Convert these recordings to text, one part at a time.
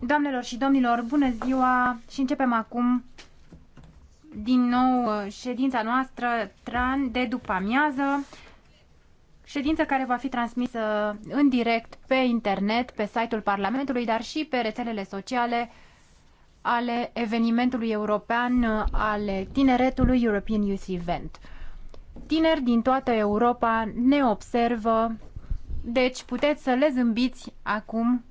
Doamnelor și domnilor, bună ziua și începem acum din nou uh, ședința noastră TRAN de după amiază, ședință care va fi transmisă în direct pe internet, pe site-ul Parlamentului, dar și pe rețelele sociale ale evenimentului european uh, ale tineretului European Youth Event. Tineri din toată Europa ne observă, deci puteți să le zâmbiți acum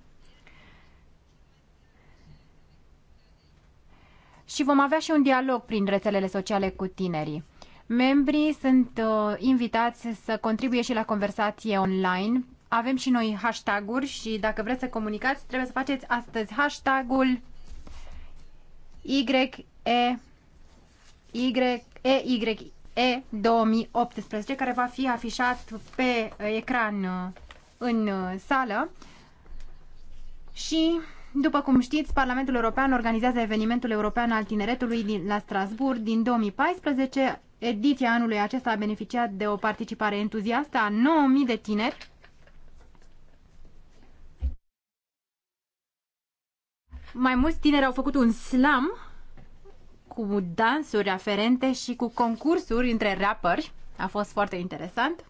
și vom avea și un dialog prin rețelele sociale cu tinerii. Membrii sunt uh, invitați să contribuie și la conversație online. Avem și noi hashtag-uri și dacă vreți să comunicați, trebuie să faceți astăzi hashtag-ul YE, y, e, y, E 2018, care va fi afișat pe uh, ecran uh, în uh, sală. Și, după cum știți, Parlamentul European organizează evenimentul european al tineretului din, la Strasburg din 2014. Ediția anului acesta a beneficiat de o participare entuziastă a 9000 de tineri mai mulți tineri au făcut un slam cu dansuri aferente și cu concursuri între rapperi. A fost foarte interesant.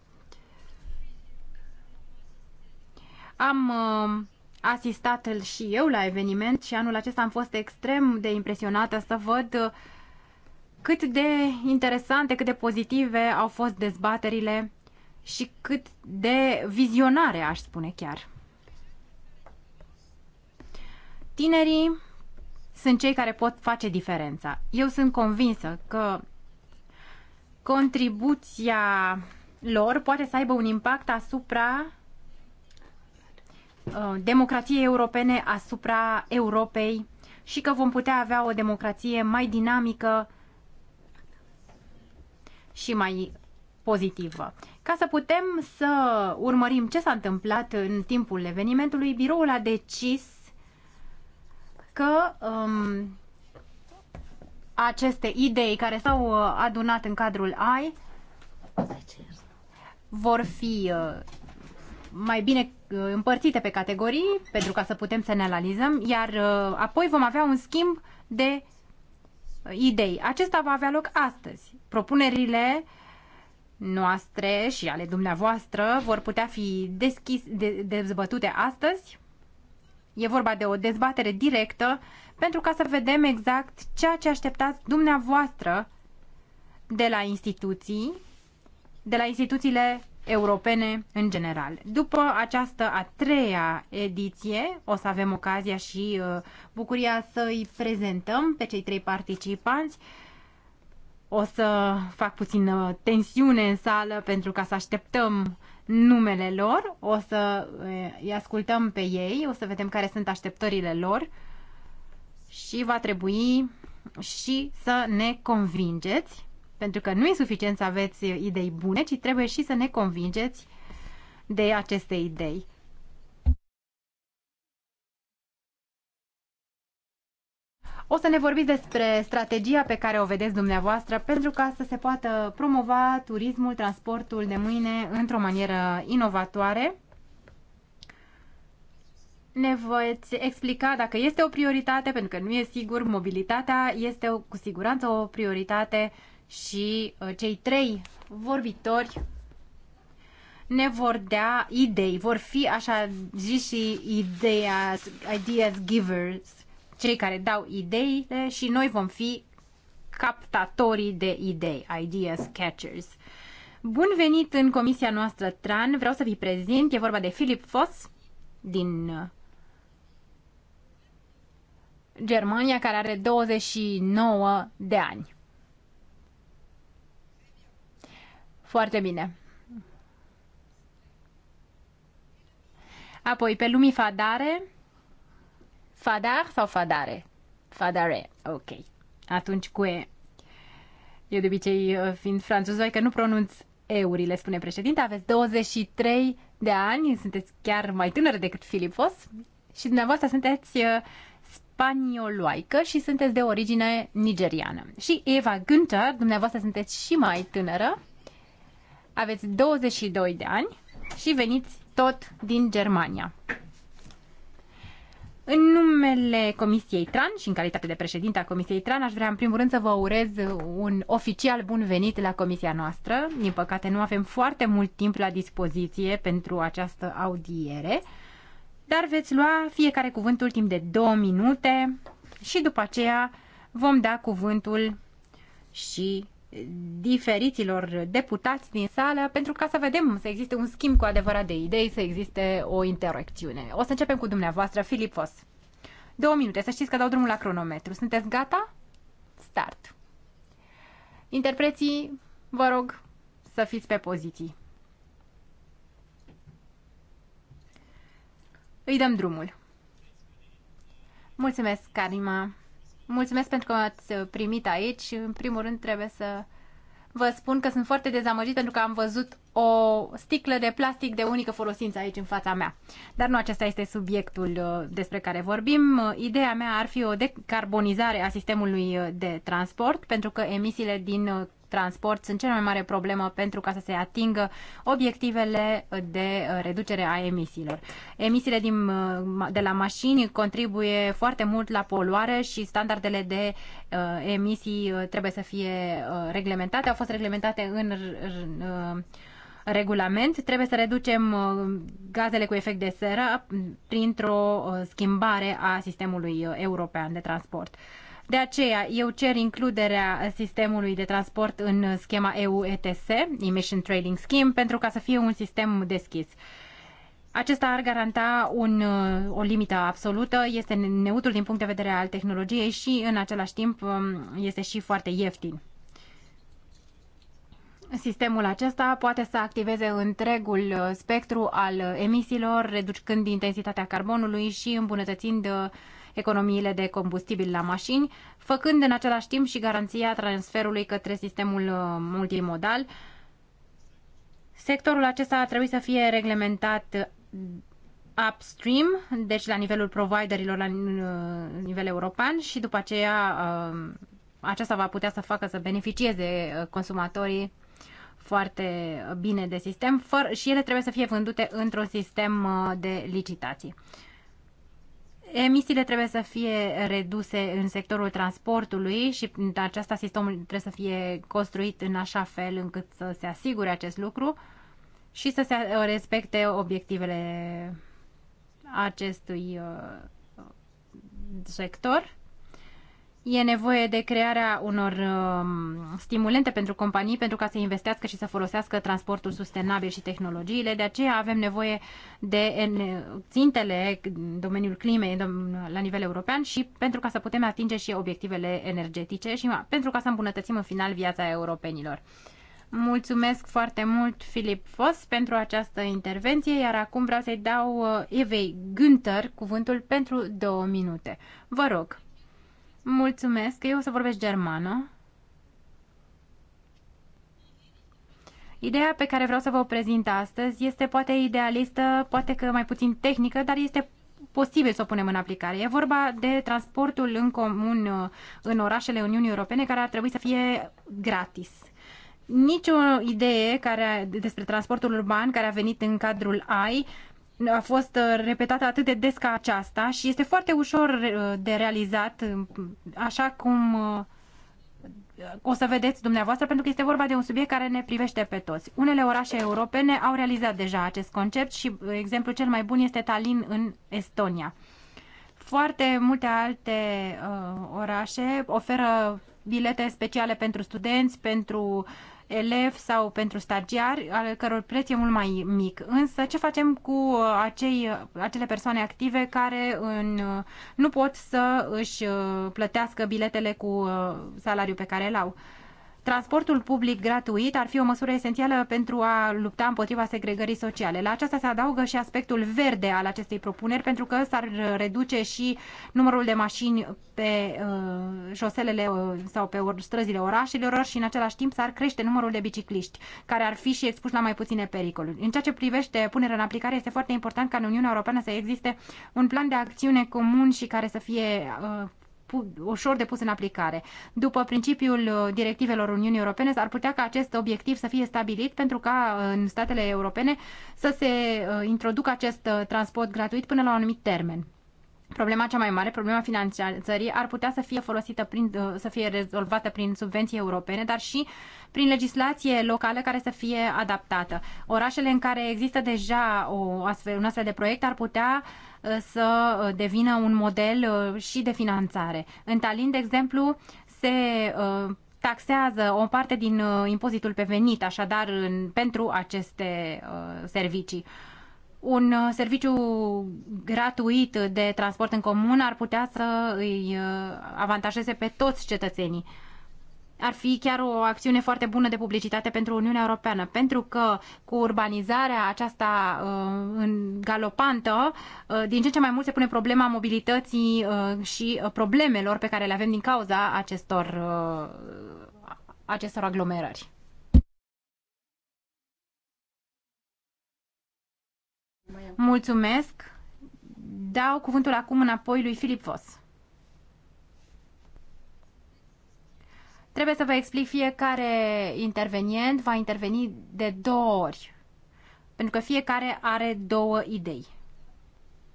Am uh, asistat și eu la eveniment și anul acesta am fost extrem de impresionată să văd uh, cât de interesante, cât de pozitive au fost dezbaterile și cât de vizionare, aș spune chiar. Tinerii sunt cei care pot face diferența. Eu sunt convinsă că contribuția lor poate să aibă un impact asupra uh, democrației europene, asupra Europei și că vom putea avea o democrație mai dinamică și mai pozitivă. Ca să putem să urmărim ce s-a întâmplat în timpul evenimentului, biroul a decis că um, aceste idei care s-au uh, adunat în cadrul AI vor fi uh, mai bine uh, împărțite pe categorii pentru ca să putem să ne analizăm, iar apoi vom avea un schimb de idei. Acesta va avea loc astăzi. Propunerile noastre și ale dumneavoastră vor putea fi deschis, de, dezbătute astăzi E vorba de o dezbatere directă pentru ca să vedem exact ceea ce așteptați dumneavoastră de la instituții, de la instituțiile europene în general. După această a treia ediție, o să avem ocazia și uh, bucuria să îi prezentăm pe cei trei participanți. O să fac puțin uh, tensiune în sală pentru ca să așteptăm numele lor, o să îi ascultăm pe ei, o să vedem care sunt așteptările lor și va trebui și să ne convingeți, pentru că nu e suficient să aveți idei bune, ci trebuie și să ne convingeți de aceste idei. O să ne vorbiți despre strategia pe care o vedeți dumneavoastră pentru ca să se poată promova turismul, transportul de mâine într-o manieră inovatoare. Ne voi explica dacă este o prioritate, pentru că nu e sigur, mobilitatea este cu siguranță o prioritate și uh, cei trei vorbitori ne vor da idei, vor fi așa zis și ideas, ideas givers cei care dau ideile și noi vom fi captatorii de idei, ideas catchers. Bun venit în comisia noastră TRAN, vreau să vi prezint, e vorba de Philip Foss din uh, Germania, care are 29 de ani. Foarte bine. Apoi, pe Lumii Fadare, Fadar sau fadare? Fadare, ok. Atunci cu E. Eu de obicei, uh, fiind franțuzoi, că nu pronunț eurile, spune președinte. Aveți 23 de ani, sunteți chiar mai tânăr decât Filipos și dumneavoastră sunteți uh, spanioloaică și sunteți de origine nigeriană. Și Eva Günther, dumneavoastră sunteți și mai tânără, aveți 22 de ani și veniți tot din Germania. În numele Comisiei TRAN și în calitate de președinte a Comisiei TRAN, aș vrea în primul rând să vă urez un oficial bun venit la Comisia noastră. Din păcate nu avem foarte mult timp la dispoziție pentru această audiere, dar veți lua fiecare cuvântul timp de două minute și după aceea vom da cuvântul și diferiților deputați din sală pentru ca să vedem să existe un schimb cu adevărat de idei, să existe o interacțiune. O să începem cu dumneavoastră, Filipos. Două minute, să știți că dau drumul la cronometru. Sunteți gata? Start. Interpreții, vă rog să fiți pe poziții. Îi dăm drumul. Mulțumesc, Karima. Mulțumesc pentru că m-ați uh, primit aici. În primul rând trebuie să vă spun că sunt foarte dezamăgit pentru că am văzut o sticlă de plastic de unică folosință aici în fața mea. Dar nu acesta este subiectul uh, despre care vorbim. Uh, ideea mea ar fi o decarbonizare a sistemului de transport pentru că emisiile din transport sunt cea mai mare problemă pentru ca să se atingă obiectivele de uh, reducere a emisiilor. Emisiile din, uh, de la mașini contribuie foarte mult la poluare și standardele de uh, emisii uh, trebuie să fie reglementate. Au fost reglementate în uh, regulament, trebuie să reducem gazele cu efect de seră printr-o schimbare a sistemului european de transport. De aceea, eu cer includerea sistemului de transport în schema EU ETS, Emission Trading Scheme, pentru ca să fie un sistem deschis. Acesta ar garanta un, o limită absolută, este neutru din punct de vedere al tehnologiei și în același timp este și foarte ieftin. Sistemul acesta poate să activeze întregul spectru al emisiilor, reducând intensitatea carbonului și îmbunătățind economiile de combustibil la mașini, făcând în același timp și garanția transferului către sistemul uh, multimodal. Sectorul acesta ar trebui să fie reglementat uh, upstream, deci la nivelul providerilor la uh, nivel european și după aceea aceasta va putea să facă să beneficieze consumatorii foarte bine de sistem fără, și ele trebuie să fie vândute într-un sistem de licitații. Emisiile trebuie să fie reduse în sectorul transportului și acesta sistemul trebuie să fie construit în așa fel încât să se asigure acest lucru și să se respecte obiectivele acestui uh, sector. E nevoie de crearea unor uh, stimulente pentru companii pentru ca să investească și să folosească transportul sustenabil și tehnologiile. De aceea avem nevoie de țintele în domeniul climei la nivel european și pentru ca să putem atinge și obiectivele energetice și pentru ca să îmbunătățim în final viața europenilor. Mulțumesc foarte mult, Filip Fos, pentru această intervenție, iar acum vreau să-i dau uh, Evei Günther cuvântul pentru două minute. Vă rog! Mulțumesc. Eu o să vorbesc germană. Ideea pe care vreau să vă o prezint astăzi este poate idealistă, poate că mai puțin tehnică, dar este posibil să o punem în aplicare. E vorba de transportul în comun uh, în orașele Uniunii Europene care ar trebui să fie gratis. Nici o idee care, despre transportul urban care a venit în cadrul AI a fost uh, repetată atât de des ca aceasta și este foarte ușor uh, de realizat, um, așa cum uh, o să vedeți dumneavoastră, pentru că este vorba de un subiect care ne privește pe toți. Unele orașe europene au realizat deja acest concept și exemplul cel mai bun este Tallinn în Estonia. Foarte multe alte uh, orașe oferă bilete speciale pentru studenți, pentru uh, elev sau pentru stagiari, al căror preț e mult mai mic. Însă ce facem cu uh, acei, uh, acele persoane active care în, uh, nu pot să își plătească biletele cu salariul pe care îl au? Transportul public gratuit ar fi o măsură esențială pentru a lupta împotriva segregării sociale. La aceasta se adaugă și aspectul verde al acestei propuneri, pentru că s-ar reduce și numărul de mașini pe uh, șoselele uh, sau pe străzile orașelor și în același timp s-ar crește numărul de bicicliști, care ar fi și expuși la mai puține pericoluri. În ceea ce privește punerea în aplicare, este foarte important ca în Uniunea Europeană să existe un plan de acțiune comun și care să fie uh, ușor de pus în aplicare. După principiul uh, directivelor Uniunii Europene, ar putea ca acest obiectiv să fie stabilit pentru ca uh, în statele europene să se uh, introducă acest transport gratuit până la un anumit termen. Problema cea mai mare, problema finanțării, ar putea să fie folosită prin, uh, să fie rezolvată prin subvenții europene, dar și prin legislație locală care să fie adaptată. Orașele în care există deja o astfel, un astfel de proiect ar putea uh, să uh, devină un model și de finanțare. În Tallinn, de exemplu, se taxează o parte din impozitul pe venit, așadar, pentru aceste servicii un uh, serviciu gratuit de transport în comun ar putea să îi uh, avantajeze pe toți cetățenii. Ar fi chiar o acțiune foarte bună de publicitate pentru Uniunea Europeană, pentru că cu urbanizarea aceasta uh, în galopantă, din ce ce mai mult se pune problema mobilității și problemelor pe care le avem din cauza acestor, acestor aglomerări. Mulțumesc. Dau cuvântul acum înapoi lui Filip Vos. Trebuie să vă explic fiecare intervenient va interveni de două ori, pentru că fiecare are două idei.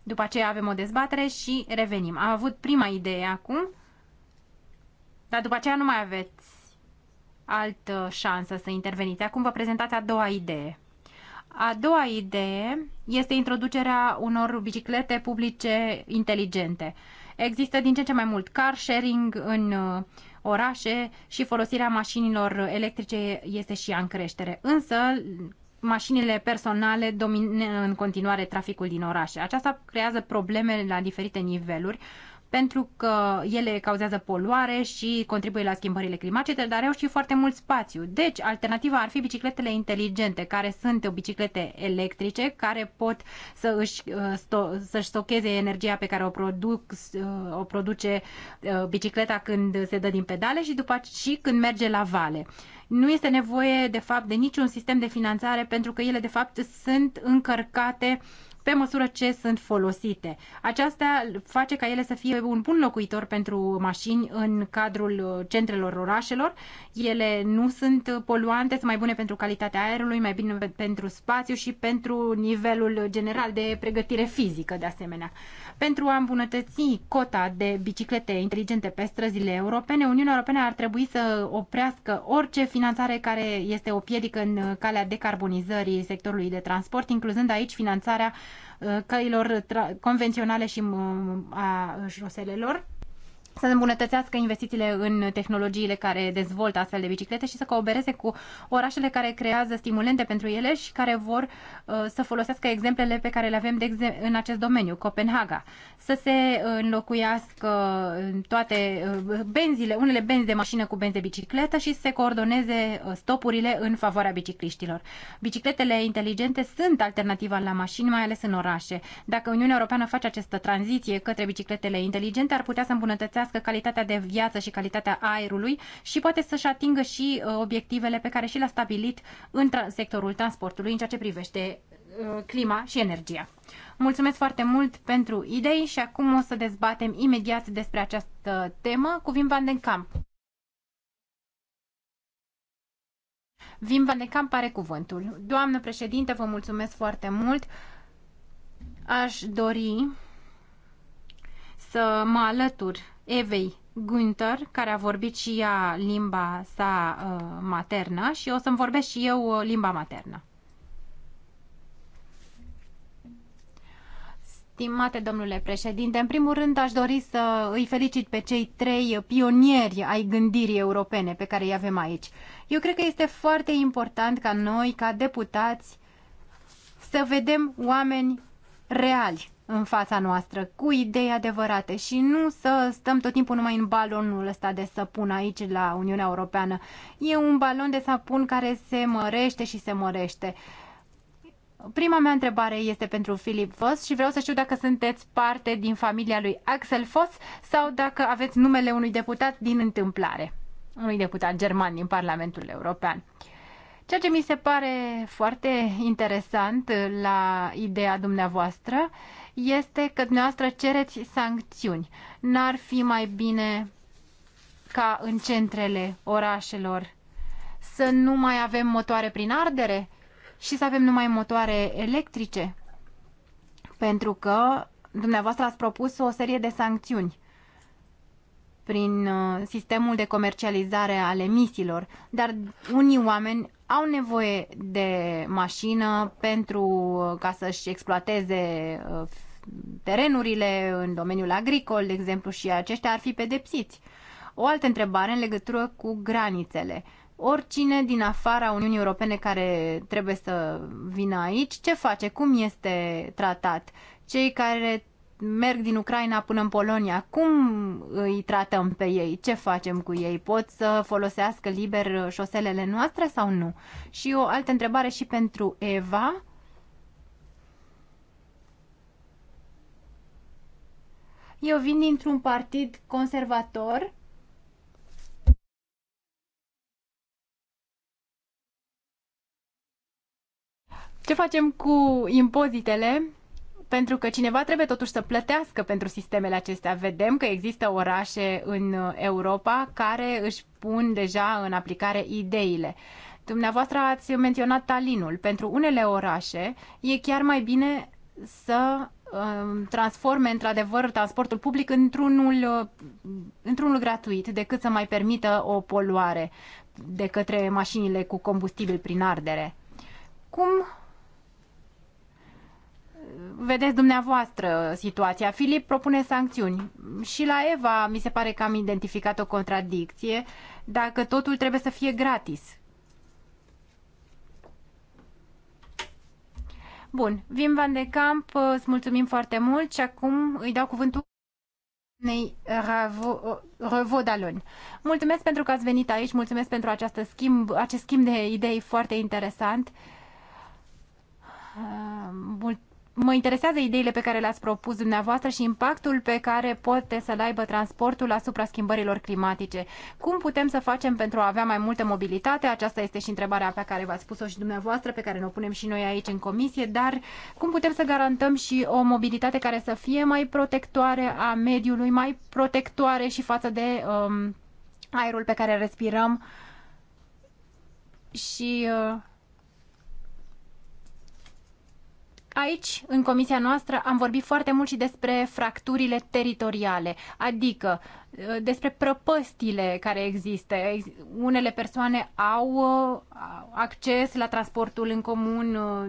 După aceea avem o dezbatere și revenim. Am avut prima idee acum, dar după aceea nu mai aveți altă șansă să interveniți. Acum vă prezentați a doua idee. A doua idee este introducerea unor biciclete publice inteligente. Există din ce în ce mai mult car sharing în uh, orașe și folosirea mașinilor electrice este și ea în creștere. Însă, mașinile personale domină în continuare traficul din orașe. Aceasta creează probleme la diferite niveluri pentru că ele cauzează poluare și contribuie la schimbările climatice, dar au și foarte mult spațiu. Deci, alternativa ar fi bicicletele inteligente, care sunt biciclete electrice, care pot să își, uh, să-și stocheze energia pe care o, produc, uh, o produce uh, bicicleta când se dă din pedale și după și când merge la vale nu este nevoie de fapt de niciun sistem de finanțare pentru că ele de fapt sunt încărcate pe măsură ce sunt folosite. Aceasta face ca ele să fie un bun locuitor pentru mașini în cadrul uh, centrelor orașelor. Ele nu sunt poluante, sunt mai bune pentru calitatea aerului, mai bine pentru spațiu și pentru nivelul general de pregătire fizică de asemenea. Pentru a îmbunătăți cota de biciclete inteligente pe străzile europene, Uniunea Europeană ar trebui să oprească orice finanțare care este o piedică în calea decarbonizării sectorului de transport, incluzând aici finanțarea uh, căilor convenționale și uh, a șoselelor să îmbunătățească investițiile în tehnologiile care dezvoltă astfel de biciclete și să coopereze cu orașele care creează stimulente pentru ele și care vor uh, să folosească exemplele pe care le avem de exem- în acest domeniu, Copenhaga. Să se uh, înlocuiască uh, toate uh, benzile, unele benzi de mașină cu benzi de bicicletă și să se coordoneze stopurile în favoarea bicicliștilor. Bicicletele inteligente sunt alternativa la mașini, mai ales în orașe. Dacă Uniunea Europeană face această tranziție către bicicletele inteligente, ar putea să îmbunătățească îmbunătățească calitatea de viață și calitatea aerului și poate să-și atingă și uh, obiectivele pe care și le-a stabilit în sectorul transportului în ceea ce privește uh, clima și energia. Mulțumesc foarte mult pentru idei și acum o să dezbatem imediat despre această temă cu Vim Van Den Kamp. Vim Van de Camp pare cuvântul. Doamnă președinte, vă mulțumesc foarte mult. Aș dori să mă alătur Evei Günther, care a vorbit și ea limba sa uh, maternă și o să-mi vorbesc și eu uh, limba maternă. Stimate domnule președinte, în primul rând aș dori să îi felicit pe cei trei pionieri ai gândirii europene pe care îi avem aici. Eu cred că este foarte important ca noi, ca deputați, să vedem oameni reali în fața noastră, cu idei adevărate și nu să stăm tot timpul numai în balonul ăsta de săpun aici la Uniunea Europeană. E un balon de săpun care se mărește și se mărește. Prima mea întrebare este pentru Filip Foss și vreau să știu dacă sunteți parte din familia lui Axel Foss sau dacă aveți numele unui deputat din întâmplare, unui deputat german din Parlamentul European. Ceea ce mi se pare foarte interesant la ideea dumneavoastră este că dumneavoastră cereți sancțiuni. N-ar fi mai bine ca în centrele orașelor să nu mai avem motoare prin ardere și să avem numai motoare electrice? Pentru că dumneavoastră ați propus o serie de sancțiuni prin uh, sistemul de comercializare al emisiilor, dar unii oameni au nevoie de mașină pentru uh, ca să-și exploateze uh, terenurile în domeniul agricol, de exemplu, și aceștia ar fi pedepsiți. O altă întrebare în legătură cu granițele. Oricine din afara Uniunii Europene care trebuie să vină aici, ce face? Cum este tratat? Cei care merg din Ucraina până în Polonia, cum îi tratăm pe ei? Ce facem cu ei? Pot să folosească liber șoselele noastre sau nu? Și o altă întrebare și pentru Eva. Eu vin dintr-un partid conservator Ce facem cu impozitele? pentru că cineva trebuie totuși să plătească pentru sistemele acestea. Vedem că există orașe în uh, Europa care își pun deja în aplicare ideile. Dumneavoastră ați menționat Talinul. Pentru unele orașe e chiar mai bine să um, transforme într-adevăr transportul public într-unul, uh, într-unul gratuit decât să mai permită o poluare de către mașinile cu combustibil prin ardere. Cum vedeți dumneavoastră situația. Filip propune sancțiuni. Și la Eva mi se pare că am identificat o contradicție, dacă totul trebuie să fie gratis. Bun, Vim Van de Camp, îți mulțumim foarte mult și acum îi dau cuvântul nei Revodalon. Mulțumesc pentru că ați venit aici, mulțumesc pentru această schimb, acest schimb de idei foarte interesant. Ah, mult Mă interesează ideile pe care le-ați propus dumneavoastră și impactul pe care poate să-l aibă transportul asupra schimbărilor climatice. Cum putem să facem pentru a avea mai multă mobilitate? Aceasta este și întrebarea pe care v-ați spus-o și dumneavoastră, pe care ne o punem și noi aici în comisie, dar cum putem să garantăm și o mobilitate care să fie mai protectoare a mediului, mai protectoare și față de um, aerul pe care respirăm și... Uh, Aici, în comisia noastră, am vorbit foarte mult și despre fracturile teritoriale, adică Uh, despre prăpăstile care există. Unele persoane au uh, acces la transportul în comun uh,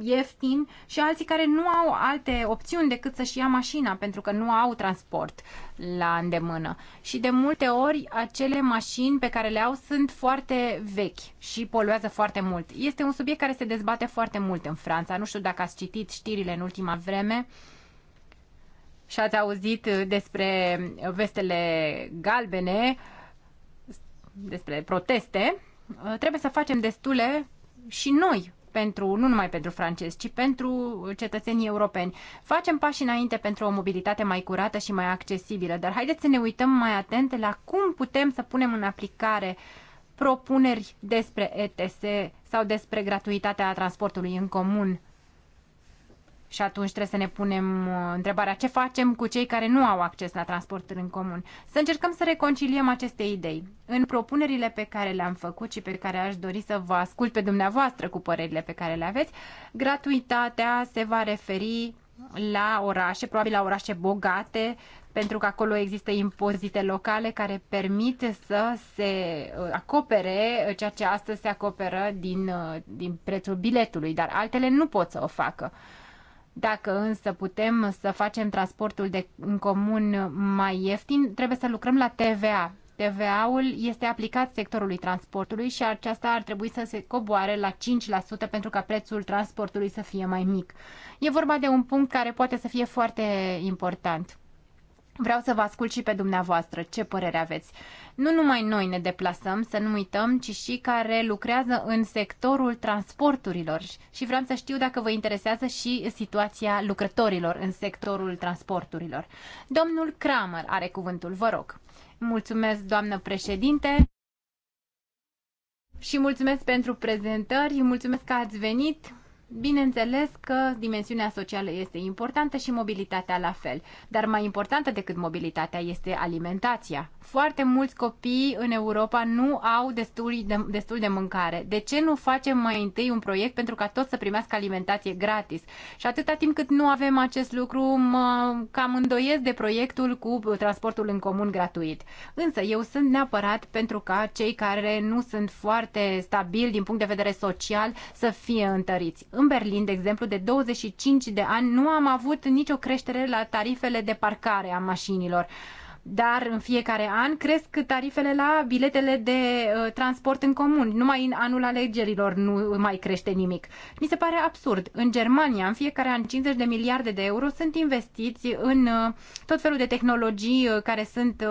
ieftin și alții care nu au alte opțiuni decât să-și ia mașina pentru că nu au transport la îndemână. Și de multe ori acele mașini pe care le au sunt foarte vechi și poluează foarte mult. Este un subiect care se dezbate foarte mult în Franța. Nu știu dacă ați citit știrile în ultima vreme și ați auzit uh, despre vestele galbene, despre proteste, uh, trebuie să facem destule și noi pentru, nu numai pentru francezi, ci pentru cetățenii europeni. Facem pași înainte pentru o mobilitate mai curată și mai accesibilă, dar haideți să ne uităm mai atent la cum putem să punem în aplicare propuneri despre ETS sau despre gratuitatea transportului în comun. Și atunci trebuie să ne punem uh, întrebarea ce facem cu cei care nu au acces la transportul în comun. Să încercăm să reconciliem aceste idei. În propunerile pe care le-am făcut și pe care aș dori să vă ascult pe dumneavoastră cu părerile pe care le aveți, gratuitatea se va referi la orașe, probabil la orașe bogate, pentru că acolo există impozite locale care permit să se uh, acopere uh, ceea ce astăzi se acoperă din, din prețul biletului, dar altele nu pot să o facă. Dacă însă putem să facem transportul de, în comun mai ieftin, trebuie să lucrăm la TVA. TVA-ul este aplicat sectorului transportului și aceasta ar trebui să se coboare la 5% pentru ca prețul transportului să fie mai mic. E vorba de un punct care poate să fie foarte important. Vreau să vă ascult și pe dumneavoastră ce părere aveți. Nu numai noi ne deplasăm, să nu uităm, ci și care lucrează în sectorul transporturilor. Și vreau să știu dacă vă interesează și situația lucrătorilor în sectorul transporturilor. Domnul Kramer are cuvântul, vă rog. Mulțumesc, doamnă președinte. Și mulțumesc pentru prezentări, mulțumesc că ați venit. Bineînțeles că dimensiunea socială este importantă și mobilitatea la fel, dar mai importantă decât mobilitatea este alimentația. Foarte mulți copii în Europa nu au destul de, destul de mâncare. De ce nu facem mai întâi un proiect pentru ca toți să primească alimentație gratis? Și atâta timp cât nu avem acest lucru, mă cam îndoiesc de proiectul cu transportul în comun gratuit. Însă eu sunt neapărat pentru ca cei care nu sunt foarte stabili din punct de vedere social să fie întăriți în Berlin, de exemplu, de 25 de ani nu am avut nicio creștere la tarifele de parcare a mașinilor dar în fiecare an cresc tarifele la biletele de uh, transport în comun. Numai în anul alegerilor nu mai crește nimic. Mi se pare absurd. În Germania, în fiecare an, 50 de miliarde de euro sunt investiți în uh, tot felul de tehnologii uh, care sunt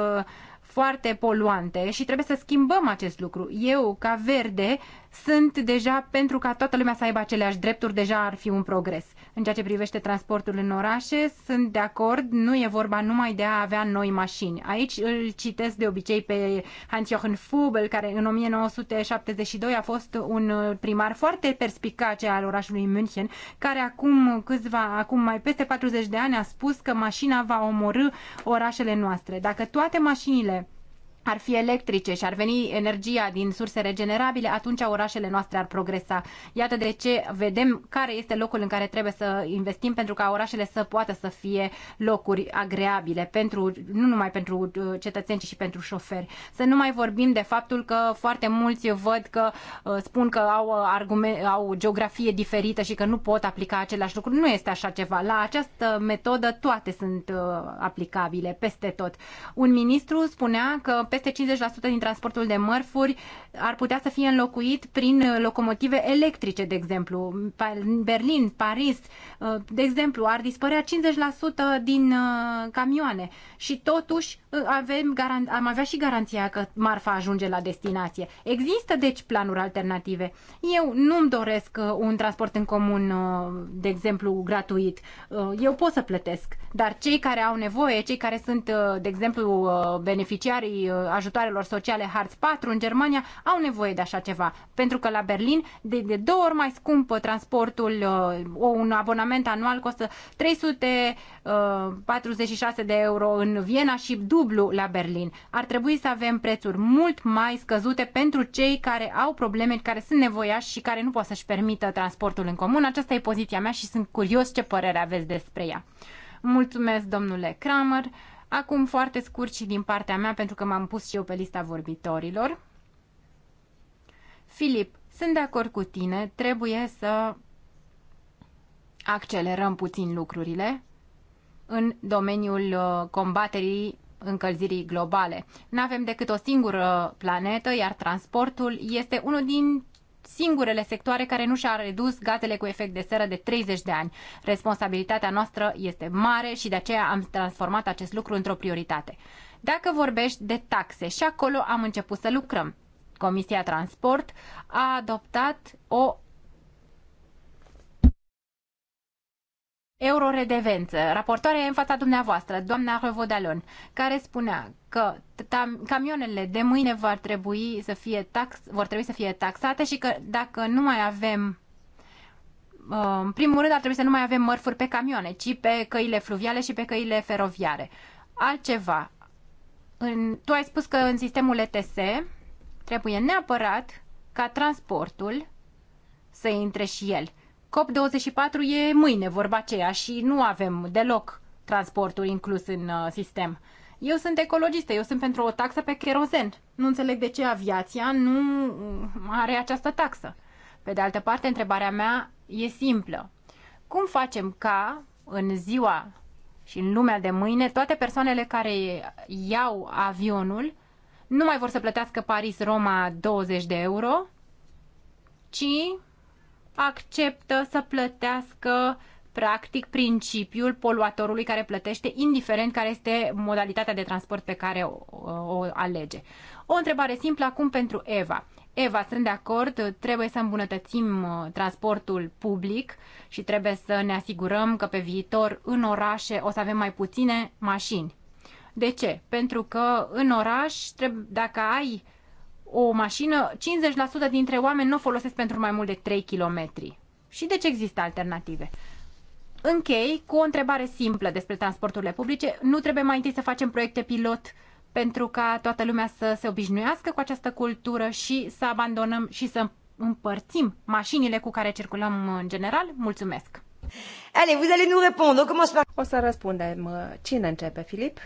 foarte poluante și trebuie să schimbăm acest lucru. Eu, ca verde, sunt deja pentru ca toată lumea să aibă aceleași drepturi, deja ar fi un progres. În ceea ce privește transportul în orașe, sunt de acord, nu e vorba numai de a avea noi mașini. Aici îl citesc de obicei pe Hans-Jochen Fubel, care în 1972 a fost un primar foarte perspicace al orașului München, care acum câțiva, acum mai peste 40 de ani a spus că mașina va omorâ orașele noastre. Dacă toate mașinile ar fi electrice și ar veni energia din surse regenerabile, atunci orașele noastre ar progresa. Iată de ce vedem care este locul în care trebuie să investim pentru ca orașele să poată să fie locuri agreabile, pentru, nu numai pentru uh, cetățeni, ci și pentru șoferi. Să nu mai vorbim de faptul că foarte mulți văd că uh, spun că au, uh, argument, au geografie diferită și că nu pot aplica același lucru. Nu este așa ceva. La această metodă toate sunt aplicabile, peste tot. Un ministru spunea că peste 50% din transportul de mărfuri ar putea să fie înlocuit prin uh, locomotive electrice, de exemplu. Berlin, Paris, uh, de exemplu, ar dispărea 50% din uh, camioane și totuși avem, am avea și garanția că marfa ajunge la destinație. Există, deci, planuri alternative. Eu nu-mi doresc un transport în comun, de exemplu, gratuit. Eu pot să plătesc, dar cei care au nevoie, cei care sunt, de exemplu, beneficiarii ajutoarelor sociale Hartz 4 în Germania au nevoie de așa ceva, pentru că la Berlin de, de două ori mai scump uh, transportul, uh, un abonament anual costă 346 uh, de euro în Viena și dublu la Berlin. Ar trebui să avem prețuri mult mai scăzute pentru cei care au probleme, care sunt nevoiași și care nu pot să-și permită transportul în comun. Aceasta e poziția mea și sunt curios ce părere aveți despre ea. Mulțumesc, domnule Kramer. Acum foarte scurt și din partea mea, pentru că m-am pus și eu pe lista vorbitorilor. Filip, sunt de acord cu tine, trebuie să accelerăm puțin lucrurile în domeniul uh, combaterii încălzirii globale. Nu avem decât o singură planetă, iar transportul este unul din singurele sectoare care nu și-a redus gazele cu efect de seră de 30 de ani. Responsabilitatea noastră este mare și de aceea am transformat acest lucru într-o prioritate. Dacă vorbești de taxe, și acolo am început să lucrăm. Comisia Transport a adoptat o euroredevență, raportoarea în fața dumneavoastră, doamna Revodalon, care spunea că camioanele de mâine vor trebui să fie tax, vor trebui să fie taxate și că dacă nu mai avem uh, în primul rând ar trebui să nu mai avem mărfuri pe camioane, ci pe căile fluviale și pe căile feroviare. Altceva, în, tu ai spus că în sistemul ETS trebuie neapărat ca transportul să intre și el. COP24 e mâine, vorba aceea, și nu avem deloc transportul inclus în uh, sistem. Eu sunt ecologistă, eu sunt pentru o taxă pe cherozen. Nu înțeleg de ce aviația nu mm, are această taxă. Pe de altă parte, întrebarea mea e simplă. Cum facem ca în ziua și în lumea de mâine toate persoanele care iau avionul nu mai vor să plătească Paris-Roma 20 de euro, ci acceptă să plătească practic principiul poluatorului care plătește, indiferent care este modalitatea de transport pe care o, o alege. O întrebare simplă acum pentru Eva. Eva, sunt de acord, trebuie să îmbunătățim uh, transportul public și trebuie să ne asigurăm că pe viitor în orașe o să avem mai puține mașini. De ce? Pentru că în oraș, dacă ai o mașină, 50% dintre oameni nu o folosesc pentru mai mult de 3 km. Și deci există alternative. Închei cu o întrebare simplă despre transporturile publice. Nu trebuie mai întâi să facem proiecte pilot pentru ca toată lumea să se obișnuiască cu această cultură și să abandonăm și să împărțim mașinile cu care circulăm în general? Mulțumesc! Allez, vous allez nous répondre. On commence par... O să răspundem. Uh, cine începe, Filip?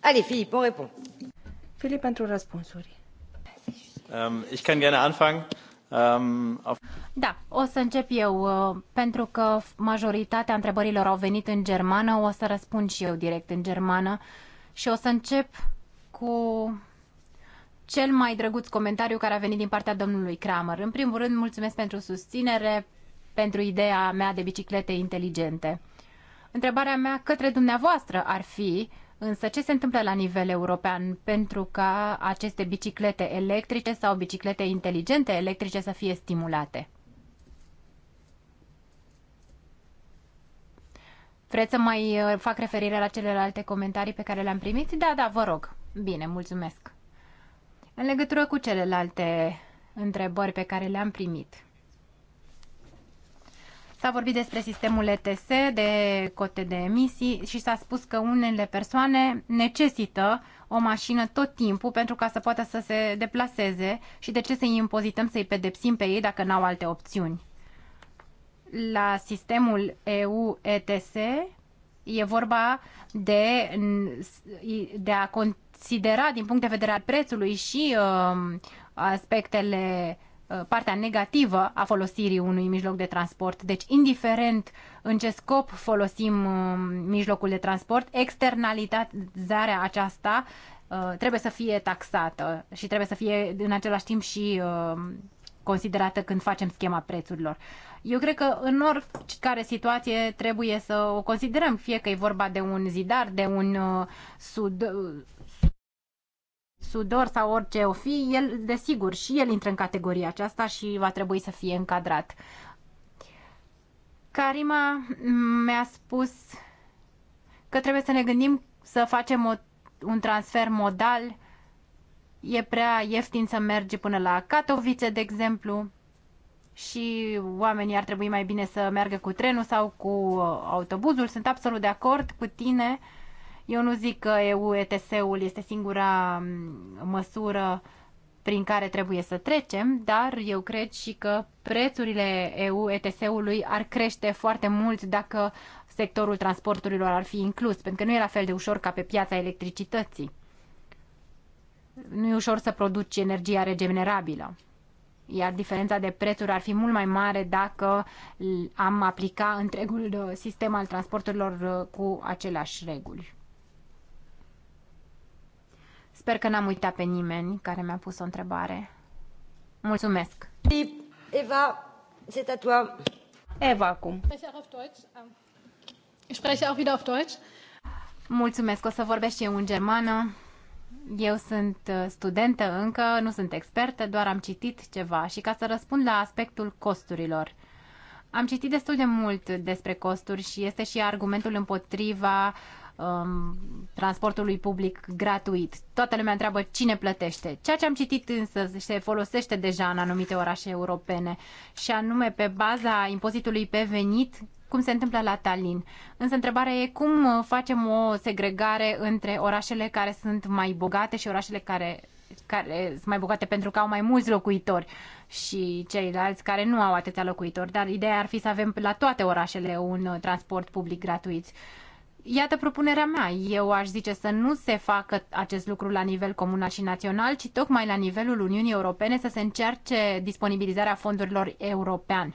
Allez, Filip, on répond. Filip pentru răspunsuri. Um, ich kann gerne anfangen. Um, da, o să încep eu, uh, pentru că majoritatea întrebărilor au venit în germană, o să răspund și eu direct în germană și o să încep cu cel mai drăguț comentariu care a venit din partea domnului Kramer. În primul rând, mulțumesc pentru susținere, pentru ideea mea de biciclete inteligente. Întrebarea mea către dumneavoastră ar fi Însă ce se întâmplă la nivel european pentru ca aceste biciclete electrice sau biciclete inteligente electrice să fie stimulate? Vreți să mai uh, fac referire la celelalte comentarii pe care le-am primit? Da, da, vă rog. Bine, mulțumesc. În legătură cu celelalte întrebări pe care le-am primit, S-a vorbit despre sistemul ETS, de cote de emisii și s-a spus că unele persoane necesită o mașină tot timpul pentru ca să poată să se deplaseze și de ce să-i impozităm, să-i pedepsim pe ei dacă n-au alte opțiuni. La sistemul EU ETS e vorba de, de a considera din punct de vedere al prețului și uh, aspectele Uh, partea negativă a folosirii unui mijloc de transport. Deci, indiferent în ce scop folosim uh, mijlocul de transport, externalizarea aceasta uh, trebuie să fie taxată și trebuie să fie în același timp și considerată când facem schema prețurilor. Eu cred că în oricare situație trebuie să o considerăm, fie că e vorba de un zidar, de un sud, Sudor sau orice o fi, el, desigur, și el intră în categoria aceasta și va trebui să fie încadrat. Karima mi-a spus că trebuie să ne gândim să facem o, un transfer modal. E prea ieftin să mergi până la Katowice, de exemplu, și oamenii ar trebui mai bine să meargă cu trenul sau cu autobuzul. Sunt absolut de acord cu tine. Uh, eu nu zic că EU-ETS-ul este singura măsură prin care trebuie să trecem, dar eu cred și că prețurile EU-ETS-ului ar crește foarte mult dacă sectorul transporturilor ar fi inclus, pentru că nu e la fel de ușor ca pe piața electricității. Nu e ușor să produci energia regenerabilă. Iar diferența de prețuri ar fi mult mai mare dacă am aplica întregul uh, sistem al transporturilor uh, cu aceleași reguli. Sper că n-am uitat pe nimeni care mi-a pus o întrebare. Mulțumesc! Eva, c'est à toi. Eva acum. spreche auch wieder auf Deutsch. Mulțumesc, o să vorbesc și eu în germană. Eu sunt uh, studentă încă, nu sunt expertă, doar am citit ceva și ca să răspund la aspectul costurilor. Am citit destul de mult despre costuri și este și argumentul împotriva uh, um, transportului public gratuit. Toată lumea întreabă cine plătește. Ceea ce am citit însă se folosește deja în anumite orașe europene și anume pe baza impozitului pe venit cum se întâmplă la Tallinn. Însă întrebarea e cum uh, facem o segregare între orașele care sunt mai bogate și orașele care care sunt mai bogate pentru că au mai mulți locuitori și ceilalți care nu au atâția locuitori, dar ideea ar fi să avem la toate orașele un uh, transport public gratuit. Iată propunerea mea. Eu aș zice să nu se facă acest lucru la nivel comunal și național, ci tocmai la nivelul Uniunii Europene să se încerce disponibilizarea fondurilor europene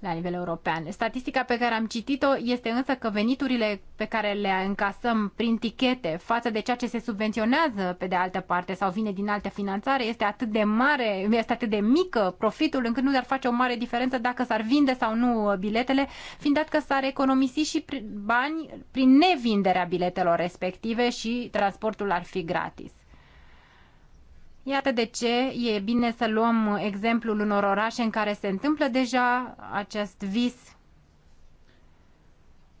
la nivel european. Statistica pe care am citit-o este însă că veniturile pe care le încasăm prin tichete față de ceea ce se subvenționează pe de altă parte sau vine din altă finanțare este atât de mare, este atât de mică profitul încât nu ar face o mare diferență dacă s-ar vinde sau nu uh, biletele, fiind dat că s-ar economisi și bani prin nevinderea biletelor respective și transportul ar fi gratis. Iată de ce e bine să luăm exemplul unor orașe în care se întâmplă deja acest vis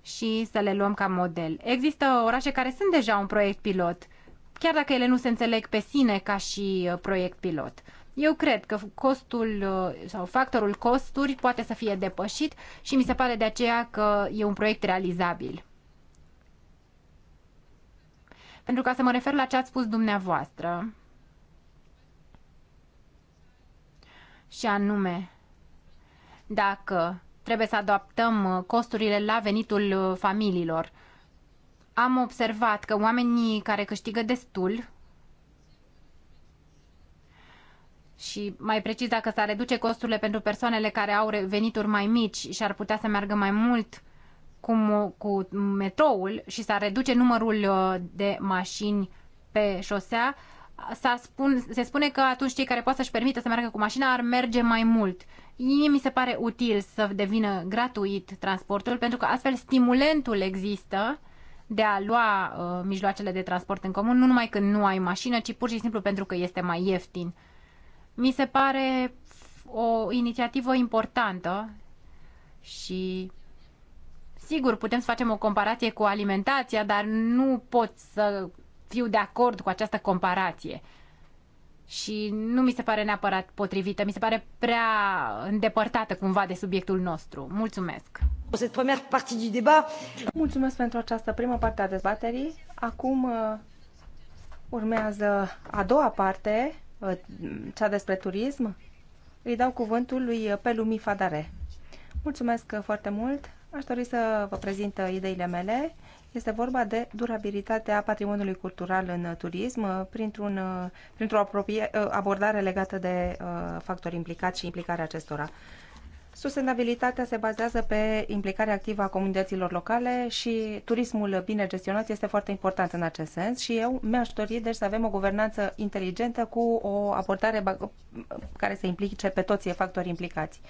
și să le luăm ca model. Există orașe care sunt deja un proiect pilot, chiar dacă ele nu se înțeleg pe sine ca și uh, proiect pilot. Eu cred că costul uh, sau factorul costuri poate să fie depășit și mi se pare de aceea că e un proiect realizabil. Pentru ca să mă refer la ce ați spus dumneavoastră, și anume dacă trebuie să adaptăm uh, costurile la venitul uh, familiilor. Am observat că oamenii care câștigă destul și mai precis dacă s-ar reduce costurile pentru persoanele care au venituri mai mici și ar putea să meargă mai mult cu, uh, cu metroul și s-ar reduce numărul de mașini pe șosea, spun, se spune că atunci cei care pot să-și permită să meargă cu mașina ar merge mai mult. Mie mi se pare util să devină gratuit transportul, pentru că astfel stimulentul există de a lua uh, mijloacele de transport în comun, nu numai când nu ai mașină, ci pur și simplu pentru că este mai ieftin. Mi se pare o inițiativă importantă și sigur putem să facem o comparație cu alimentația, dar nu pot să fiu de acord cu această comparație și nu mi se pare neapărat potrivită, mi se pare prea îndepărtată cumva de subiectul nostru. Mulțumesc! Mulțumesc pentru această primă parte a dezbaterii. Acum uh, urmează a doua parte, uh, cea despre turism. Îi dau cuvântul lui Pelumi Fadare. Mulțumesc foarte mult! Aș dori să vă prezint uh, ideile mele este vorba de durabilitatea patrimoniului cultural în turism uh, printr-un, uh, printr-o uh, abordare legată de factori implicați și implicarea acestora. Sustenabilitatea se bazează pe implicarea activă a comunităților locale și turismul bine gestionat este foarte important în acest sens și eu mi-aș dori deci să avem o guvernanță inteligentă cu o abordare care să implice pe toți factorii implicați.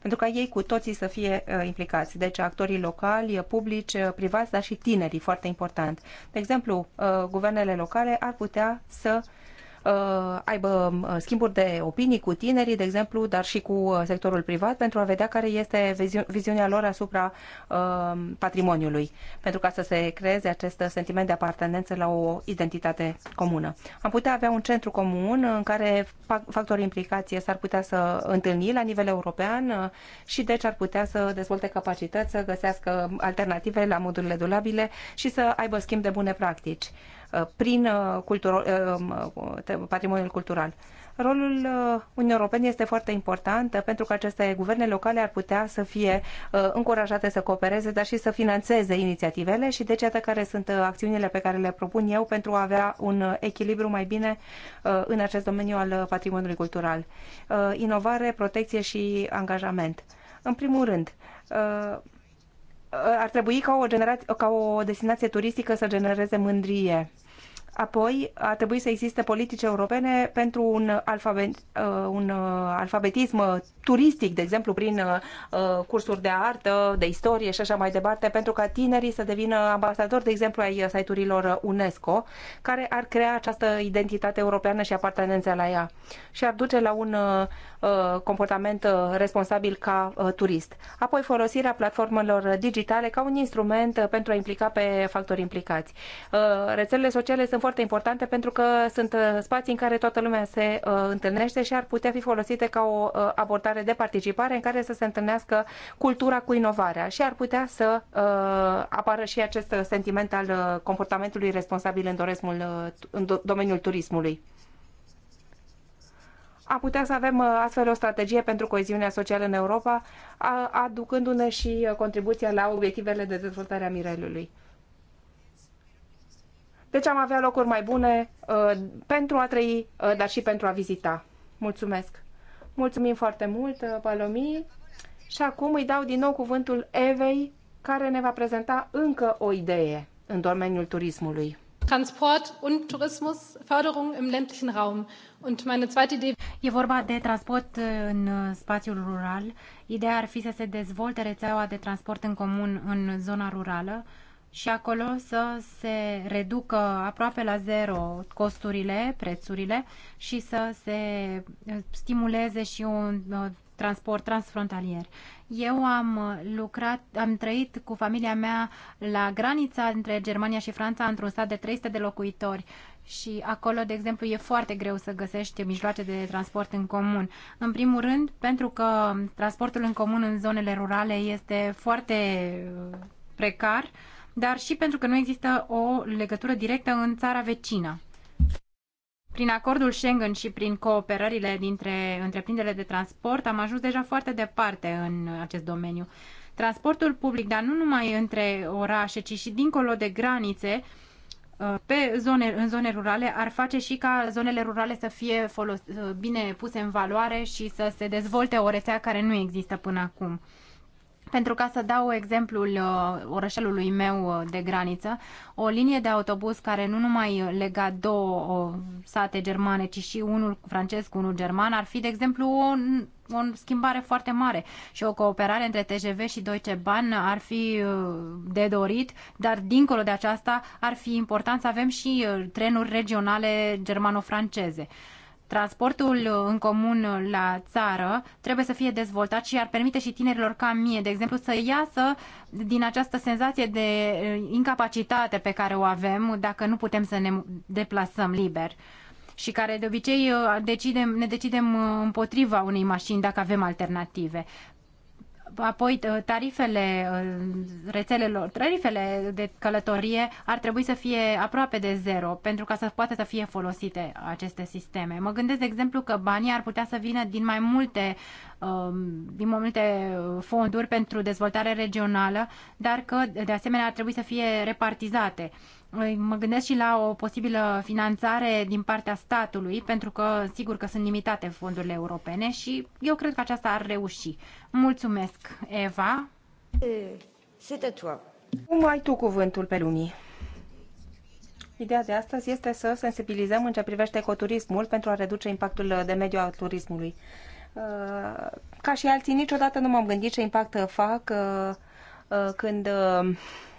Pentru ca ei cu toții să fie uh, implicați, deci actorii locali, publici, uh, privați, dar și tinerii, foarte important. De exemplu, uh, guvernele locale ar putea să uh, Uh, aibă uh, schimburi de opinii cu tinerii, de exemplu, dar și cu uh, sectorul privat, pentru a vedea care este viziunea lor asupra patrimoniului, pentru ca să se creeze acest sentiment de apartenență la o identitate comună. Am putea avea un centru comun în care factorii implicație s-ar putea să întâlni la nivel european și deci ar putea să dezvolte capacități, să găsească alternative la modurile dulabile și să aibă schimb de bune practici. Uh, prin uh, uh, um, patrimoniul cultural. Rolul Uniunii Europene este foarte important pentru că aceste guverne locale ar putea să fie încurajate să coopereze, dar și să financeze inițiativele și deci atât, care sunt acțiunile pe care le propun eu pentru a avea un echilibru mai bine în acest domeniu al patrimoniului cultural. Inovare, protecție și angajament. În primul rând, ar trebui ca o, genera- ca o destinație turistică să genereze mândrie Apoi, a trebuit să existe politici europene pentru un, alfabet, uh, un uh, alfabetism turistic, de exemplu, prin uh, cursuri de artă, de istorie și așa mai departe, pentru ca tinerii să devină ambasadori, de exemplu, ai site-urilor UNESCO, care ar crea această identitate europeană și apartenența la ea și ar duce la un comportament responsabil ca turist. Apoi, folosirea platformelor digitale ca un instrument pentru a implica pe factori implicați. Rețelele sociale sunt foarte importante pentru că sunt uh, spații în care toată lumea se uh, întâlnește și ar putea fi folosite ca o uh, abordare de participare în care să se întâlnească cultura cu inovarea și ar putea să apară și acest sentiment al comportamentului responsabil în, doresmul, în domeniul turismului a putea să avem astfel o strategie pentru coeziunea socială în Europa, aducându-ne și contribuția la obiectivele de dezvoltare a Mirelului. Deci am avea locuri mai bune uh, pentru a trăi, uh, dar și pentru a vizita. Mulțumesc! Mulțumim foarte mult, uh, Palomii! Și acum îi dau din nou cuvântul Evei, care ne va prezenta încă o idee în domeniul turismului. Transport und Tourismus, Förderung im ländlichen Raum. Und meine zweite Idee... E vorba de transport uh, în uh, spațiul rural. Ideea ar fi să se dezvolte rețeaua de transport în comun în zona rurală, și acolo să se reducă aproape la zero costurile, prețurile și să se uh, stimuleze și un uh, transport transfrontalier. Eu am uh, lucrat, am trăit cu familia mea la granița între Germania și Franța într-un stat de 300 de locuitori și acolo, de exemplu, e foarte greu să găsești mijloace de transport în comun. În primul rând, pentru că transportul în comun în zonele rurale este foarte precar, uh, dar și pentru că nu există o legătură directă în țara vecină. Prin acordul Schengen și prin cooperările dintre întreprinderile de transport am ajuns deja foarte departe în acest domeniu. Transportul public, dar nu numai între orașe, ci și dincolo de granițe, uh, pe zone, în zone rurale ar face și ca zonele rurale să fie folos, uh, bine puse în valoare și să se dezvolte o rețea care nu există până acum. Pentru ca să dau exemplul uh, orășelului meu uh, de graniță, o linie de autobuz care nu numai lega două uh, sate germane, ci și unul francez cu unul german, ar fi, de exemplu, o, o schimbare foarte mare și o cooperare între TGV și Deutsche Bahn ar fi de dorit, dar dincolo de aceasta ar fi important să avem și trenuri regionale germano-franceze. Transportul uh, în comun uh, la țară trebuie să fie dezvoltat și ar permite și tinerilor ca mie, de exemplu, să iasă din această senzație de uh, incapacitate pe care o avem dacă nu putem să ne deplasăm liber și care de obicei decidem, ne decidem împotriva unei mașini dacă avem alternative. Apoi, ă, tarifele ă, rețelelor, tarifele de călătorie ar trebui să fie aproape de zero pentru ca să poată să fie folosite aceste sisteme. Mă gândesc, de exemplu, că banii ar putea să vină din mai multe ă, din multe fonduri pentru dezvoltare regională, dar că, de asemenea, ar trebui să fie repartizate mă gândesc și la o posibilă finanțare din partea statului, pentru că sigur că sunt limitate fondurile europene și eu cred că aceasta ar reuși. Mulțumesc, Eva. Cum ai tu cuvântul pe lumii? Ideea de astăzi este să sensibilizăm în ce privește ecoturismul pentru a reduce impactul de mediu al turismului. Uh, ca și alții, niciodată nu m-am gândit ce impact fac uh, uh, când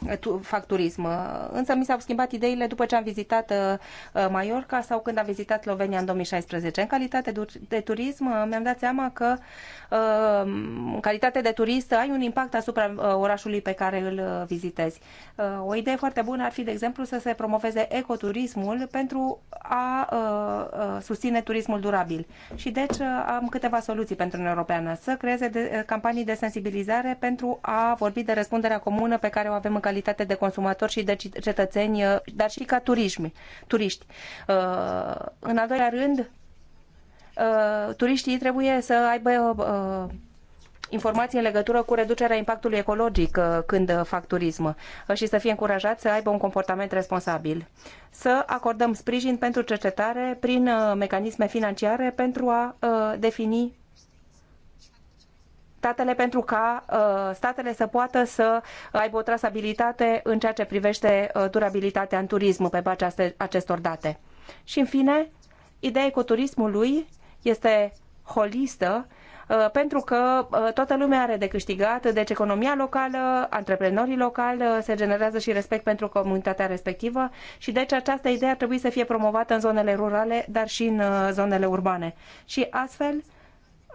Eh, fac turism. Însă mi s-au schimbat ideile după ce am vizitat eh, Mallorca sau când am vizitat Slovenia în 2016. În calitate de turism eh, mi-am dat seama că în calitate de turist ai un impact asupra orașului pe care îl vizitezi. O idee foarte bună ar fi, de exemplu, să se promoveze ecoturismul pentru a susține turismul durabil. Și deci am câteva soluții pentru în Europeană. Să creeze campanii de sensibilizare pentru a vorbi de răspunderea comună pe care o avem în calitate de consumatori și de cetățeni, uh, dar și ca turismi, turiști. Uh, în al doilea rând, uh, turiștii trebuie să aibă informații în legătură cu reducerea impactului ecologic când fac turism și să fie încurajați să aibă un comportament responsabil. Să acordăm sprijin pentru cercetare prin mecanisme financiare pentru a defini statele pentru ca uh, statele să poată să aibă o trasabilitate în ceea ce privește uh, durabilitatea în turism pe baza acestor date. Și în fine, ideea ecoturismului este holistă uh, pentru că toată lumea are de câștigat, deci economia locală, antreprenorii locali se generează și respect pentru comunitatea respectivă și deci această idee ar trebui să fie promovată în zonele rurale, dar și în zonele urbane. Și astfel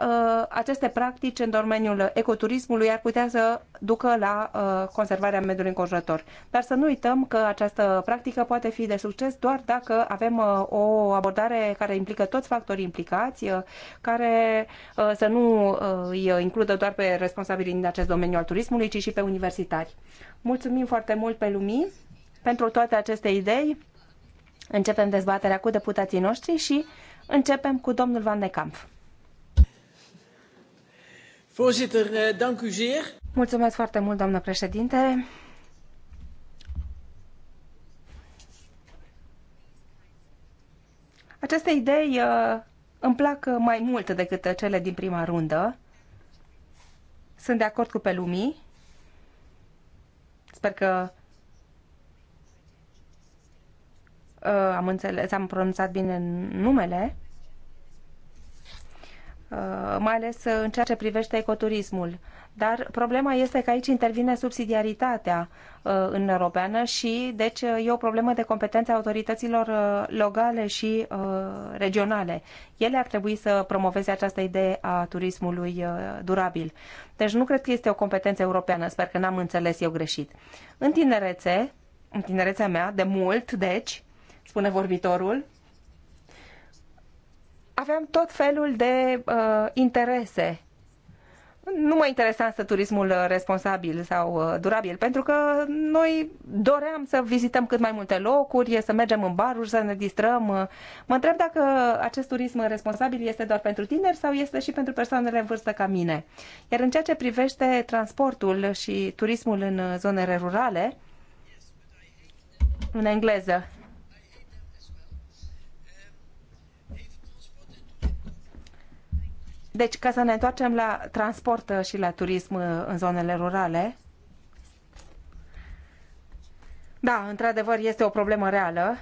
Uh, aceste practici în domeniul ecoturismului ar putea să ducă la uh, conservarea mediului înconjurător. Dar să nu uităm că această practică poate fi de succes doar dacă avem uh, o abordare care implică toți factorii implicați, care să nu îi includă doar pe responsabilii din acest domeniu al turismului, ci și pe universitari. Mulțumim foarte mult pe Lumi pentru toate aceste idei. Începem dezbaterea cu deputații noștri și începem cu domnul Van de Kampf. Voorzitter, eh, dank u zeer. Mulțumesc foarte mult, doamnă președinte. Aceste idei eh, îmi plac mai mult decât cele din prima rundă. Sunt de acord cu Pelumi. Sper că eh, am înțeles, am pronunțat bine numele. Uh, mai ales în ceea ce privește ecoturismul. Dar problema este că aici intervine subsidiaritatea uh, în europeană și deci uh, e o problemă de competență a autorităților locale și regionale. Ele ar trebui să promoveze această idee a turismului durabil. Deci nu cred că este o competență europeană, sper că n-am înțeles eu greșit. În tinerețe, în tinerețea mea, de mult, deci, spune vorbitorul, aveam tot felul de uh, interese. Nu mă interesa să turismul uh, responsabil sau uh, durabil, pentru că noi doream să vizităm cât mai multe locuri, să mergem în baruri, să ne distrăm. Uh, mă întreb dacă acest turism responsabil este doar pentru tineri sau este și pentru persoanele în vârstă ca mine. Iar în ceea ce privește transportul și turismul în zonele rurale, în engleză, Deci, ca să ne întoarcem la transport și la turism uh, în zonele rurale, da, într-adevăr, este o problemă reală.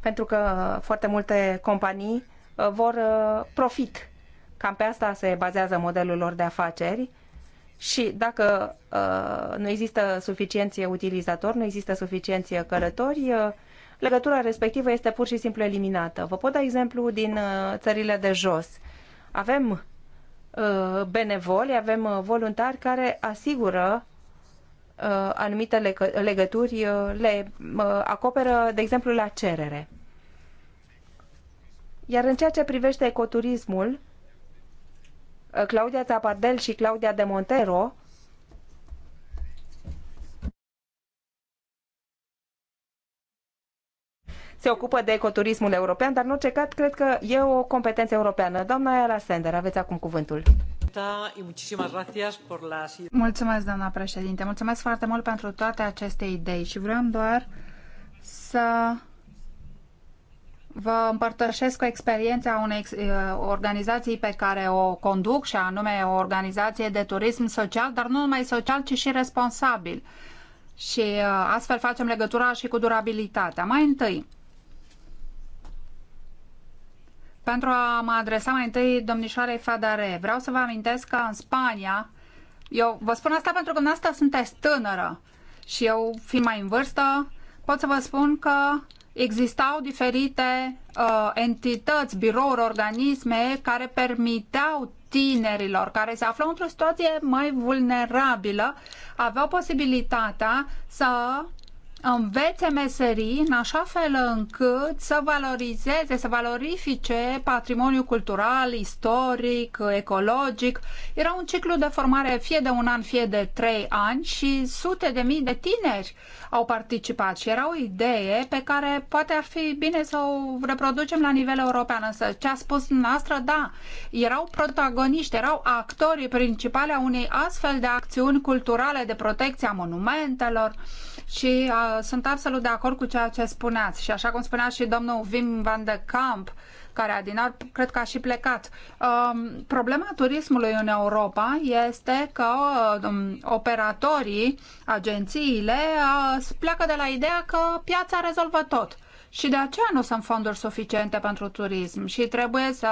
Pentru că foarte multe companii uh, vor uh, profit. Cam pe asta se bazează modelul lor de afaceri. Și dacă nu există suficienție utilizatori, nu există suficienție călători, legătura respectivă este pur și simplu eliminată. Vă pot da exemplu din uh, țările de jos. Avem uh, benevoli, avem uh, voluntari care asigură anumite legături, le acoperă, de exemplu, la cerere. Iar în ceea ce privește ecoturismul, Claudia Tapardel și Claudia de Montero se ocupă de ecoturismul european, dar în orice caz cred că e o competență europeană. Doamna Ayala Sender, aveți acum cuvântul. Mulțumesc, doamna președinte. Mulțumesc foarte mult pentru toate aceste idei și vreau doar să vă împărtășesc o experiență a unei uh, organizații pe care o conduc și anume o organizație de turism social, dar nu numai social, ci și responsabil. Și uh, astfel facem legătura și cu durabilitatea. Mai întâi, pentru a mă adresa mai întâi domnișoarei Fadare. Vreau să vă amintesc că în Spania, eu vă spun asta pentru că în asta sunteți tânără și eu, fiind mai în vârstă, pot să vă spun că existau diferite uh, entități, birouri, organisme care permiteau tinerilor care se aflau într-o situație mai vulnerabilă, aveau posibilitatea să învețe meserii în așa fel încât să valorizeze, să valorifice patrimoniul cultural, istoric, ecologic. Era un ciclu de formare fie de un an, fie de trei ani și sute de mii de tineri au participat și era o idee pe care poate ar fi bine să o reproducem la nivel european, însă ce a spus noastră, da, erau protagoniști, erau actorii principali a unei astfel de acțiuni culturale de protecție a monumentelor, și uh, sunt absolut de acord cu ceea ce spuneați. Și așa cum spunea și domnul Wim van de Camp, care adinar, cred că a și plecat. Um, problema turismului în Europa este că um, operatorii, agențiile, uh, pleacă de la ideea că piața rezolvă tot și de aceea nu sunt fonduri suficiente pentru turism și trebuie să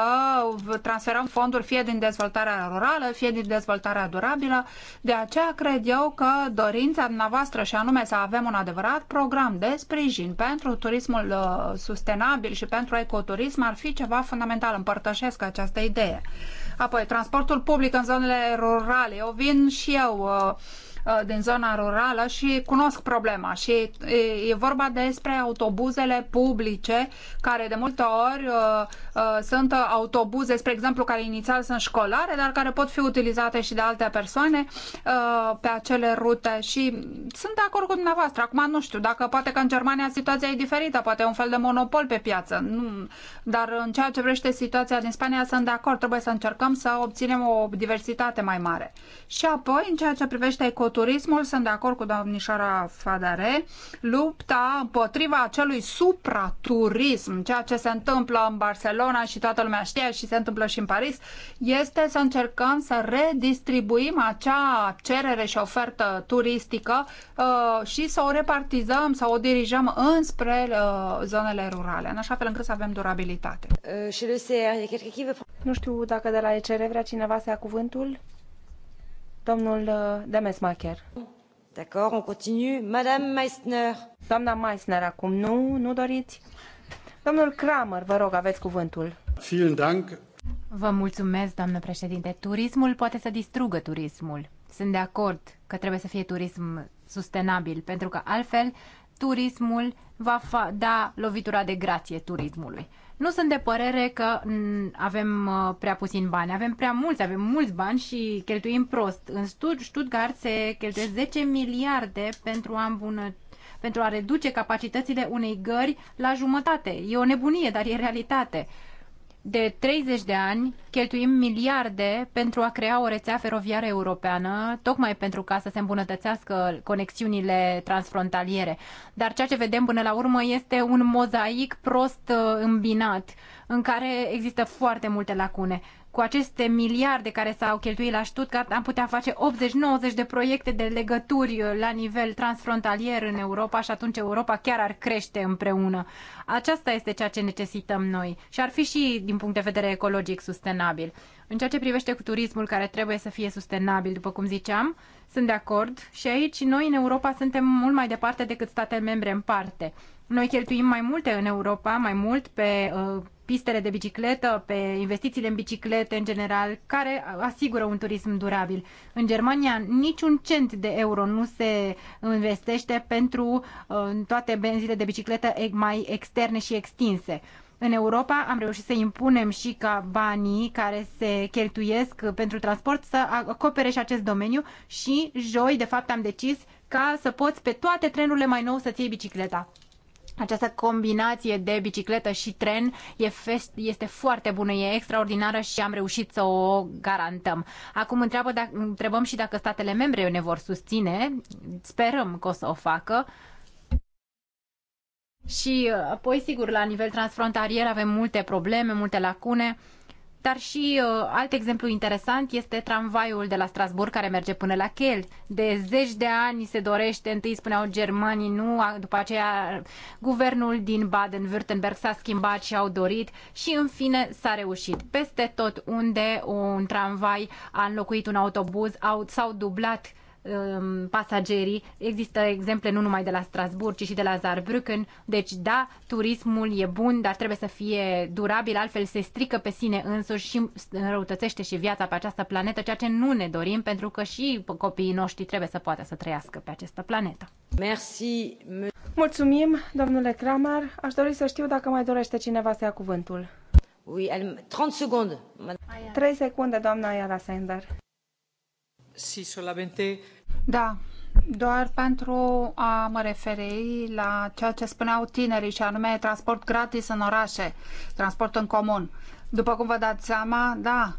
transferăm fonduri fie din dezvoltarea rurală, fie din dezvoltarea durabilă. De aceea cred eu că dorința dumneavoastră și anume să avem un adevărat program de sprijin pentru turismul uh, sustenabil și pentru ecoturism ar fi ceva fundamental. Împărtășesc această idee. Apoi, transportul public în zonele rurale. Eu vin și eu uh, Uh, din zona rurală și cunosc problema și uh, e vorba despre autobuzele publice care de multe ori uh, sunt autobuze, spre exemplu, care inițial sunt școlare, dar care pot fi utilizate și de alte persoane pe acele rute și sunt de acord cu dumneavoastră. Acum nu știu dacă poate că în Germania situația e diferită, poate e un fel de monopol pe piață, nu, dar în ceea ce vrește situația din Spania sunt de acord, trebuie să încercăm să obținem o diversitate mai mare. Și apoi, în ceea ce privește ecoturismul, ecoturismul, sunt de acord cu domnișoara Fadare, lupta împotriva acelui supraturism, ceea ce se întâmplă în Barcelona și toată lumea știe și se întâmplă și în Paris, este să încercăm să redistribuim acea cerere și ofertă turistică uh, și să o repartizăm, să o dirijăm înspre uh, zonele rurale, în așa fel încât să avem durabilitate. Uh, nu știu dacă de la ECR vrea cineva să ia cuvântul. Domnul uh, Doamna Meissner, acum nu, nu doriți? Domnul Kramer, vă rog, aveți cuvântul. Vielen Dank. Vă mulțumesc, doamnă președinte. Turismul poate să distrugă turismul. Sunt de acord că trebuie să fie turism sustenabil, pentru că altfel turismul va da lovitura de grație turismului. Nu sunt de părere că avem uh, prea puțin bani. Avem prea mulți, avem mulți bani și cheltuim prost. În Stuttgart se cheltuie 10 miliarde pentru a îmbunătăți pentru a reduce capacitățile unei gări la jumătate. E o nebunie, dar e realitate. Uh, de 30 de ani cheltuim miliarde pentru a crea o rețea feroviară europeană, tocmai pentru ca să se îmbunătățească conexiunile transfrontaliere. Dar ceea ce vedem până la urmă este un mozaic prost uh, îmbinat, în care există foarte multe lacune cu aceste miliarde care s-au cheltuit la Stuttgart, am putea face 80-90 de proiecte de legături uh, la nivel transfrontalier în Europa și atunci Europa chiar ar crește împreună. Aceasta este ceea ce necesităm noi și ar fi și din punct de vedere ecologic sustenabil. În ceea ce privește cu turismul care trebuie să fie sustenabil, după cum ziceam, sunt de acord și aici noi în Europa suntem mult mai departe decât statele membre în parte. Noi cheltuim mai multe în Europa, mai mult pe uh, pistele de bicicletă, pe investițiile în biciclete în general, care asigură un turism durabil. În Germania niciun cent de euro nu se investește pentru uh, toate benzile de bicicletă mai externe și extinse. În Europa am reușit să impunem și ca banii care se cheltuiesc pentru transport să acopere și acest domeniu și joi, de fapt, am decis ca să poți pe toate trenurile mai nou să-ți iei bicicleta. Această combinație de bicicletă și tren e fest, este foarte bună, e extraordinară și am reușit să o garantăm. Acum întreabă dacă, întrebăm și dacă statele membre ne vor susține. Sperăm că o să o facă. Și uh, apoi, sigur, la nivel transfrontalier avem multe probleme, multe lacune. Uh, dar și uh, alt exemplu interesant este tramvaiul de la Strasburg care merge până la Kiel. De zeci de ani se dorește, întâi spuneau germanii nu, după aceea guvernul din Baden-Württemberg s-a schimbat și au dorit și în fine s-a reușit. Peste tot unde un tramvai a înlocuit un autobuz au, s-au dublat Um, pasagerii. Există exemple nu numai de la Strasburg, ci și de la Saarbrücken. Deci, da, turismul e bun, dar trebuie să fie durabil, altfel se strică pe sine însuși și înrăutățește și viața pe această planetă, ceea ce nu ne dorim, pentru că și copiii noștri trebuie să poată să trăiască pe această planetă. Merci. Mulțumim, domnule Kramer. Aș dori să știu dacă mai dorește cineva să ia cuvântul. Oui, 30 secunde. 3 secunde, doamna Ayala Sender. Da, doar pentru a mă referi la ceea ce spuneau tinerii și anume transport gratis în orașe, transport în comun. După cum vă dați seama, da,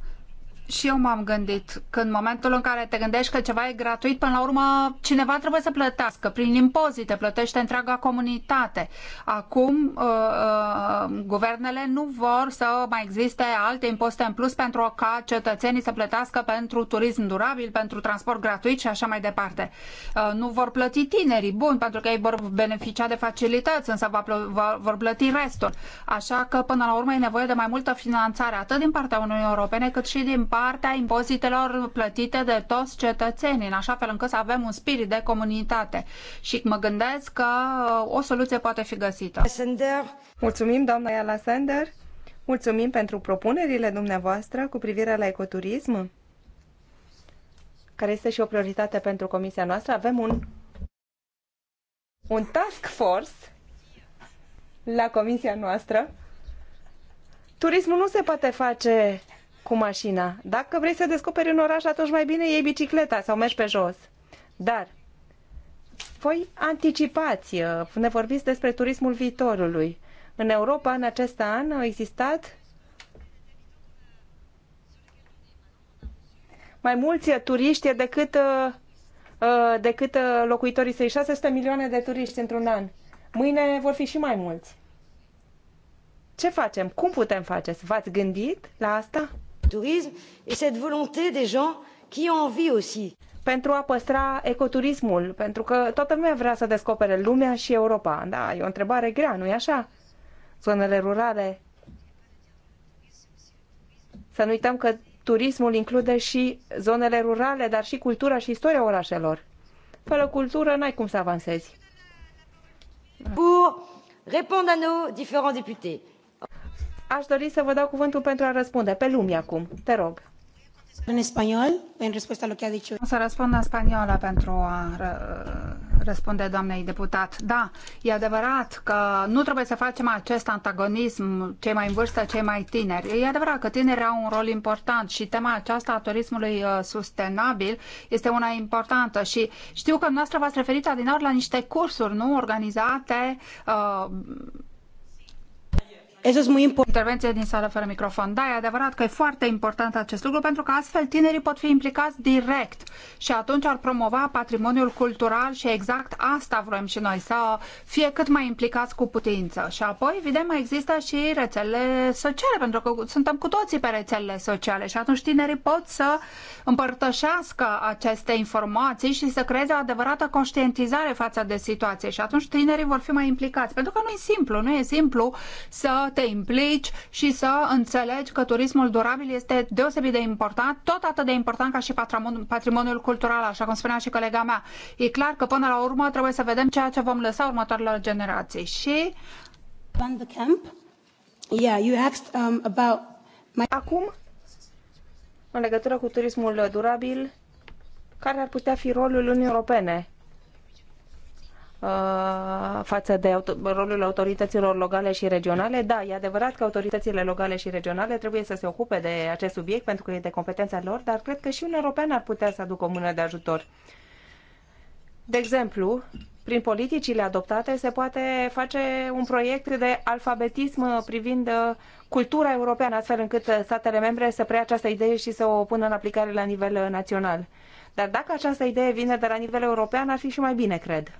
și eu m-am gândit că în momentul în care te gândești că ceva e gratuit, până la urmă cineva trebuie să plătească prin impozite, plătește întreaga comunitate. Acum uh, uh, guvernele nu vor să mai existe alte impozite în plus pentru ca cetățenii să plătească pentru turism durabil, pentru transport gratuit și așa mai departe. Uh, nu vor plăti tinerii, bun, pentru că ei vor beneficia de facilități, însă va va, vor plăti restul. Așa că până la urmă e nevoie de mai multă finanțare, atât din partea Uniunii Europene cât și din a impozitelor plătite de toți cetățenii, în așa fel încât să avem un spirit de comunitate. Și mă gândesc că uh, o soluție poate fi găsită. Mulțumim, doamna Iala Sender. Mulțumim pentru propunerile dumneavoastră cu privire la ecoturism, care este și o prioritate pentru comisia noastră. Avem un, un task force la comisia noastră. Turismul nu se poate face cu mașina. Dacă vrei să descoperi un oraș, atunci mai bine iei bicicleta sau mergi pe jos. Dar voi anticipați, uh, ne vorbiți despre turismul viitorului. În Europa, în acest an, au existat mai mulți turiști decât, uh, uh, decât locuitorii săi. 600 milioane de turiști într-un an. Mâine vor fi și mai mulți. Ce facem? Cum putem face? V-ați gândit la asta? tourisme et cette volonté des gens qui ont envie aussi. Pentru a păstra ecoturismul, pentru că toată lumea vrea să descopere lumea și Europa. Da, e o întrebare grea, nu-i așa? Zonele rurale. Să nu uităm că turismul include și zonele rurale, dar și cultura și istoria orașelor. Fără cultură n-ai cum să avansezi. Pour répondre à nos différents députés aș dori să vă dau cuvântul pentru a răspunde. Pe lume acum, te rog. În spaniol, în răspunsul a Chiadici. O să răspund în spaniolă pentru a răspunde doamnei deputat. Da, e adevărat că nu trebuie să facem acest antagonism cei mai în vârstă, cei mai tineri. E adevărat că tinerii au un rol important și tema aceasta a turismului uh, sustenabil este una importantă și știu că noastră v-ați referit adinaori la niște cursuri, nu, organizate uh, Intervenție din sală fără microfon. Da, e adevărat că e foarte important acest lucru pentru că astfel tinerii pot fi implicați direct și atunci ar promova patrimoniul cultural și exact asta vrem și noi, să fie cât mai implicați cu putință. Și apoi, evident, mai există și rețele sociale, pentru că suntem cu toții pe rețelele sociale și atunci tinerii pot să împărtășească aceste informații și să creeze o adevărată conștientizare față de situație și atunci tinerii vor fi mai implicați. Pentru că nu e simplu, nu e simplu să te implici și să înțelegi că turismul durabil este deosebit de important, tot atât de important ca și patrimoniul cultural, așa cum spunea și colega mea. E clar că până la urmă trebuie să vedem ceea ce vom lăsa următoarelor generații. Și... Um, Acum, în legătură cu turismul durabil, care ar putea fi rolul Uniunii Europene Uh, față de rolul autorităților locale și regionale. Da, e adevărat că autoritățile locale și regionale trebuie să se ocupe de acest subiect pentru că e de competența lor, dar cred că și un european ar putea să aducă o mână de ajutor. De exemplu, prin politicile adoptate se poate face un proiect de alfabetism privind uh, cultura europeană, astfel încât uh, statele membre să preia această idee și să o pună în aplicare la nivel național. Dar dacă această idee vine de la nivel european, ar fi și mai bine, cred.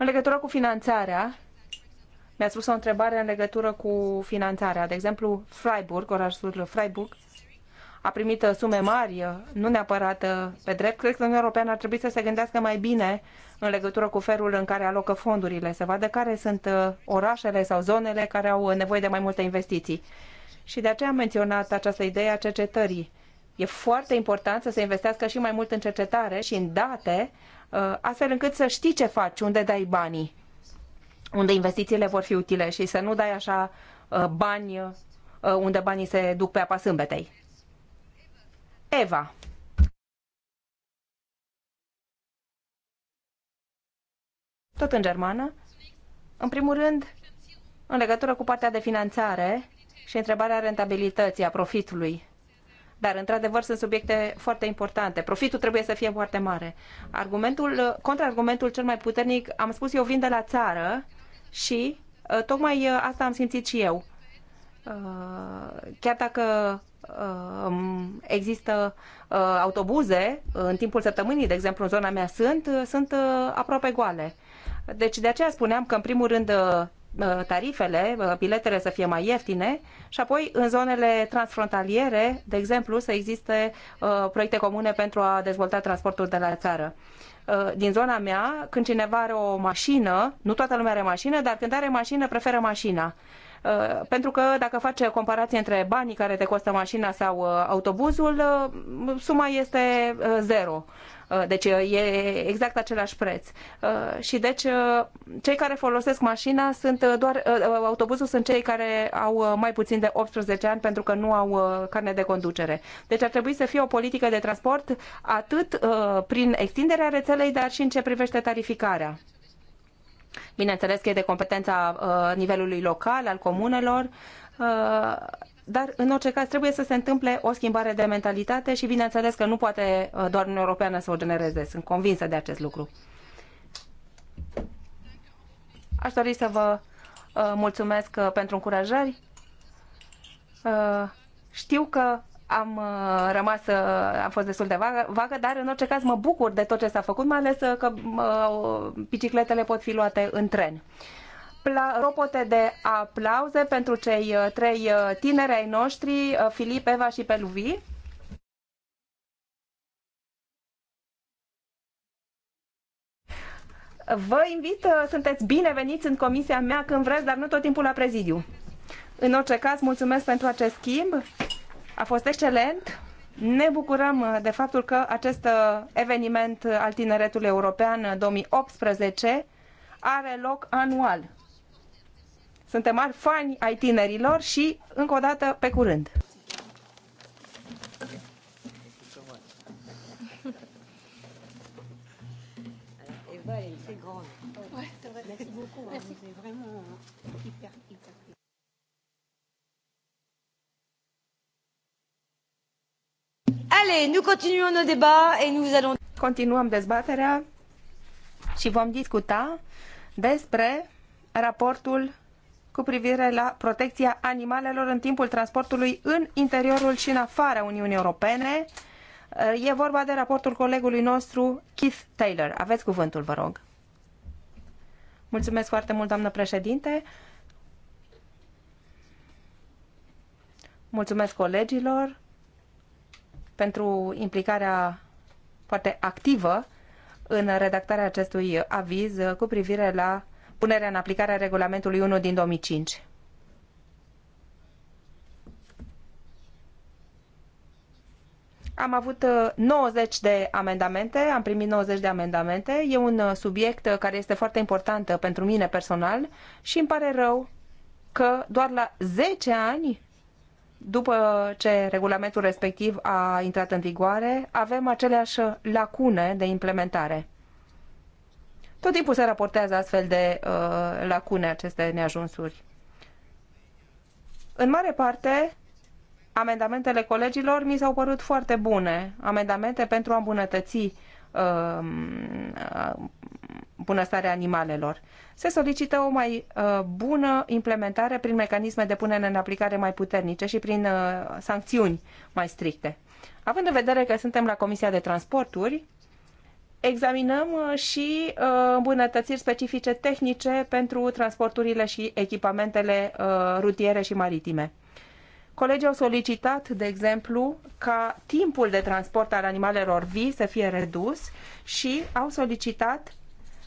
În legătură cu finanțarea, mi-a spus o întrebare în legătură cu finanțarea. De exemplu, Freiburg, orașul Freiburg, a primit uh, sume mari, uh, nu neapărat uh, pe drept. Cred că Uniunea Europeană ar trebui să se gândească mai bine în legătură cu felul în care alocă fondurile, să vadă care sunt orașele sau zonele care au nevoie de mai multe investiții. Și de aceea am menționat această idee a cercetării. E foarte important să se investească și mai mult în cercetare și în date, Uh, astfel încât să știi ce faci, unde dai banii, unde investițiile vor fi utile și să nu dai așa uh, bani uh, unde banii se duc pe apa sâmbetei. Eva. Tot în germană. În primul rând, în legătură cu partea de finanțare și întrebarea rentabilității a profitului dar, într-adevăr, sunt subiecte foarte importante. Profitul trebuie să fie foarte mare. Argumentul, contraargumentul cel mai puternic, am spus, eu vin de la țară și uh, tocmai uh, asta am simțit și eu. Uh, chiar dacă există autobuze în timpul săptămânii, de exemplu, în zona mea sunt, sunt aproape goale. Deci de aceea spuneam că în primul rând Uh, tarifele, uh, biletele să fie mai ieftine și apoi în zonele transfrontaliere, de exemplu, să existe uh, proiecte comune pentru a dezvolta transportul de la țară din zona mea, când cineva are o mașină, nu toată lumea are mașină, dar când are mașină, preferă mașina. Uh, pentru că dacă faci comparație între banii care te costă mașina sau uh, autobuzul, uh, suma este zero. Deci e exact același preț. Și deci cei care folosesc mașina sunt doar, autobuzul sunt cei care au mai puțin de 18 ani pentru că nu au carne de conducere. Deci ar trebui să fie o politică de transport atât prin extinderea rețelei, dar și în ce privește tarificarea. Bineînțeles că e de competența uh, nivelului local, al comunelor, uh, dar în orice caz trebuie să se întâmple o schimbare de mentalitate și bineînțeles că nu poate uh, doar Uniunea Europeană să o genereze. Sunt convinsă de acest lucru. Aș dori să vă mulțumesc pentru încurajări. Știu că am uh, rămas, uh, am fost destul de vagă, vagă, dar în orice caz mă bucur de tot ce s-a făcut, mai ales uh, că bicicletele pot fi luate în tren. Pla- ropote de aplauze pentru cei trei tineri ai noștri, Filip, Eva și Peluvi. Vă invit, sunteți bineveniți în comisia mea când vreți, dar nu tot timpul la prezidiu. În orice caz, mulțumesc pentru acest schimb. A fost excelent. Ne bucurăm uh, de faptul că acest uh, eveniment uh, al tineretului european 2018 are loc anual. Suntem mari fani ai tinerilor și, încă o dată, pe curând! Ouais, c'est vrai. Merci beaucoup. Merci. vraiment hyper, hyper. Allez, nous continuons nos débats et nous allons... Continuăm dezbaterea și vom discuta despre raportul cu privire la protecția animalelor în timpul transportului în interiorul și în afara Uniunii Europene. E vorba de raportul colegului nostru, Keith Taylor. Aveți cuvântul, vă rog. Mulțumesc foarte mult, doamnă președinte. Mulțumesc colegilor pentru implicarea foarte activă în redactarea acestui aviz cu privire la punerea în aplicare a regulamentului 1 din 2005. Am avut 90 uh, de amendamente, am primit 90 de amendamente. E un uh, subiect uh, care este foarte important pentru mine personal și îmi pare rău că doar la 10 ani după ce regulamentul respectiv a intrat în vigoare, avem aceleași lacune de implementare. Tot timpul se raportează astfel de uh, lacune, aceste neajunsuri. În mare parte, amendamentele colegilor mi s-au părut foarte bune, amendamente pentru a îmbunătăți Um, uh, bunăstarea animalelor. Se solicită o mai uh, bună implementare prin mecanisme de punere în aplicare mai puternice și prin uh, sancțiuni mai stricte. Având în vedere că suntem la Comisia de Transporturi, examinăm și îmbunătățiri specifice tehnice pentru transporturile și echipamentele rutiere și maritime. Colegii au solicitat, de exemplu, ca timpul de transport al animalelor vii să fie redus și au solicitat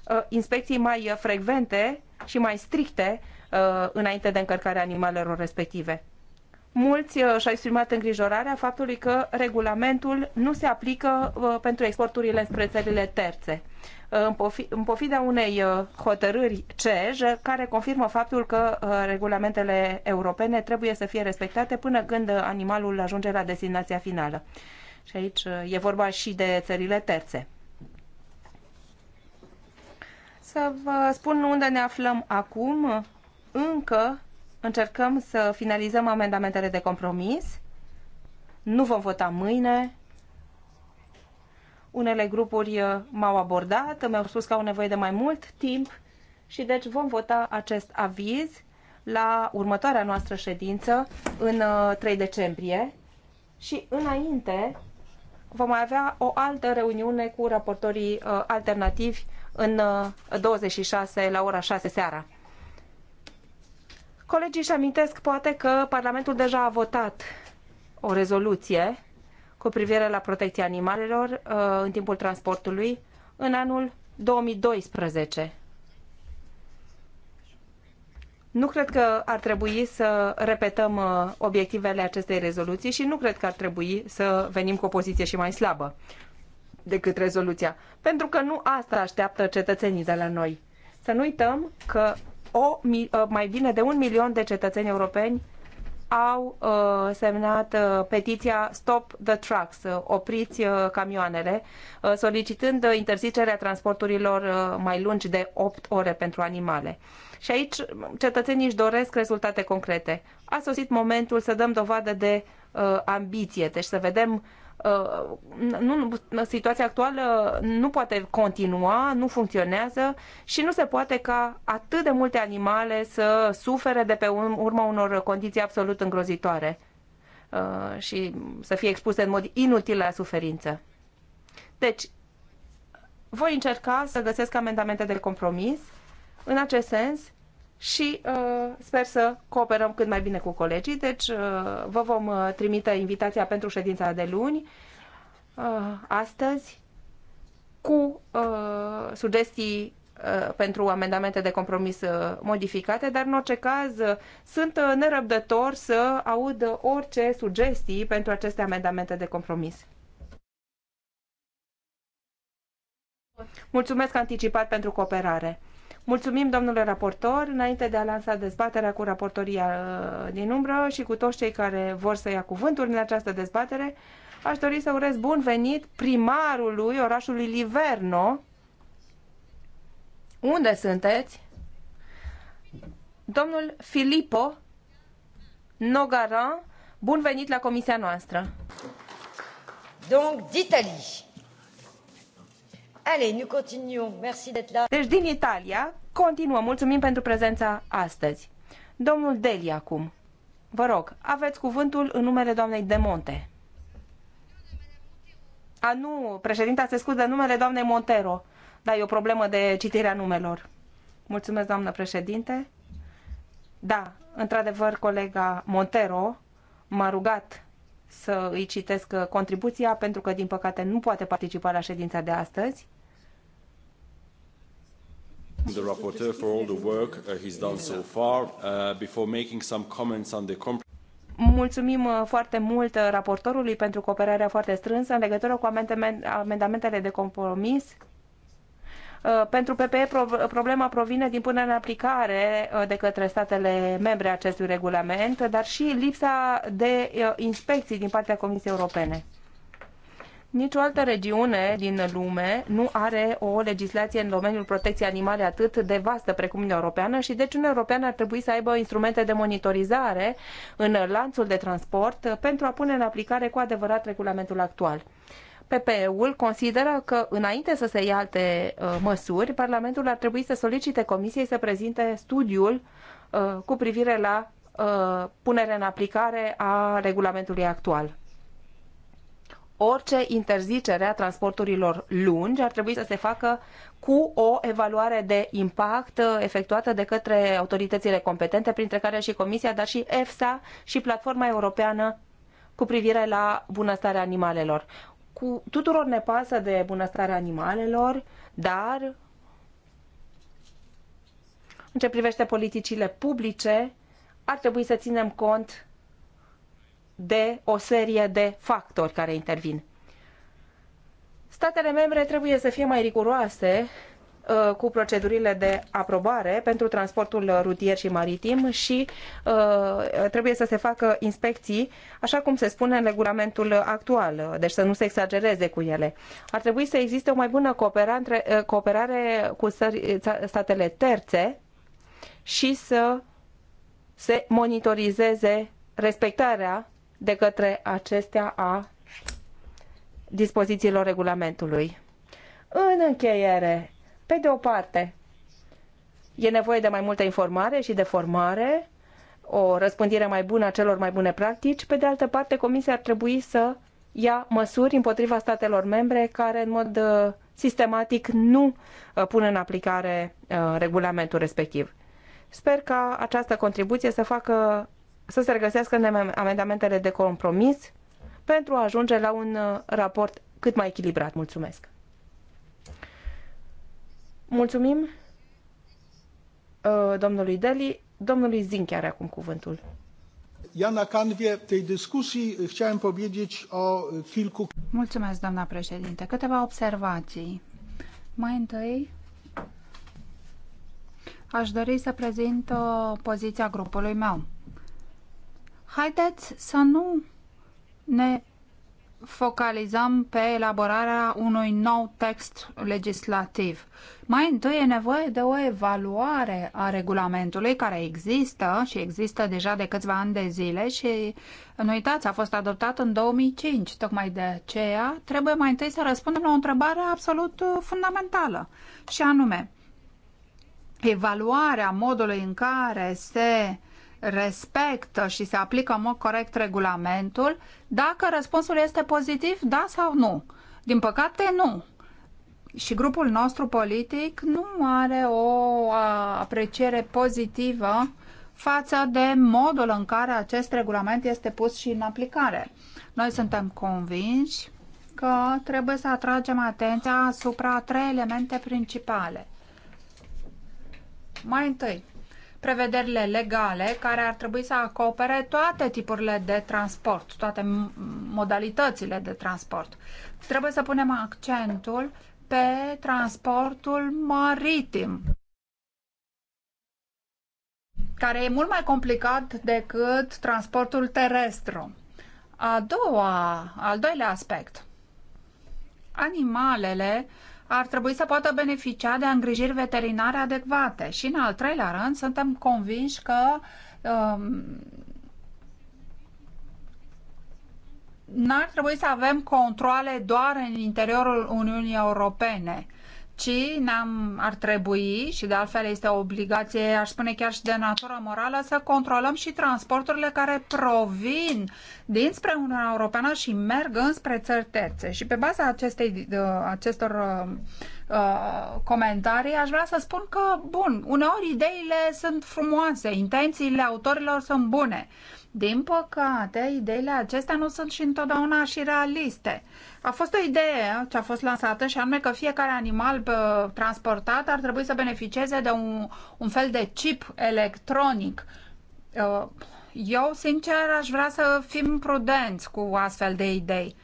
uh, inspecții mai frecvente și mai stricte uh, înainte de încărcarea animalelor respective. Mulți uh, și-au exprimat îngrijorarea faptului că regulamentul nu se aplică uh, pentru exporturile spre țările terțe. Uh, în pofida unei hotărâri CEJ, care confirmă faptul că regulamentele europene trebuie să fie respectate până când animalul ajunge la destinația finală. Și aici e vorba și de țările terțe. Să vă spun unde ne aflăm acum. Încă încercăm să finalizăm amendamentele de compromis. Nu vom vota mâine. Unele grupuri uh, m-au abordat, mi-au spus că au nevoie de mai mult timp și deci vom vota acest aviz la următoarea noastră ședință în 3 uh, decembrie și înainte vom mai avea o altă reuniune cu raportorii uh, alternativi în 26 la ora 6 seara. Colegii își amintesc poate că Parlamentul deja a votat o rezoluție cu privire la protecția animalelor uh, în timpul transportului în anul 2012. Nu cred că ar trebui să repetăm uh, obiectivele acestei rezoluții și nu cred că ar trebui să venim cu o poziție și mai slabă decât rezoluția. Pentru că nu asta așteaptă cetățenii de la noi. Să nu uităm că o, uh, mai bine de un milion de cetățeni europeni au uh, semnat uh, petiția Stop the Trucks, uh, opriți uh, camioanele, uh, solicitând uh, interzicerea transporturilor uh, mai lungi de 8 ore pentru animale. Și aici cetățenii își doresc rezultate concrete. A sosit momentul să dăm dovadă de uh, ambiție, deci să vedem uh, Uh, nu, situația actuală nu poate continua, nu funcționează și nu se poate ca atât de multe animale să sufere de pe urma unor condiții absolut îngrozitoare uh, și să fie expuse în mod inutil la suferință. Deci, voi încerca să găsesc amendamente de compromis în acest sens și uh, sper să cooperăm cât mai bine cu colegii. Deci uh, vă vom uh, trimite invitația pentru ședința de luni uh, astăzi cu uh, sugestii uh, pentru amendamente de compromis uh, modificate, dar în orice caz sunt nerăbdător să aud orice sugestii pentru aceste amendamente de compromis. Mulțumesc anticipat pentru cooperare. Mulțumim, domnule raportor, înainte de a lansa dezbaterea cu raportoria uh, din umbră și cu toți cei care vor să ia cuvântul în această dezbatere, aș dori să urez bun venit primarului orașului Liverno. Unde sunteți? Domnul Filippo Nogaran, bun venit la comisia noastră. Donc, d'Italie. Deci din Italia, continuăm. Mulțumim pentru prezența astăzi. Domnul Deli acum. Vă rog, aveți cuvântul în numele doamnei De Monte. A, nu, președinta se scuză numele doamnei Montero. Da, e o problemă de citirea numelor. Mulțumesc, doamnă președinte. Da, într-adevăr, colega Montero m-a rugat să îi citesc contribuția pentru că, din păcate, nu poate participa la ședința de astăzi the rapporteur for all the work uh, he's done so far uh, before making some comments on the Mulțumim uh, foarte mult raportorului pentru cooperarea foarte strânsă în legătură cu amendamentele de compromis. Pentru PPE, problema provine din punerea în aplicare de către statele membre acestui regulament, dar și lipsa de inspecții din partea Comisiei Europene. Nicio altă regiune din lume nu are o legislație în domeniul protecției animale atât de vastă precum Uniunea Europeană și deci Uniunea Europeană ar trebui să aibă instrumente de monitorizare în lanțul de transport pentru a pune în aplicare cu adevărat regulamentul actual. PPE-ul consideră că, înainte să se ia alte uh, măsuri, Parlamentul ar trebui să solicite Comisiei să prezinte studiul uh, cu privire la uh, punerea în aplicare a regulamentului actual orice interzicere a transporturilor lungi ar trebui să se facă cu o evaluare de impact uh, efectuată de către autoritățile competente, printre care și Comisia, dar și EFSA și Platforma Europeană cu privire la bunăstarea animalelor. Cu tuturor ne pasă de bunăstarea animalelor, dar în ce privește politicile publice, ar trebui să ținem cont de o serie de factori care intervin. Statele membre trebuie să fie mai riguroase uh, cu procedurile de aprobare pentru transportul rutier și maritim și uh, trebuie să se facă inspecții, așa cum se spune în regulamentul actual, deci să nu se exagereze cu ele. Ar trebui să existe o mai bună cooperare, uh, cooperare cu statele terțe și să se monitorizeze respectarea de către acestea a dispozițiilor regulamentului. În încheiere, pe de o parte, e nevoie de mai multă informare și de formare, o răspândire mai bună a celor mai bune practici, pe de altă parte, Comisia ar trebui să ia măsuri împotriva statelor membre care în mod uh, sistematic nu uh, pun în aplicare uh, regulamentul respectiv. Sper ca această contribuție să facă să se regăsească în amendamentele de compromis pentru a ajunge la un uh, raport cât mai echilibrat. Mulțumesc! Mulțumim uh, domnului Deli. Domnului Zin chiar acum cuvântul. Ja na kanwie tej dyskusji chciałem powiedzieć o kilku... Uh, Mulțumesc, doamna președinte. Câteva observații. Mai întâi, aș dori să prezint poziția grupului meu. Haideți să nu ne focalizăm pe elaborarea unui nou text legislativ. Mai întâi e nevoie de o evaluare a regulamentului care există și există deja de câțiva ani de zile și, nu uitați, a fost adoptat în 2005. Tocmai de aceea trebuie mai întâi să răspundem la o întrebare absolut fundamentală și anume, evaluarea modului în care se respectă și se aplică în mod corect regulamentul, dacă răspunsul este pozitiv, da sau nu. Din păcate, nu. Și grupul nostru politic nu are o apreciere pozitivă față de modul în care acest regulament este pus și în aplicare. Noi suntem convinși că trebuie să atragem atenția asupra trei elemente principale. Mai întâi, prevederile legale care ar trebui să acopere toate tipurile de transport, toate modalitățile de transport. Trebuie să punem accentul pe transportul maritim care e mult mai complicat decât transportul terestru. A doua, al doilea aspect. Animalele uh, ar trebui să poată beneficia de îngrijiri veterinare adecvate. Și în al treilea rând, suntem convinși că um, n-ar trebui să avem controle doar în interiorul Uniunii Europene. Uh, ci ne-am, ar trebui, și de altfel este o obligație, aș spune chiar și de natură morală, să controlăm și transporturile care provin dinspre Uniunea Europeană și merg înspre țări terțe. Și pe baza acestei, acestor uh, comentarii, aș vrea să spun că, bun, uneori ideile sunt frumoase, intențiile autorilor sunt bune, din păcate, ideile acestea nu sunt și întotdeauna și realiste. A fost o idee ce a fost lansată și anume că fiecare animal transportat ar trebui să beneficieze de un, un fel de chip electronic. Uh, eu, sincer, aș vrea să fim prudenți cu astfel de idei,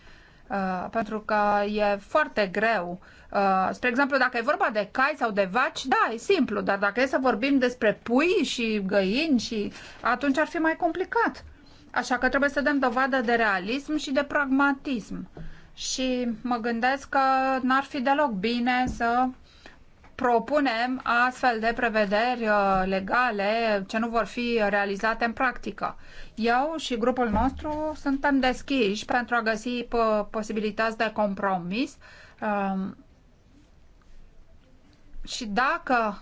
uh, pentru că e foarte greu Uh, spre exemplu, dacă e vorba de cai sau de vaci, da, e simplu, dar dacă e să vorbim despre pui și găini, și atunci ar fi mai complicat. Așa că trebuie să dăm dovadă de realism și de pragmatism. Și mă gândesc că n-ar fi deloc bine să propunem astfel de prevederi uh, legale ce nu vor fi realizate în practică. Eu și grupul nostru suntem deschiși pentru a găsi posibilități de compromis. Um, și dacă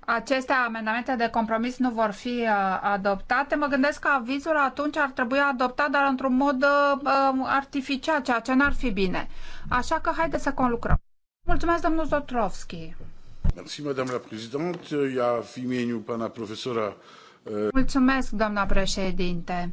aceste amendamente de compromis nu vor fi uh, adoptate, mă gândesc că avizul atunci ar trebui adoptat, dar într-un mod uh, artificial, ceea ce n-ar fi bine. Așa că haideți să conlucrăm. Mulțumesc, domnul Zotrovski. Mersi, doamna președinte. Ia fi meniu pana profesora. Uh, Mulțumesc, doamna președinte.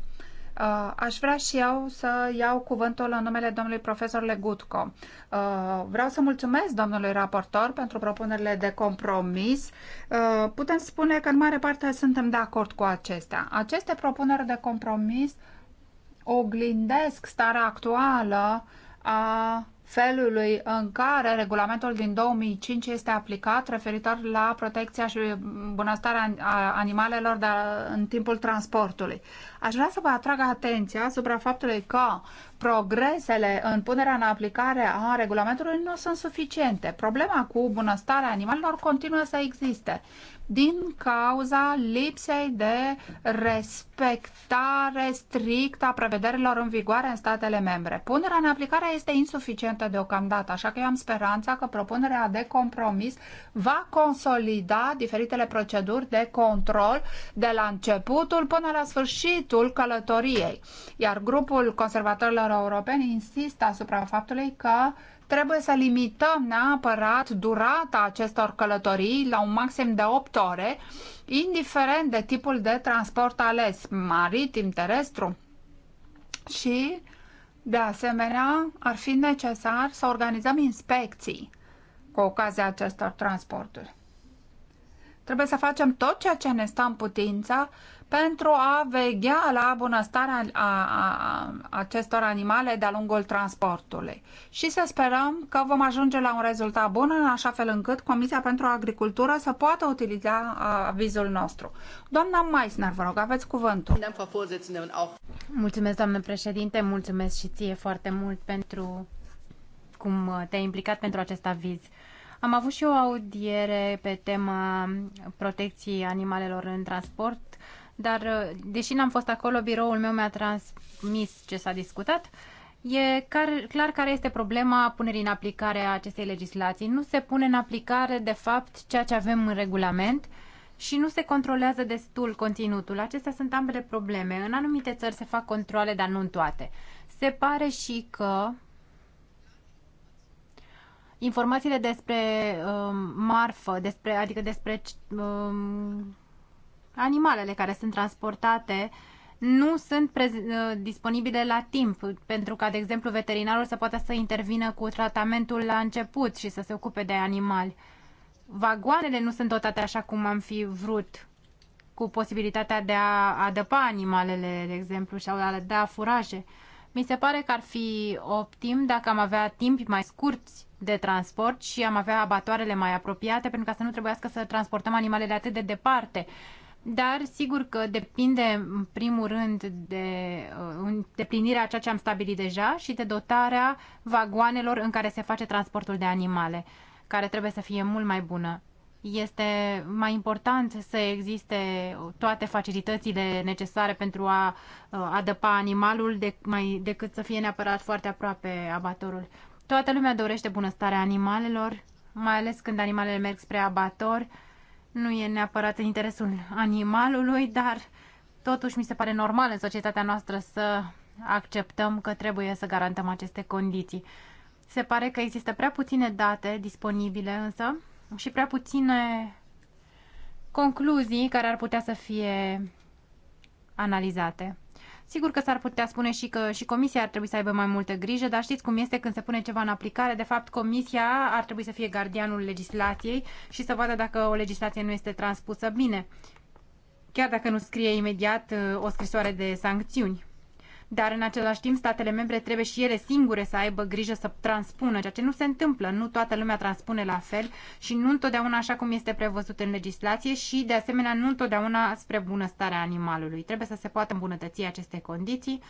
Uh, aș vrea și eu să iau cuvântul în numele domnului profesor Legutco. Uh, vreau să mulțumesc domnului raportor pentru propunerile de compromis. Uh, putem spune că în mare parte suntem de acord cu acestea. Aceste propuneri de compromis oglindesc starea actuală a felului în care regulamentul din 2005 este aplicat referitor la protecția și bunăstarea animalelor de, în timpul transportului. Aș vrea să vă atrag atenția asupra faptului că progresele în punerea în aplicare a regulamentului nu sunt suficiente. Problema cu bunăstarea animalelor continuă să existe din cauza lipsei de respectare strictă a prevederilor în vigoare în statele membre. Punerea în aplicare este insuficientă deocamdată, așa că eu am speranța că propunerea de compromis va consolida diferitele proceduri de control de la începutul până la sfârșitul călătoriei. Iar grupul conservatorilor europeni insistă asupra faptului că trebuie să limităm neapărat durata acestor călătorii la un maxim de 8 ore, indiferent de tipul de transport ales, maritim, terestru. Și, de asemenea, ar fi necesar să organizăm inspecții cu ocazia acestor transporturi. Trebuie să facem tot ceea ce ne stă în putință pentru a veghea la bunăstarea a, a, a acestor animale de-a lungul transportului. Și să sperăm că vom ajunge la un rezultat bun în așa fel încât Comisia pentru Agricultură să poată utiliza avizul nostru. Doamna Meissner, vă rog, aveți cuvântul. Mulțumesc, doamnă președinte, mulțumesc și ție foarte mult pentru cum te-ai implicat pentru acest aviz. Am avut și o audiere pe tema protecției animalelor în transport, dar uh, deși n-am fost acolo, biroul meu mi-a transmis ce s-a discutat. E car, clar care este problema punerii în aplicare a acestei legislații. Nu se pune în aplicare, de fapt, ceea ce avem în regulament și nu se controlează destul conținutul. Acestea sunt ambele probleme. În anumite țări se fac controle, dar nu în toate. Se pare și că informațiile despre um, marfă, despre, adică despre um, animalele care sunt transportate nu sunt uh, disponibile la timp, pentru ca, de exemplu, veterinarul să poată să intervină cu tratamentul la început și să se ocupe de animali. Vagoanele nu sunt dotate așa cum am fi vrut, cu posibilitatea de a adăpa animalele, de exemplu, sau a da furaje. Mi se pare că ar fi optim dacă am avea timp mai scurți de transport și am avea abatoarele mai apropiate pentru ca să nu trebuiască să transportăm animalele atât de departe. Dar sigur că depinde în primul rând de uh, deplinirea a ceea ce am stabilit deja și de dotarea vagoanelor în care se face transportul de animale, care trebuie să fie mult mai bună este mai important să existe toate facilitățile necesare pentru a uh, adăpa animalul de, mai, decât să fie neapărat foarte aproape abatorul. Toată lumea dorește bunăstarea animalelor, mai ales când animalele merg spre abator. Nu e neapărat în interesul animalului, dar totuși mi se pare normal în societatea noastră să acceptăm că trebuie să garantăm aceste condiții. Se pare că există prea puține date disponibile însă și prea puține concluzii care ar putea să fie analizate. Sigur că s-ar putea spune și că și comisia ar trebui să aibă mai multă grijă, dar știți cum este când se pune ceva în aplicare. De fapt, comisia ar trebui să fie gardianul legislației și să vadă dacă o legislație nu este transpusă bine. Chiar dacă nu scrie imediat uh, o scrisoare de sancțiuni dar în același timp statele membre trebuie și ele singure să aibă grijă să transpună, ceea ce nu se întâmplă. Nu toată lumea transpune la fel și nu întotdeauna așa cum este prevăzut în legislație și, de asemenea, nu întotdeauna spre bunăstarea animalului. Trebuie să se poată îmbunătăți aceste condiții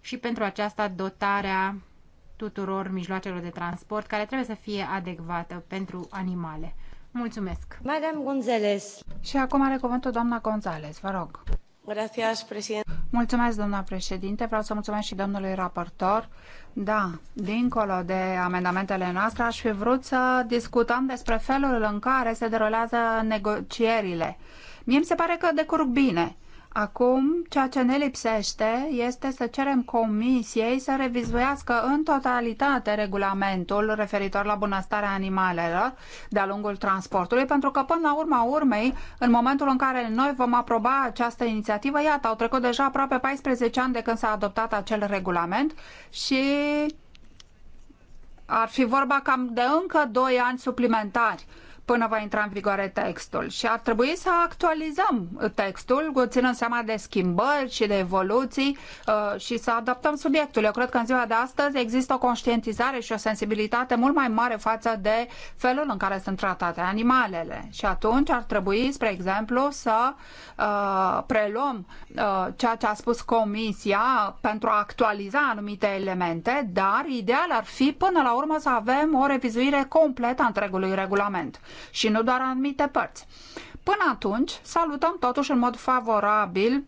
și pentru aceasta dotarea tuturor mijloacelor de transport care trebuie să fie adecvată pentru animale. Mulțumesc! Madame Gonzales. Și acum are cuvântul doamna Gonzales, vă rog mulțumesc, doamna președinte. Vreau să mulțumesc și domnului raportor. Da, dincolo de amendamentele noastre, aș fi vrut să discutăm despre felul în care se derulează negocierile. Mie mi se pare că decurg bine. Acum, ceea ce ne lipsește este să cerem comisiei să revizuiască în totalitate regulamentul referitor la bunăstarea animalelor de-a lungul transportului, pentru că până la urma urmei, în momentul în care noi vom aproba această inițiativă, iată, au trecut deja aproape 14 ani de când s-a adoptat acel regulament și ar fi vorba cam de încă 2 ani suplimentari până va intra în vigoare textul și ar trebui să actualizăm textul, ținând seama de schimbări și de evoluții uh, și să adaptăm subiectul. Eu cred că în ziua de astăzi există o conștientizare și o sensibilitate mult mai mare față de felul în care sunt tratate animalele și atunci ar trebui, spre exemplu, să uh, preluăm uh, ceea ce a spus Comisia pentru a actualiza anumite elemente, dar ideal ar fi până la urmă să avem o revizuire completă a întregului regulament și nu doar anumite părți. Până atunci, salutăm totuși în mod favorabil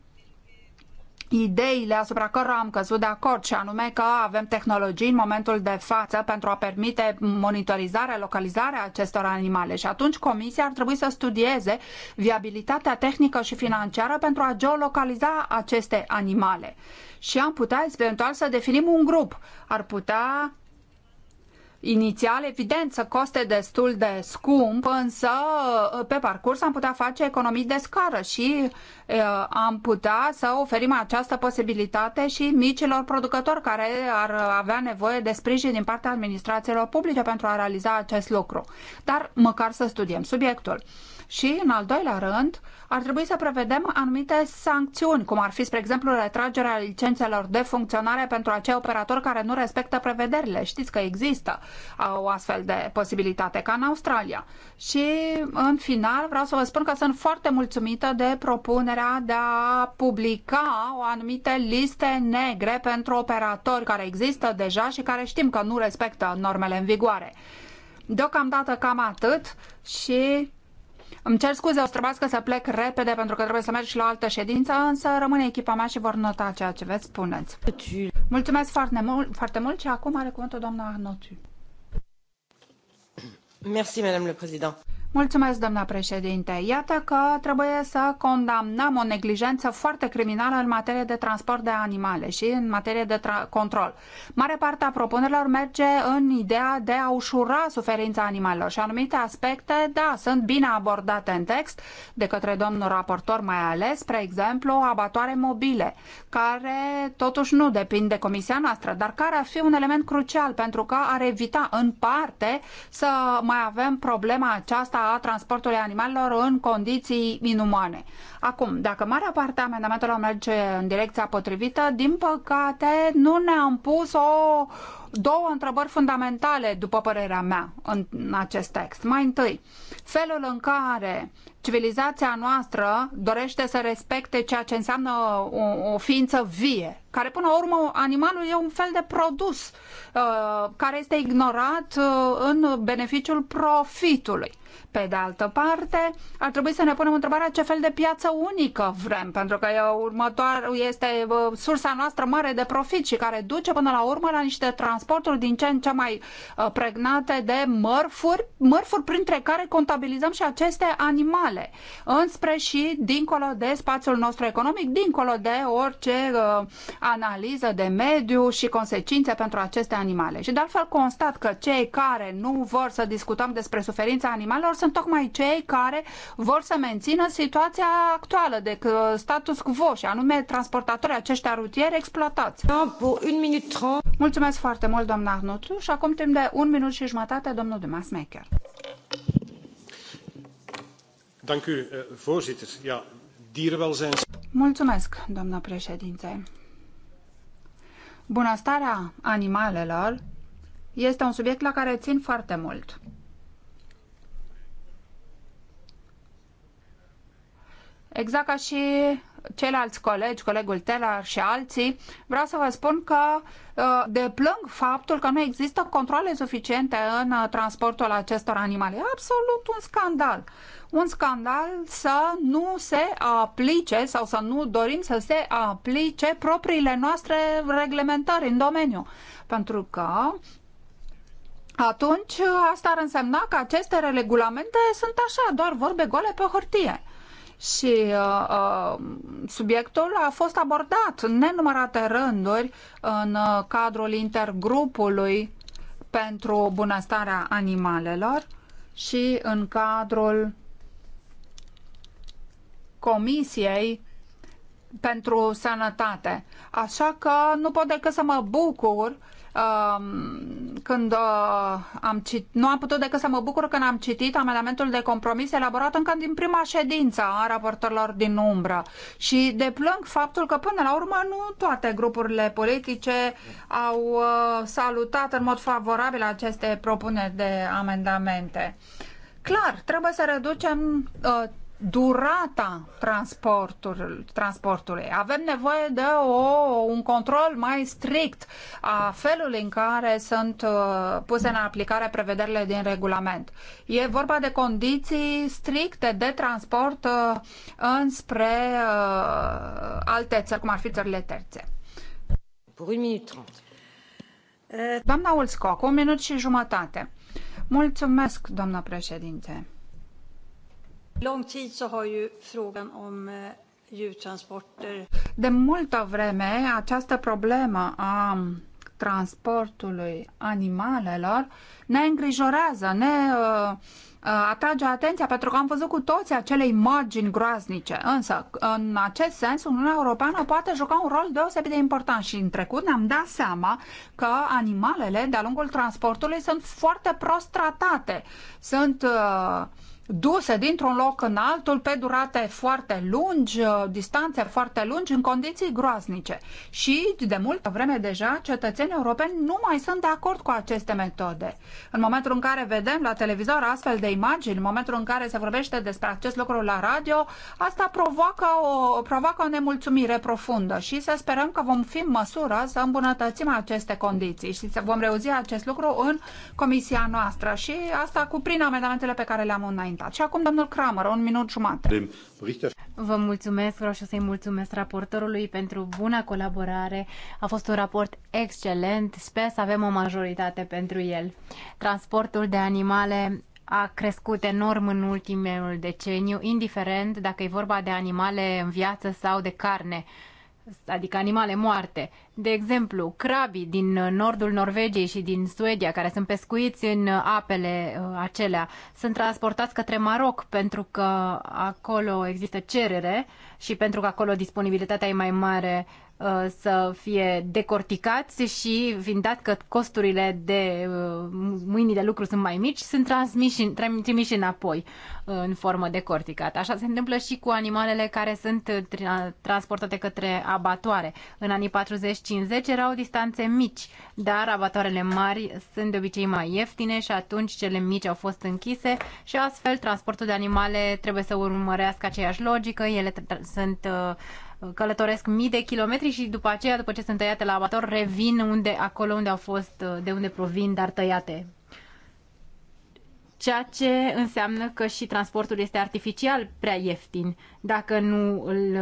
ideile asupra cărora am căzut de acord și anume că avem tehnologii în momentul de față pentru a permite monitorizarea, localizarea acestor animale și atunci comisia ar trebui să studieze viabilitatea tehnică și financiară pentru a geolocaliza aceste animale și am putea eventual să definim un grup. Ar putea inițial, evident, să coste destul de scump, însă uh, pe parcurs am putea face economii de scară și uh, am putea să oferim această posibilitate și micilor producători care ar avea nevoie de sprijin din partea administrațiilor publice pentru a realiza acest lucru. Dar măcar să studiem subiectul. Și, în al doilea rând, ar trebui să prevedem anumite sancțiuni, cum ar fi, spre exemplu, retragerea licențelor de funcționare pentru acei operatori care nu respectă prevederile. Știți că există o astfel de posibilitate, ca în Australia. Și, în final, vreau să vă spun că sunt foarte mulțumită de propunerea de a publica o anumite liste negre pentru operatori care există deja și care știm că nu respectă normele în vigoare. Deocamdată cam atât și îmi cer scuze, o străbască să plec repede pentru că trebuie să merg și la o altă ședință, însă rămâne echipa mea și vor nota ceea ce veți spuneți. Mulțumesc foarte mult, foarte mult și acum are cuvântul doamna Arnotu. Merci, Madame le Président. Mulțumesc, doamna președinte. Iată că trebuie să condamnăm o neglijență foarte criminală în materie de transport de animale și în materie de control. Mare parte a propunerilor merge în ideea de a ușura suferința animalelor și anumite aspecte, da, sunt bine abordate în text de către domnul raportor mai ales, spre exemplu, abatoare mobile, care totuși nu depinde de comisia noastră, dar care ar fi un element crucial pentru că ar evita în parte să mai avem problema aceasta a transportului animalelor în condiții inumane. Acum, dacă marea parte a amendamentelor merge în direcția potrivită, din păcate nu ne-am pus o, două întrebări fundamentale, după părerea mea, în, acest text. Mai întâi, felul în care civilizația noastră dorește să respecte ceea ce înseamnă o, o ființă vie, care până la urmă animalul e un fel de produs uh, care este ignorat uh, în beneficiul profitului. Pe de altă parte, ar trebui să ne punem întrebarea ce fel de piață unică vrem, pentru că următoare este uh, sursa noastră mare de profit și care duce până la urmă la niște trans transporturi din ce în ce mai uh, pregnate de mărfuri, mărfuri printre care contabilizăm și aceste animale, înspre și dincolo de spațiul nostru economic, dincolo de orice uh, analiză de mediu și consecințe pentru aceste animale. Și de altfel constat că cei care nu vor să discutăm despre suferința animalelor sunt tocmai cei care vor să mențină situația actuală de status quo și anume transportatorii aceștia rutieri exploatați. Mulțumesc foarte mult, doamna Hnuțu, și acum timp de un minut și jumătate, domnul Dumas Mecher. Eh, Mulțumesc, doamna președinte. Bunăstarea animalelor este un subiect la care țin foarte mult. Exact ca și ceilalți colegi, colegul Telar și alții, vreau să vă spun că uh, deplâng faptul că nu există controle suficiente în uh, transportul acestor animale. E absolut un scandal. Un scandal să nu se aplice sau să nu dorim să se aplice propriile noastre reglementări în domeniu. Pentru că atunci uh, asta ar însemna că aceste regulamente sunt așa, doar vorbe goale pe hârtie și uh, uh, subiectul a fost abordat în nenumărate rânduri în uh, cadrul intergrupului pentru bunăstarea animalelor și în cadrul Comisiei pentru Sănătate. Așa că nu pot decât să mă bucur Um, când uh, am citit, nu am putut decât să mă bucur când am citit amendamentul de compromis elaborat încă din prima ședință a raportorilor din umbră și deplâng faptul că până la urmă nu toate grupurile politice au uh, salutat în mod favorabil aceste propuneri de amendamente. Clar, trebuie să reducem uh, durata transportului, transportului. Avem nevoie de o, un control mai strict a felului în care sunt uh, puse în aplicare prevederile din regulament. E vorba de condiții stricte de transport uh, înspre uh, alte țări, cum ar fi țările terțe. Doamna Ulsco, cu un minut și jumătate. Mulțumesc, doamna președinte. Lång tid har ju frågan om eh, djurtransporter. De multă vreme, această problemă a mm, transportului animalelor ne îngrijorează, ne uh, uh, atrage atenția pentru că am văzut cu toții acele imagini groaznice. Însă, în acest sens, Uniunea Europeană poate juca un rol deosebit de important și în trecut ne-am dat seama că animalele de-a lungul transportului sunt foarte prost tratate. Sunt uh, duse dintr-un loc în altul pe durate foarte lungi, uh, distanțe foarte lungi, în condiții groaznice. Și de multă vreme deja cetățenii europeni nu mai sunt de acord cu aceste metode. În momentul în care vedem la televizor astfel de imagini, în momentul în care se vorbește despre acest lucru la radio, asta provoacă o, provoacă o nemulțumire profundă și să sperăm că vom fi în măsură să îmbunătățim aceste condiții și să vom reuzi acest lucru în comisia noastră și asta cu prin amendamentele pe care le-am înainte prezentat. Și acum, domnul Kramer, un minut jumate. Vă mulțumesc, vreau și să-i mulțumesc raportorului pentru buna colaborare. A fost un raport excelent, sper să avem o majoritate pentru el. Transportul de animale a crescut enorm în ultimul deceniu, indiferent dacă e vorba de animale în viață sau de carne adică animale moarte. De exemplu, crabii din uh, nordul Norvegiei și din Suedia, care sunt pescuiți în uh, apele uh, acelea, sunt transportați către Maroc pentru că acolo există cerere și pentru că acolo disponibilitatea e mai mare uh, să fie decorticați și, fiind dat că costurile de uh, mâini de lucru sunt mai mici, sunt transmiși, trimiși înapoi uh, în formă decorticată. Așa se întâmplă și cu animalele care sunt transportate către abatoare. În anii 40-50 erau distanțe mici, dar abatoarele mari sunt de obicei mai ieftine și atunci cele mici au fost închise și astfel transportul de animale trebuie să urmărească aceeași logică, ele sunt uh, călătoresc mii de kilometri și după aceea, după ce sunt tăiate la abator, revin unde, acolo unde au fost, uh, de unde provin, dar tăiate. Ceea ce înseamnă că și transportul este artificial prea ieftin dacă nu îl,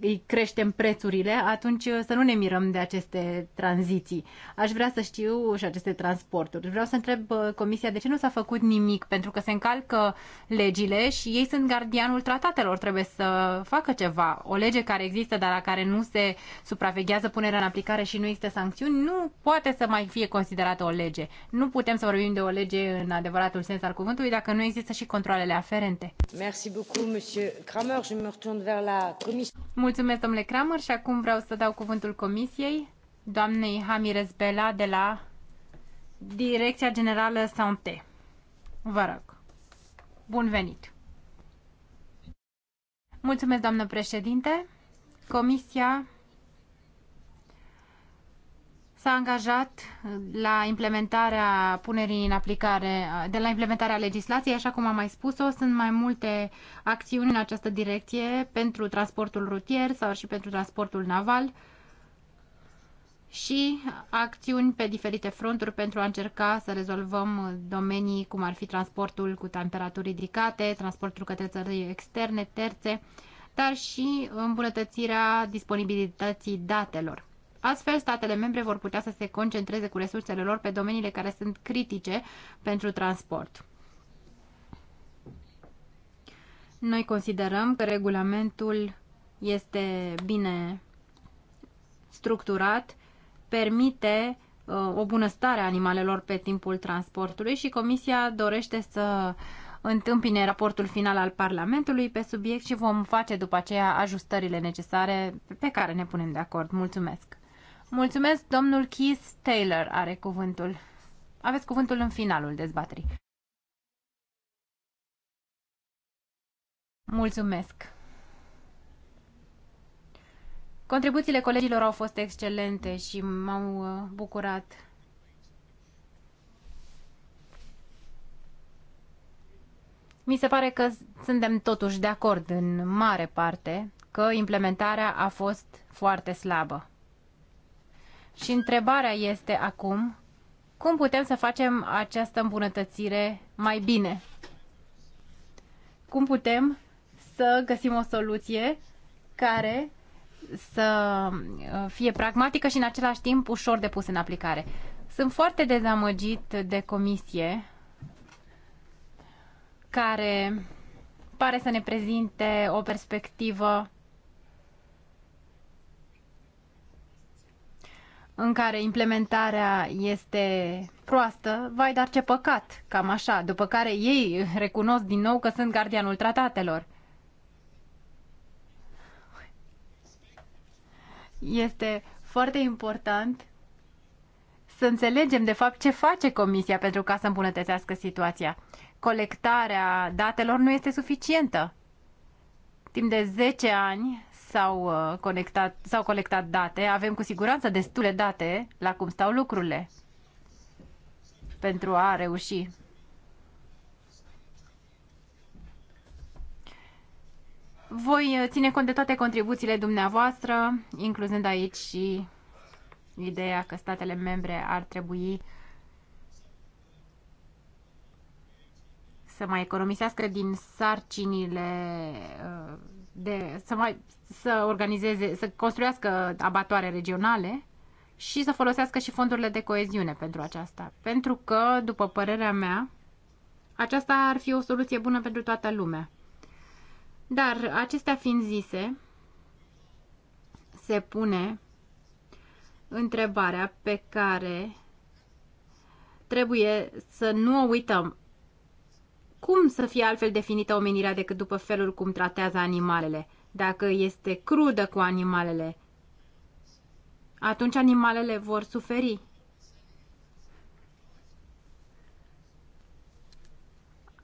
îi creștem prețurile, atunci uh, să nu ne mirăm de aceste tranziții. Aș vrea să știu și aceste transporturi. Vreau să întreb uh, Comisia de ce nu s-a făcut nimic, pentru că se încalcă legile și ei sunt gardianul tratatelor. Trebuie să facă ceva. O lege care există, dar la care nu se supraveghează punerea în aplicare și nu există sancțiuni, nu poate să mai fie considerată o lege. Nu putem să vorbim de o lege în adevăratul sens al cuvântului dacă nu există și controlele aferente. Merci beaucoup, monsieur Kramer. Mulțumesc, domnule Kramer, și acum vreau să dau cuvântul comisiei, doamnei Hamires Bela de la Direcția Generală Santé. Vă rog. Bun venit. Mulțumesc, doamnă președinte. Comisia s-a angajat la implementarea punerii în aplicare, de la implementarea legislației, așa cum am mai spus-o, sunt mai multe acțiuni în această direcție pentru transportul rutier sau și pentru transportul naval și acțiuni pe diferite fronturi pentru a încerca să rezolvăm domenii cum ar fi transportul cu temperaturi ridicate, transportul către țări externe, terțe, dar și îmbunătățirea disponibilității datelor. Astfel, statele membre vor putea să se concentreze cu resursele lor pe domeniile care sunt critice pentru transport. Noi considerăm că regulamentul este bine structurat, permite uh, o bunăstare a animalelor pe timpul transportului și Comisia dorește să întâmpine raportul final al Parlamentului pe subiect și vom face după aceea ajustările necesare pe care ne punem de acord. Mulțumesc! Mulțumesc, domnul Keith Taylor are cuvântul. Aveți cuvântul în finalul dezbaterii. Mulțumesc. Contribuțiile colegilor au fost excelente și m-au uh, bucurat. Mi se pare că suntem totuși de acord în mare parte că implementarea a fost foarte slabă. Și întrebarea este acum, cum putem să facem această îmbunătățire mai bine? Cum putem să găsim o soluție care să uh, fie pragmatică și în același timp ușor de pus în aplicare? Sunt foarte dezamăgit de comisie care pare să ne prezinte o perspectivă în care implementarea este proastă, vai dar ce păcat, cam așa, după care ei recunosc din nou că sunt gardianul tratatelor. Este foarte important să înțelegem de fapt ce face Comisia pentru ca să îmbunătățească situația. Colectarea datelor nu este suficientă. Timp de 10 ani s-au, uh, conectat, s-au colectat date, avem cu siguranță destule date la cum stau lucrurile pentru a reuși. Voi uh, ține cont de toate contribuțiile dumneavoastră, incluzând aici și ideea că statele membre ar trebui să mai economisească din sarcinile uh, de, să, mai, să organizeze, să construiască abatoare regionale și să folosească și fondurile de coeziune pentru aceasta. Pentru că, după părerea mea, aceasta ar fi o soluție bună pentru toată lumea. Dar, acestea fiind zise, se pune întrebarea pe care trebuie să nu o uităm. Cum să fie altfel definită omenirea decât după felul cum tratează animalele? Dacă este crudă cu animalele, atunci animalele vor suferi.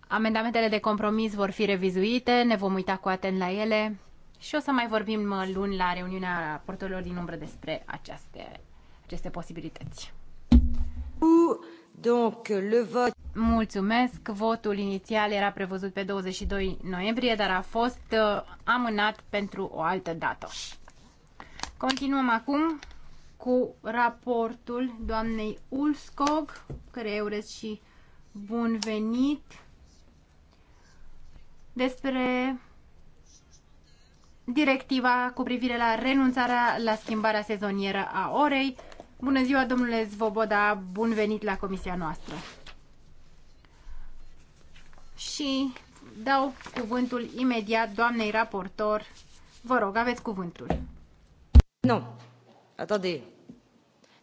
Amendamentele de compromis vor fi revizuite, ne vom uita cu atent la ele și o să mai vorbim uh, luni la reuniunea raportorilor din umbră despre aceste, aceste posibilități. Donc, le vote... Mulțumesc. Votul inițial era prevăzut pe 22 noiembrie, dar a fost uh, amânat pentru o altă dată. Continuăm acum cu raportul doamnei Ulskog, care eu urez și bun venit, despre directiva cu privire la renunțarea la schimbarea sezonieră a orei. Bună ziua, domnule Zvoboda, bun venit la comisia noastră și dau cuvântul imediat doamnei raportor. Vă rog, aveți cuvântul. Nu. Attendez.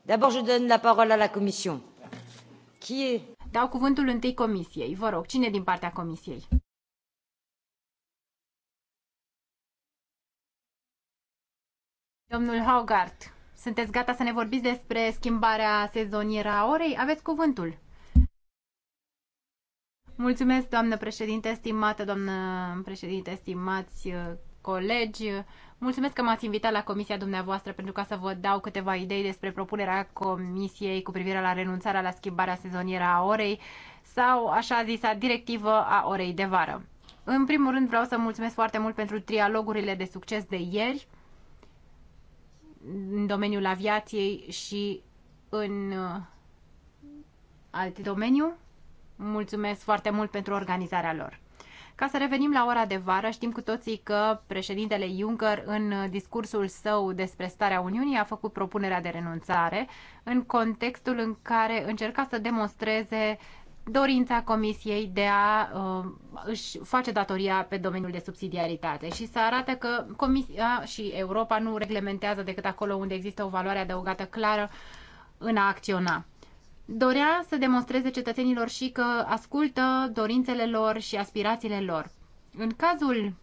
D'abord, je donne la parole à la Commission. Qui est... Dau cuvântul întâi Comisiei. Vă rog, cine din partea Comisiei? Domnul Haugart, sunteți gata să ne vorbiți despre schimbarea sezonieră a orei? Aveți cuvântul. Mulțumesc, doamnă președinte, stimată doamnă președinte, stimați uh, colegi. Mulțumesc că m-ați invitat la comisia dumneavoastră pentru ca să vă dau câteva idei despre propunerea comisiei cu privire la renunțarea la schimbarea sezonieră a orei sau așa zisa directivă a orei de vară. În primul rând vreau să mulțumesc foarte mult pentru trialogurile de succes de ieri în domeniul aviației și în uh, alt domeniu mulțumesc foarte mult pentru organizarea lor. Ca să revenim la ora de vară, știm cu toții că președintele Juncker, în discursul său despre starea Uniunii, a făcut propunerea de renunțare, în contextul în care încerca să demonstreze dorința Comisiei de a uh, își face datoria pe domeniul de subsidiaritate și să arate că Comisia și Europa nu reglementează decât acolo unde există o valoare adăugată clară în a acționa dorea să demonstreze cetățenilor și că ascultă dorințele lor și aspirațiile lor. În cazul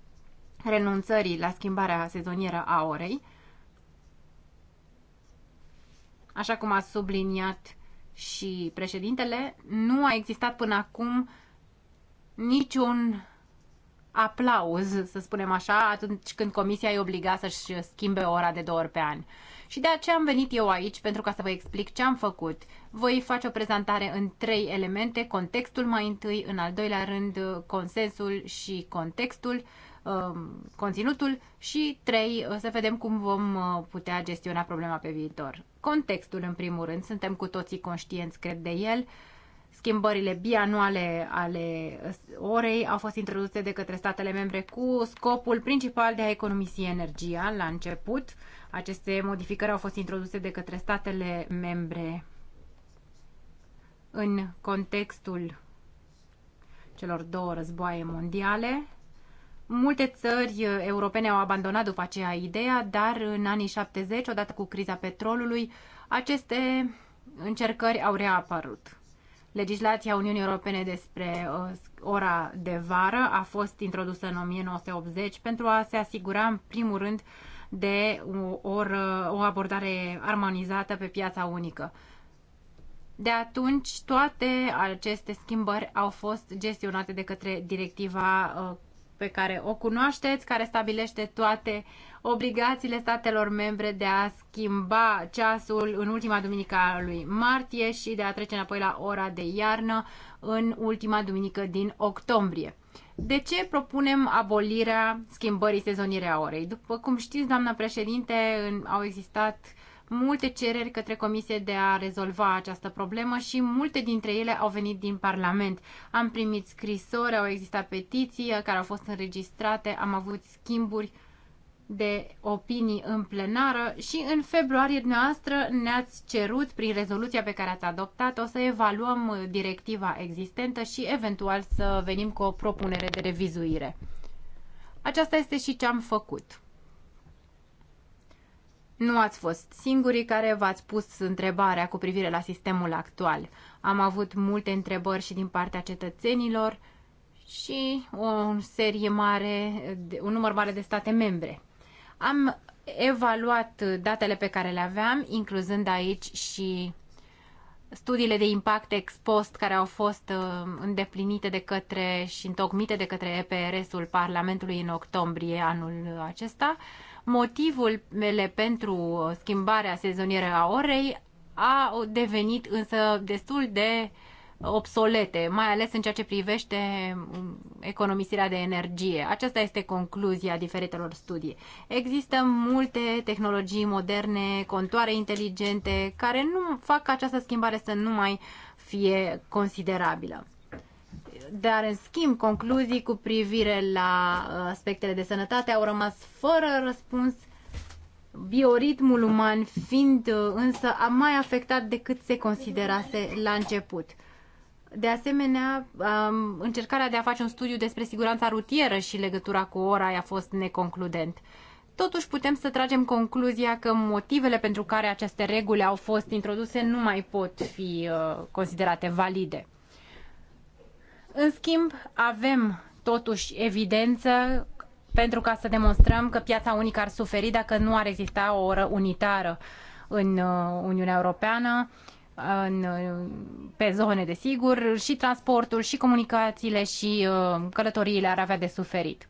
renunțării la schimbarea sezonieră a orei, așa cum a subliniat și președintele, nu a existat până acum niciun aplauz, să spunem așa, atunci când comisia e obligat să-și schimbe ora de două ori pe an. Și de aceea am venit eu aici pentru ca să vă explic ce am făcut. Voi face o prezentare în trei elemente, contextul mai întâi, în al doilea rând consensul și contextul, um, conținutul și trei, uh, să vedem cum vom uh, putea gestiona problema pe viitor. Contextul, în primul rând, suntem cu toții conștienți, cred, de el, schimbările bianuale ale uh, orei au fost introduse de către statele membre cu scopul principal de a economisi energia la început. Aceste modificări au fost introduse de către statele membre în contextul celor două războaie mondiale. Multe țări uh, europene au abandonat după aceea ideea, dar în anii 70, odată cu criza petrolului, aceste încercări au reapărut. Legislația Uniunii Europene despre uh, ora de vară a fost introdusă în 1980 pentru a se asigura, în primul rând, de o, o abordare armonizată pe piața unică. De atunci, toate aceste schimbări au fost gestionate de către directiva uh, pe care o cunoașteți, care stabilește toate obligațiile statelor membre de a schimba ceasul în ultima duminică a lui martie și de a trece înapoi la ora de iarnă în ultima duminică din octombrie. De ce propunem abolirea schimbării sezoniere a orei? După cum știți, doamna președinte, au existat multe cereri către Comisie de a rezolva această problemă și multe dintre ele au venit din Parlament. Am primit scrisori, au existat petiții care au fost înregistrate, am avut schimburi de opinii în plenară și în februarie noastră ne-ați cerut prin rezoluția pe care ați adoptat-o să evaluăm directiva existentă și eventual să venim cu o propunere de revizuire. Aceasta este și ce am făcut. Nu ați fost singurii care v-ați pus întrebarea cu privire la sistemul actual. Am avut multe întrebări și din partea cetățenilor și o serie mare, un număr mare de state membre. Am evaluat datele pe care le aveam, incluzând aici și studiile de impact ex post care au fost uh, îndeplinite de către și întocmite de către EPRS-ul Parlamentului în octombrie anul acesta Motivul pentru schimbarea sezonieră a orei a devenit însă destul de obsolete, mai ales în ceea ce privește um, economisirea de energie. Aceasta este concluzia diferitelor studii. Există multe tehnologii moderne, contoare inteligente, care nu fac această schimbare să nu mai fie considerabilă dar în schimb concluzii cu privire la uh, aspectele de sănătate au rămas fără răspuns, bioritmul uman fiind uh, însă mai afectat decât se considerase la început. De asemenea, um, încercarea de a face un studiu despre siguranța rutieră și legătura cu ora a fost neconcludent. Totuși putem să tragem concluzia că motivele pentru care aceste reguli au fost introduse nu mai pot fi uh, considerate valide. În schimb, avem totuși evidență pentru ca să demonstrăm că piața unică ar suferi dacă nu ar exista o oră unitară în uh, Uniunea Europeană, în, uh, pe zone, desigur, și transportul, și comunicațiile, și uh, călătoriile ar avea de suferit.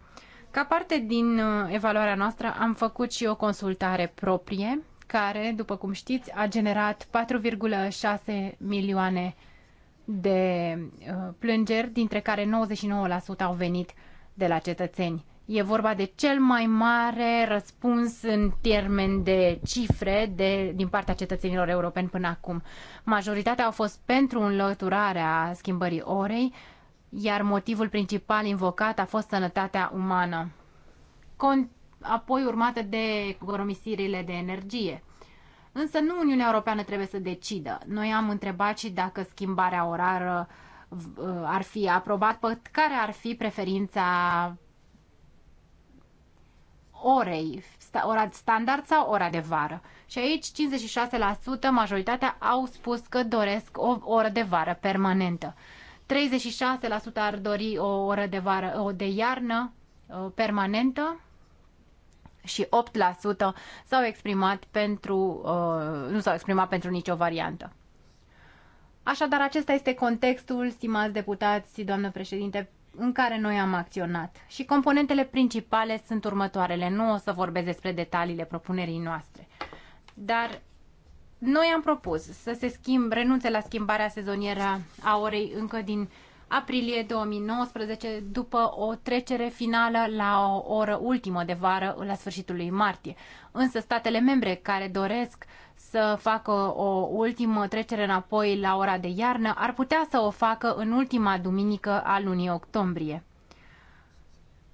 Ca parte din evaluarea noastră am făcut și o consultare proprie, care, după cum știți, a generat 4,6 milioane de de uh, plângeri, dintre care 99% au venit de la cetățeni. E vorba de cel mai mare răspuns în termen de cifre de, din partea cetățenilor europeni până acum. Majoritatea au fost pentru înlăturarea schimbării orei, iar motivul principal invocat a fost sănătatea umană. Con- apoi urmată de economisirile de energie. Însă nu Uniunea Europeană trebuie să decidă. Noi am întrebat și dacă schimbarea orară uh, ar fi aprobat, care ar fi preferința orei, ora standard sau ora de vară. Și aici 56% majoritatea au spus că doresc o oră de vară permanentă. 36% ar dori o oră de vară, o de iarnă uh, permanentă și 8% s-au exprimat pentru, uh, nu s-au exprimat pentru nicio variantă. Așadar, acesta este contextul, stimați deputați, doamnă președinte, în care noi am acționat. Și componentele principale sunt următoarele. Nu o să vorbesc despre detaliile propunerii noastre. Dar noi am propus să se schimb, renunțe la schimbarea sezonieră a orei încă din aprilie 2019, după o trecere finală la o oră ultimă de vară, la sfârșitul lui martie. Însă statele membre care doresc să facă o ultimă trecere înapoi la ora de iarnă ar putea să o facă în ultima duminică a lunii octombrie.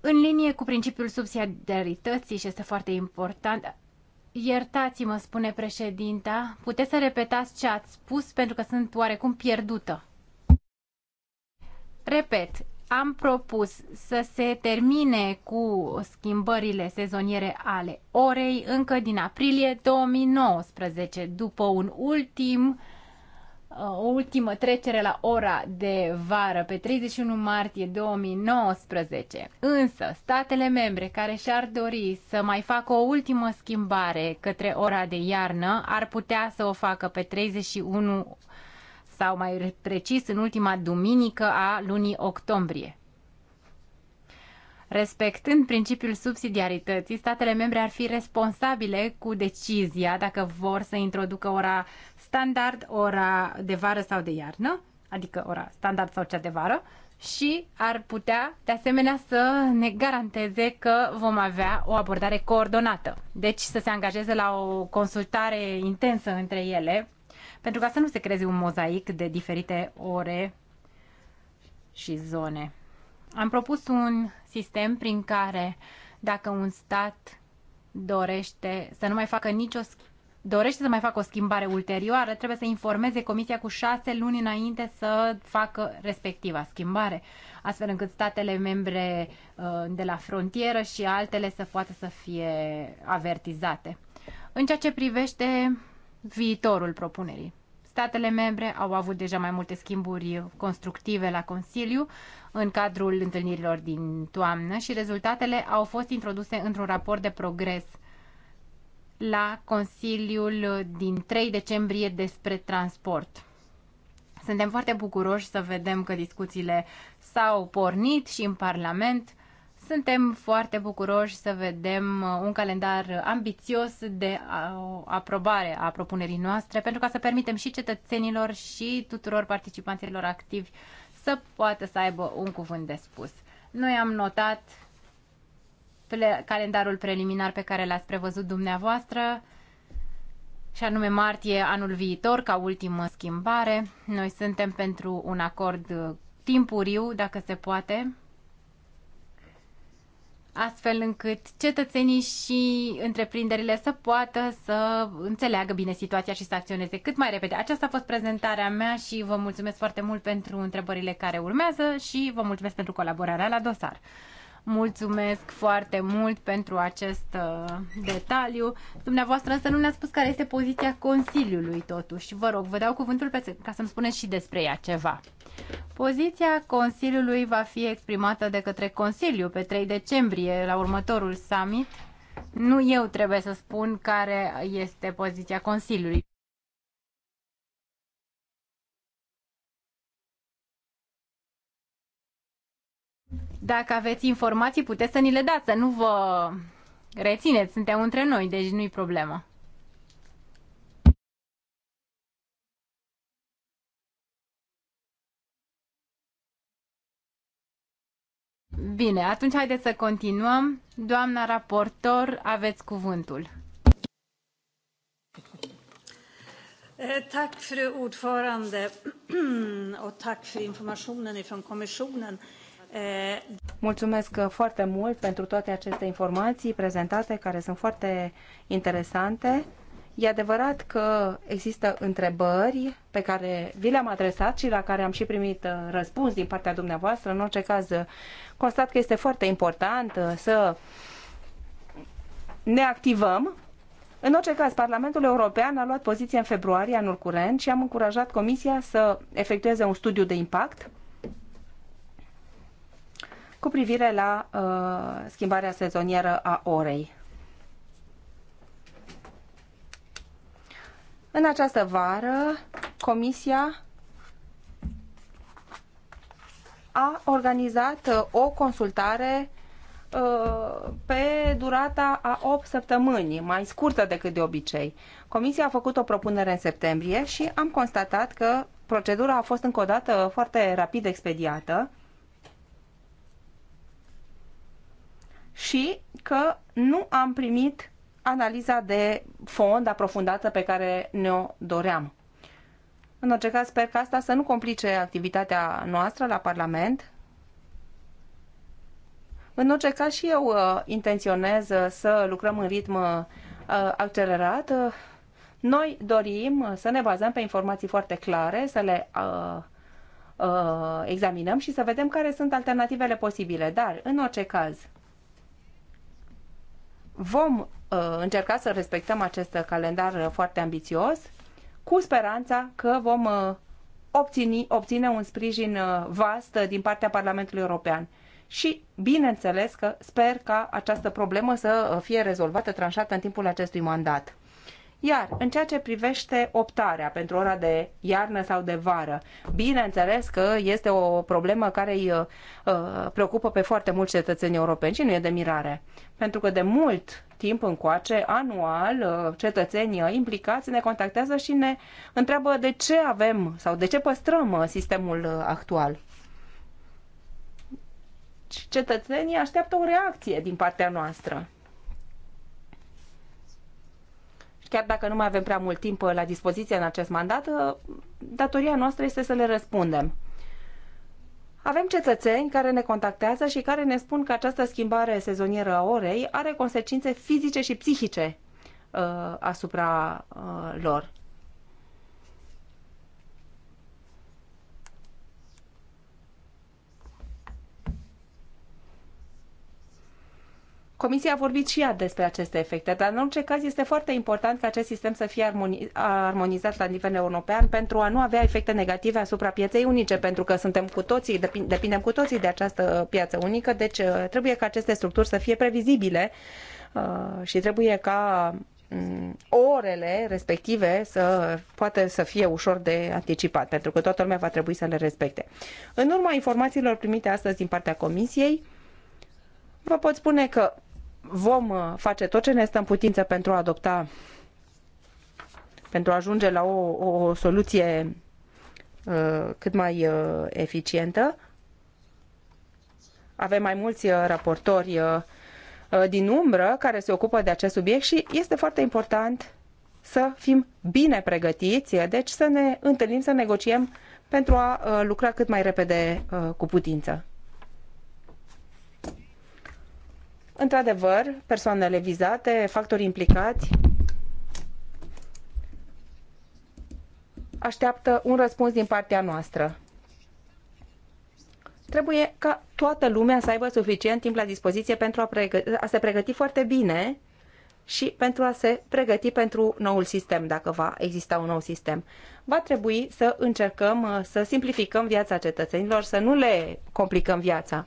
În linie cu principiul subsidiarității și este foarte important, iertați-mă, spune președinta, puteți să repetați ce ați spus pentru că sunt oarecum pierdută. Repet, am propus să se termine cu schimbările sezoniere ale orei încă din aprilie 2019, după un ultim uh, o ultimă trecere la ora de vară pe 31 martie 2019. Însă, statele membre care și-ar dori să mai facă o ultimă schimbare către ora de iarnă ar putea să o facă pe 31 sau mai precis în ultima duminică a lunii octombrie. Respectând principiul subsidiarității, statele membre ar fi responsabile cu decizia dacă vor să introducă ora standard, ora de vară sau de iarnă, adică ora standard sau cea de vară, și ar putea, de asemenea, să ne garanteze că vom avea o abordare coordonată. Deci să se angajeze la o consultare intensă între ele pentru ca să nu se creeze un mozaic de diferite ore și zone. Am propus un sistem prin care dacă un stat dorește să nu mai facă nicio dorește să mai facă o schimbare ulterioară, trebuie să informeze comisia cu șase luni înainte să facă respectiva schimbare, astfel încât statele membre uh, de la frontieră și altele să poată să fie avertizate. În ceea ce privește viitorul propunerii. Statele membre au avut deja mai multe schimburi constructive la Consiliu în cadrul întâlnirilor din toamnă și rezultatele au fost introduse într-un raport de progres la Consiliul din 3 decembrie despre transport. Suntem foarte bucuroși să vedem că discuțiile s-au pornit și în Parlament suntem foarte bucuroși să vedem uh, un calendar ambițios de uh, aprobare a propunerii noastre pentru ca să permitem și cetățenilor și tuturor participanților activi să poată să aibă un cuvânt de spus. Noi am notat calendarul preliminar pe care l-ați prevăzut dumneavoastră și anume martie anul viitor ca ultimă schimbare. Noi suntem pentru un acord uh, timpuriu, dacă se poate, astfel încât cetățenii și întreprinderile să poată să înțeleagă bine situația și să acționeze cât mai repede. Aceasta a fost prezentarea mea și vă mulțumesc foarte mult pentru întrebările care urmează și vă mulțumesc pentru colaborarea la dosar. Mulțumesc foarte mult pentru acest uh, detaliu. Dumneavoastră însă nu ne-a spus care este poziția Consiliului totuși. Vă rog, vă dau cuvântul pe, ca să-mi spuneți și despre ea ceva. Poziția Consiliului va fi exprimată de către Consiliu pe 3 decembrie la următorul summit. Nu eu trebuie să spun care este poziția Consiliului. Dacă aveți informații, puteți să ni le dați, să nu vă rețineți, suntem între noi, deci nu-i problemă. Bine, atunci haideți să continuăm. Doamna raportor, aveți cuvântul. Eh, tack fru ordförande och tack för informationen ifrån kommissionen. Eh, Mulțumesc eh, foarte mult pentru toate aceste informații prezentate care sunt foarte interesante. E adevărat că există întrebări pe care vi le-am adresat și la care am și primit uh, răspuns din partea dumneavoastră. În orice caz, uh, constat că este foarte important uh, să ne activăm. În orice caz, Parlamentul European a luat poziție în februarie anul curent și am încurajat Comisia să efectueze un studiu de impact cu privire la uh, schimbarea sezonieră a orei. În această vară, Comisia a organizat uh, o consultare uh, pe durata a 8 săptămâni, mai scurtă decât de obicei. Comisia a făcut o propunere în septembrie și am constatat că procedura a fost încă o dată foarte rapid expediată și că nu am primit analiza de fond aprofundată pe care ne-o doream. În orice caz, sper că asta să nu complice activitatea noastră la Parlament. În orice caz, și eu uh, intenționez uh, să lucrăm în ritm uh, accelerat. Noi dorim uh, să ne bazăm pe informații foarte clare, să le uh, uh, examinăm și să vedem care sunt alternativele posibile. Dar, în orice caz, vom Uh, încerca să respectăm acest calendar uh, foarte ambițios, cu speranța că vom uh, obține, obține un sprijin vast din partea Parlamentului European. Și, bineînțeles, că sper ca această problemă să fie rezolvată, tranșată în timpul acestui mandat. Iar, în ceea ce privește optarea pentru ora de iarnă sau de vară, bineînțeles că este o problemă care îi uh, preocupă pe foarte mulți cetățeni europeni și nu e de mirare. Pentru că de mult timp încoace, anual, uh, cetățenii implicați ne contactează și ne întreabă de ce avem sau de ce păstrăm uh, sistemul uh, actual. Cetățenii așteaptă o reacție din partea noastră. chiar dacă nu mai avem prea mult timp la dispoziție în acest mandat, datoria noastră este să le răspundem. Avem cetățeni care ne contactează și care ne spun că această schimbare sezonieră a orei are consecințe fizice și psihice uh, asupra uh, lor. Comisia a vorbit și ea despre aceste efecte, dar în orice caz este foarte important ca acest sistem să fie armonizat la nivel european pentru a nu avea efecte negative asupra pieței unice, pentru că suntem cu toții, depindem cu toții de această piață unică, deci uh, trebuie ca aceste structuri să fie previzibile uh, și trebuie ca mm, orele respective să poate să fie ușor de anticipat, pentru că toată lumea va trebui să le respecte. În urma informațiilor primite astăzi din partea Comisiei, vă pot spune că vom uh, face tot ce ne stă în putință pentru a adopta, pentru a ajunge la o, o soluție uh, cât mai uh, eficientă. Avem mai mulți raportori din umbră care se ocupă de acest subiect și este foarte important să fim bine pregătiți, deci să ne întâlnim, să negociem pentru a lucra cât mai repede cu putință. Într-adevăr, persoanele vizate, factorii implicați, așteaptă un răspuns din partea noastră. Trebuie ca toată lumea să aibă suficient timp la dispoziție pentru a, a se pregăti foarte bine și pentru a se pregăti pentru noul sistem, dacă va exista un nou sistem. Va trebui să încercăm uh, să simplificăm viața cetățenilor, să nu le complicăm viața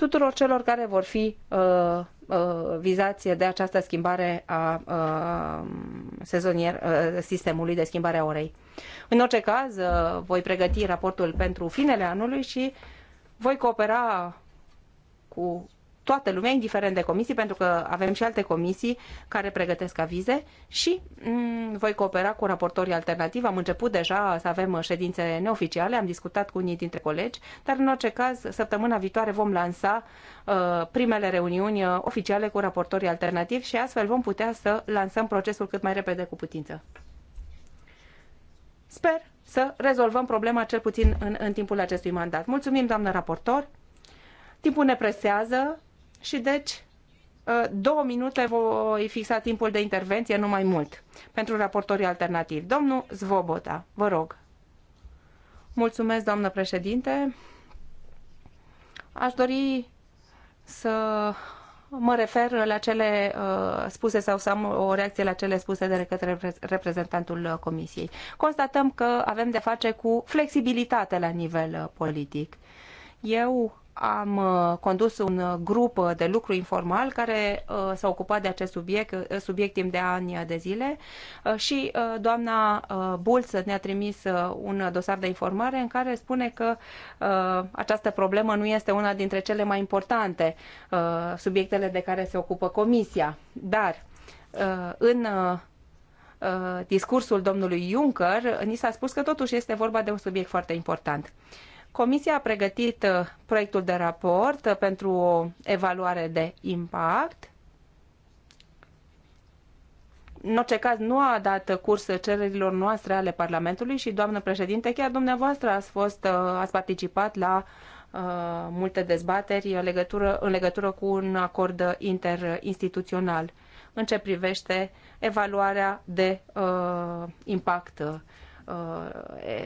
tuturor celor care vor fi uh, uh, vizați de această schimbare a uh, sezonier, uh, sistemului de schimbare a orei. În orice caz, uh, voi pregăti raportul pentru finele anului și voi coopera cu toată lumea, indiferent de comisii, pentru că avem și alte comisii care pregătesc avize și mm, voi coopera cu raportorii alternativi. Am început deja să avem ședințe neoficiale, am discutat cu unii dintre colegi, dar în orice caz, săptămâna viitoare vom lansa uh, primele reuniuni uh, oficiale cu raportorii alternativi și astfel vom putea să lansăm procesul cât mai repede cu putință. Sper să rezolvăm problema cel puțin în, în timpul acestui mandat. Mulțumim, doamnă raportor! Timpul ne presează, și deci ă, două minute voi fixa timpul de intervenție, nu mai mult, pentru raportorii alternativi. Domnul Zvobota, vă rog. Mulțumesc, doamnă președinte. Aș dori să mă refer la cele uh, spuse sau să am o reacție la cele spuse de către reprezentantul Comisiei. Constatăm că avem de face cu flexibilitate la nivel ă, politic. Eu am uh, condus un uh, grup de lucru informal care uh, s-a ocupat de acest subiect, subiect timp de ani de zile și doamna Bulță ne-a trimis un dosar de informare în care spune că această problemă nu este una dintre cele mai importante subiectele de care se ocupă comisia, dar în discursul domnului Juncker, ni s-a spus că totuși este vorba de un subiect foarte important. Comisia a pregătit uh, proiectul de raport uh, pentru o evaluare de impact. În orice caz, nu a dat curs cererilor noastre ale Parlamentului și, doamnă președinte, chiar dumneavoastră ați, fost, uh, ați participat la uh, multe dezbateri în legătură, în legătură cu un acord interinstituțional în ce privește evaluarea de uh, impact Uh,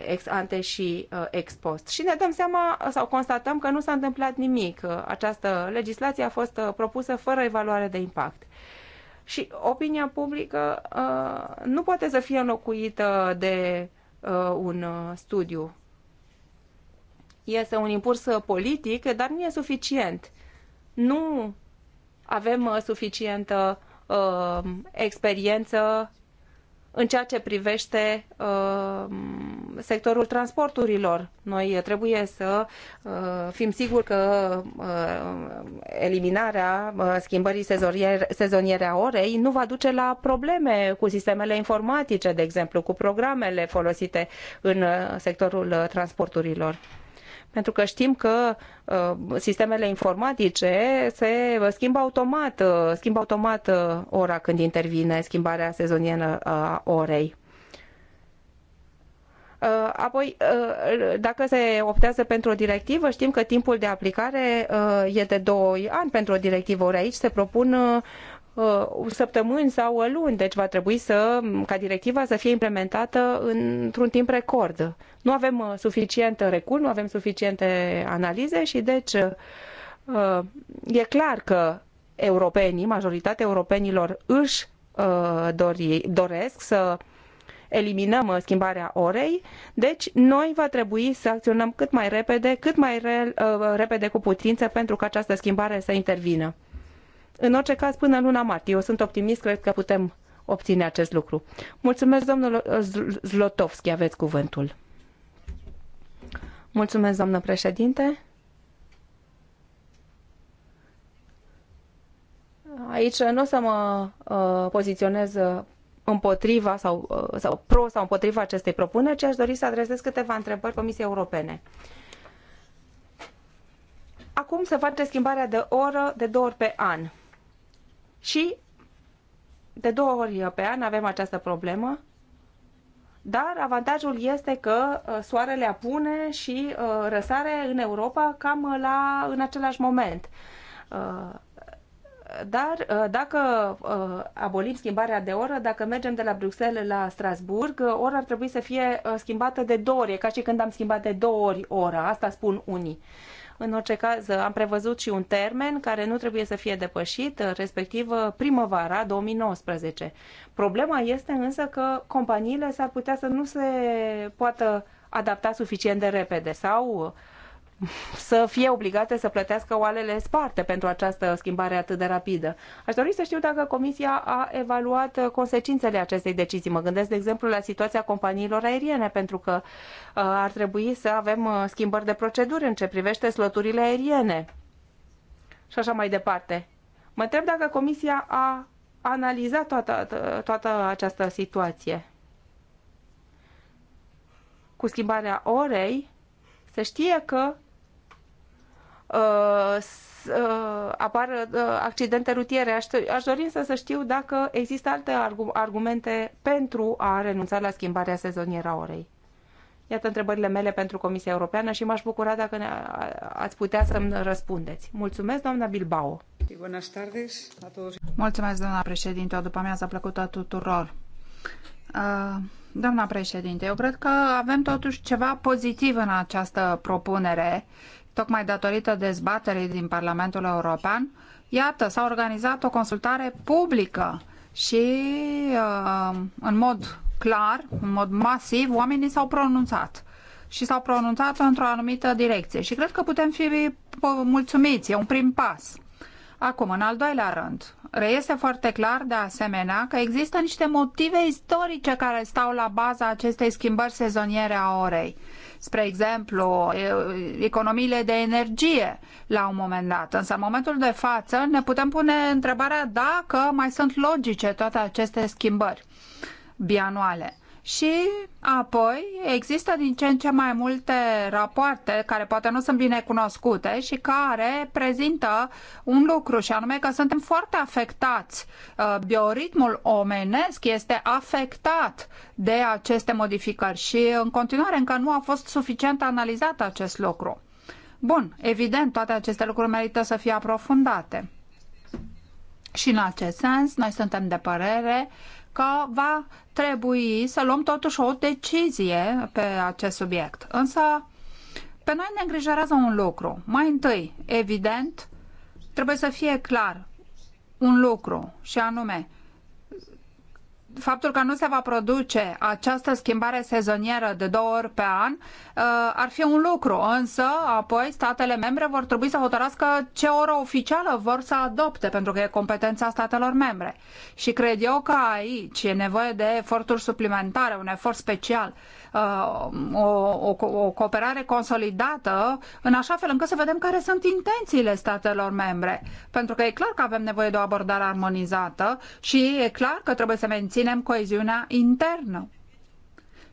ex ante și uh, ex post. Și ne dăm seama sau constatăm că nu s-a întâmplat nimic. Uh, această legislație a fost propusă fără evaluare de impact. Și opinia publică nu poate să fie înlocuită de un studiu. Este un impuls politic, dar nu e suficient. Nu avem suficientă experiență în ceea ce privește uh, sectorul transporturilor. Noi trebuie să uh, fim siguri că uh, eliminarea uh, schimbării sezoniere a orei nu va duce la probleme cu sistemele informatice, de exemplu, cu programele folosite în uh, sectorul uh, transporturilor. Pentru că știm că uh, sistemele informatice se schimbă automat, uh, schimbă automat uh, ora când intervine schimbarea sezonienă a orei. Apoi, dacă se optează pentru o directivă, știm că timpul de aplicare e de 2 ani pentru o directivă, ori aici se propun Uh, săptămâni sau uh, luni, deci va trebui să, ca directiva să fie implementată într-un timp record. Nu avem uh, suficient recul, nu avem suficiente analize și deci e clar că europenii, majoritatea europenilor își dori, doresc să eliminăm schimbarea orei, deci noi va trebui să acționăm cât mai repede, cât mai re, repede cu putință pentru ca această schimbare să intervină. În orice caz, până luna martie. Eu sunt optimist, cred că putem obține acest lucru. Mulțumesc, domnul Zlotovski, aveți cuvântul. Mulțumesc, doamnă președinte. Aici nu o să mă uh, poziționez împotriva sau, uh, sau pro sau împotriva acestei propuneri, ci aș dori să adresez câteva întrebări Comisiei Europene. Acum se face schimbarea de oră de două ori pe an. Și de două ori pe an avem această problemă, dar avantajul este că uh, soarele apune și uh, răsare în Europa cam la, în același moment. Uh, dar dacă abolim schimbarea de oră, dacă mergem de la Bruxelles la Strasburg, ora ar trebui să fie schimbată de două ori, ca și când am schimbat de două ori ora, asta spun unii. În orice caz, am prevăzut și un termen care nu trebuie să fie depășit, respectiv primăvara 2019. Problema este însă că companiile s-ar putea să nu se poată adapta suficient de repede sau uh, să fie obligate să plătească oalele sparte pentru această schimbare atât de rapidă. Aș dori să știu dacă Comisia a evaluat consecințele acestei decizii. Mă gândesc, de exemplu, la situația companiilor aeriene, pentru că uh, ar trebui să avem uh, schimbări de proceduri în ce privește sloturile aeriene și așa mai departe. Mă întreb dacă Comisia a analizat toată, toată această situație. Cu schimbarea orei, se știe că Uh, uh, apar uh, accidente rutiere. Aș, aș dori însă să știu dacă există alte argumente pentru a renunța la schimbarea sezonieră a orei. Iată întrebările mele pentru Comisia Europeană și m-aș bucura dacă ne, ați putea să-mi răspundeți. Mulțumesc, doamna Bilbao. Mulțumesc, doamna președinte. O după amiază plăcută tuturor. Uh... Doamna președinte, eu cred că avem totuși ceva pozitiv în această propunere tocmai datorită dezbaterii din Parlamentul European, iată, s-a organizat o consultare publică și uh, în mod clar, în mod masiv, oamenii s-au pronunțat și s-au pronunțat într-o anumită direcție și cred că putem fi uh, mulțumiți, e un prim pas. Acum, în al doilea rând, reiese foarte clar de asemenea că există niște motive istorice care stau la baza acestei schimbări sezoniere a orei spre exemplu, economiile de energie la un moment dat. Însă, în momentul de față, ne putem pune întrebarea dacă mai sunt logice toate aceste schimbări bianuale. Și apoi există din ce în ce mai multe rapoarte care poate nu sunt bine cunoscute și care prezintă un lucru și anume că suntem foarte afectați. Uh, bioritmul omenesc este afectat de aceste modificări și în continuare încă nu a fost suficient analizat acest lucru. Bun, evident, toate aceste lucruri merită să fie aprofundate. Și în acest sens, noi suntem de părere că va trebui să luăm totuși o decizie pe acest subiect. Însă, pe noi ne îngrijorează un lucru. Mai întâi, evident, trebuie să fie clar un lucru și anume faptul că nu se va produce această schimbare sezonieră de două ori pe an uh, ar fi un lucru, însă apoi statele membre vor trebui să hotărască ce oră oficială vor să adopte, pentru că e competența statelor membre. Și cred eu că aici e nevoie de eforturi suplimentare, un efort special. Uh, o, o, o cooperare consolidată, în așa fel încât să vedem care sunt intențiile statelor membre. Pentru că e clar că avem nevoie de o abordare armonizată și e clar că trebuie să menținem coeziunea internă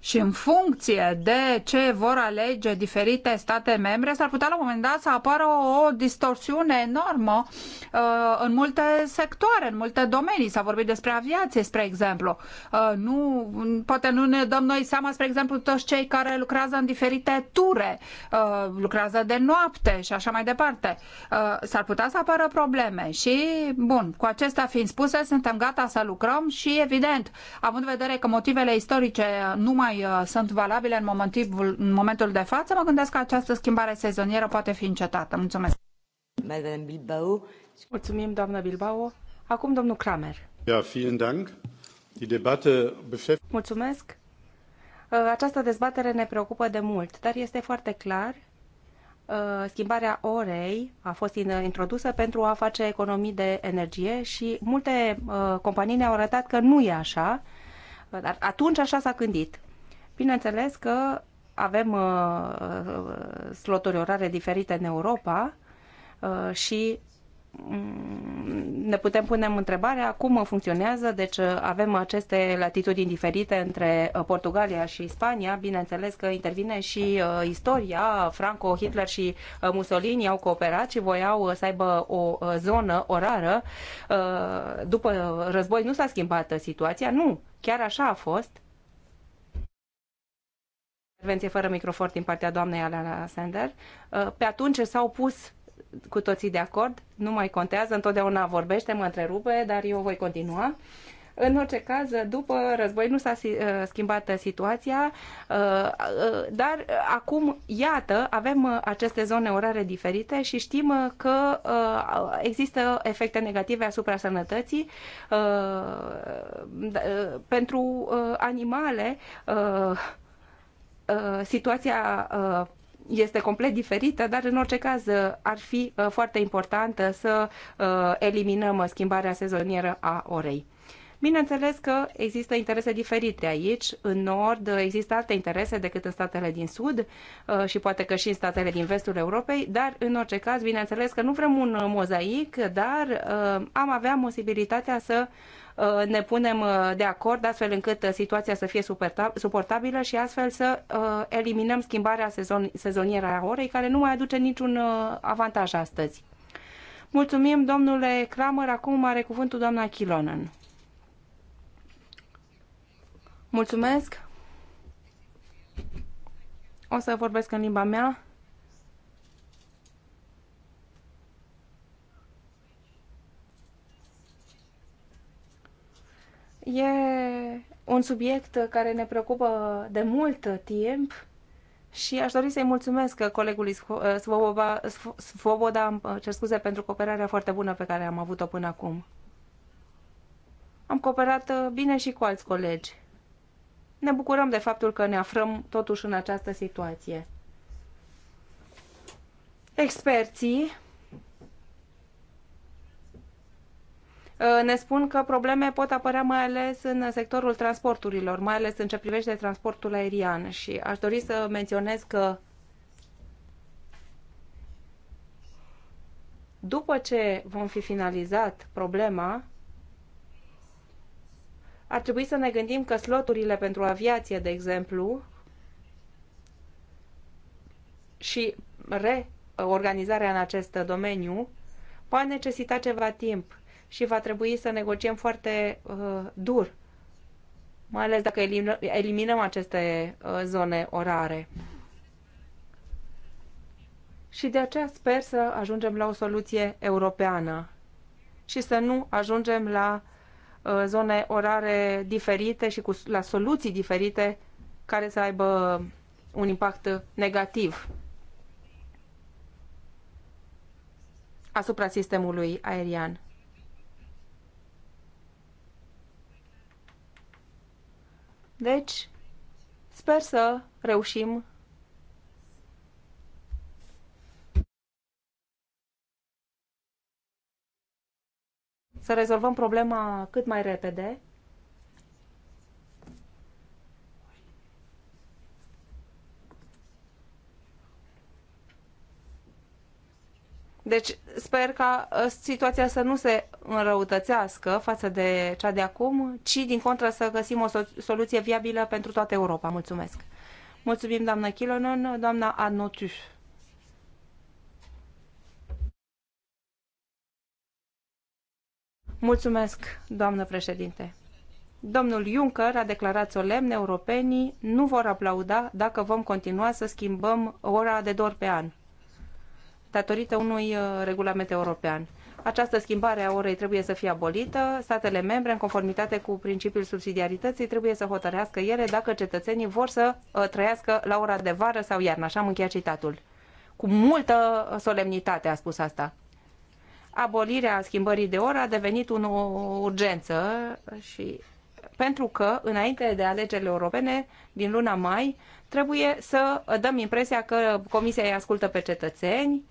și în funcție de ce vor alege diferite state membre, s-ar putea la un moment dat să apară o distorsiune enormă uh, în multe sectoare, în multe domenii. S-a vorbit despre aviație, spre exemplu. Uh, nu, poate nu ne dăm noi seama, spre exemplu, toți cei care lucrează în diferite ture, uh, lucrează de noapte și așa mai departe. Uh, s-ar putea să apară probleme și, bun, cu acestea fiind spuse, suntem gata să lucrăm și, evident, având în vedere că motivele istorice nu mai mai uh, sunt valabile în momentul, în momentul de față, mă gândesc că această schimbare sezonieră poate fi încetată. Mulțumesc. Mulțumim, doamnă Bilbao. Acum domnul Kramer. Ja, vielen Dank. Die Debatte beschäftigt... Mulțumesc. Uh, această dezbatere ne preocupă de mult, dar este foarte clar uh, schimbarea orei a fost introdusă pentru a face economii de energie și multe companii ne-au arătat că nu e așa, dar atunci așa s-a gândit. Bineînțeles că avem uh, sloturi orare diferite în Europa uh, și mm, ne putem pune întrebarea cum funcționează, deci uh, avem aceste latitudini diferite între Portugalia și Spania, bineînțeles că intervine și istoria, Franco, Hitler și Mussolini au cooperat și voiau să aibă o zonă orară. După război nu s-a schimbat situația, nu, chiar așa a fost intervenție fără microfon din partea doamnei Alana Sander. Uh, pe atunci s-au pus cu toții de acord, nu mai contează, întotdeauna vorbește, mă întrerupe, dar eu voi continua. În orice caz, după război nu s-a uh, schimbat situația, uh, dar acum, iată, avem aceste zone orare diferite și știm că există efecte negative asupra sănătății. Da, pentru animale, Uh, situația uh, este complet diferită, dar în orice caz uh, ar fi foarte importantă să eliminăm schimbarea sezonieră a orei. Bineînțeles că există interese diferite aici. În nord există alte interese decât în statele din sud și poate că și în statele din vestul Europei, dar în orice caz, bineînțeles că nu vrem un mozaic, dar am avea posibilitatea să uh, Uh, ne punem uh, de acord astfel încât uh, situația să fie suportabilă și astfel să eliminăm schimbarea sezon, sezonieră a orei care nu mai aduce niciun avantaj astăzi. Mulțumim, domnule Kramer. Acum are cuvântul doamna Kilonen. Mulțumesc. O să vorbesc în limba mea. E un subiect care ne preocupă de mult timp și aș dori să-i mulțumesc colegului eh, Svoboda, Svoboda, cer scuze, pentru cooperarea foarte bună pe care am avut-o până acum. Am cooperat eh, bine și cu alți colegi. Ne bucurăm de faptul că ne aflăm totuși în această situație. Experții Uh, ne spun că probleme pot apărea mai ales în sectorul transporturilor, mai ales în ce privește transportul aerian. Și aș dori să menționez că după ce vom fi finalizat problema, ar trebui să ne gândim că sloturile pentru aviație, de exemplu, și reorganizarea în acest domeniu va necesita ceva timp și va trebui să negociem foarte uh, dur, mai ales dacă eliminăm aceste uh, zone orare. Și de aceea sper să ajungem la o soluție europeană și să nu ajungem la uh, zone orare diferite și cu, la soluții diferite care să aibă un impact negativ asupra sistemului aerian. Deci, sper să reușim să rezolvăm problema cât mai repede Deci sper ca uh, situația să nu se înrăutățească față de cea de acum, ci din contră să găsim o soluție viabilă pentru toată Europa. Mulțumesc! Mulțumim, doamna Chilonon, doamna Anotu. Mulțumesc, doamnă președinte. Domnul Juncker a declarat solemn, europenii nu vor aplauda dacă vom continua să schimbăm ora de dor pe an datorită unui uh, regulament european. Această schimbare a orei trebuie să fie abolită. Statele membre, în conformitate cu principiul subsidiarității, trebuie să hotărească ele dacă cetățenii vor să uh, trăiască la ora de vară sau iarnă. Așa am încheiat citatul. Cu multă solemnitate a spus asta. Abolirea schimbării de oră a devenit o urgență și pentru că, înainte de alegerile europene din luna mai, trebuie să dăm impresia că Comisia îi ascultă pe cetățeni,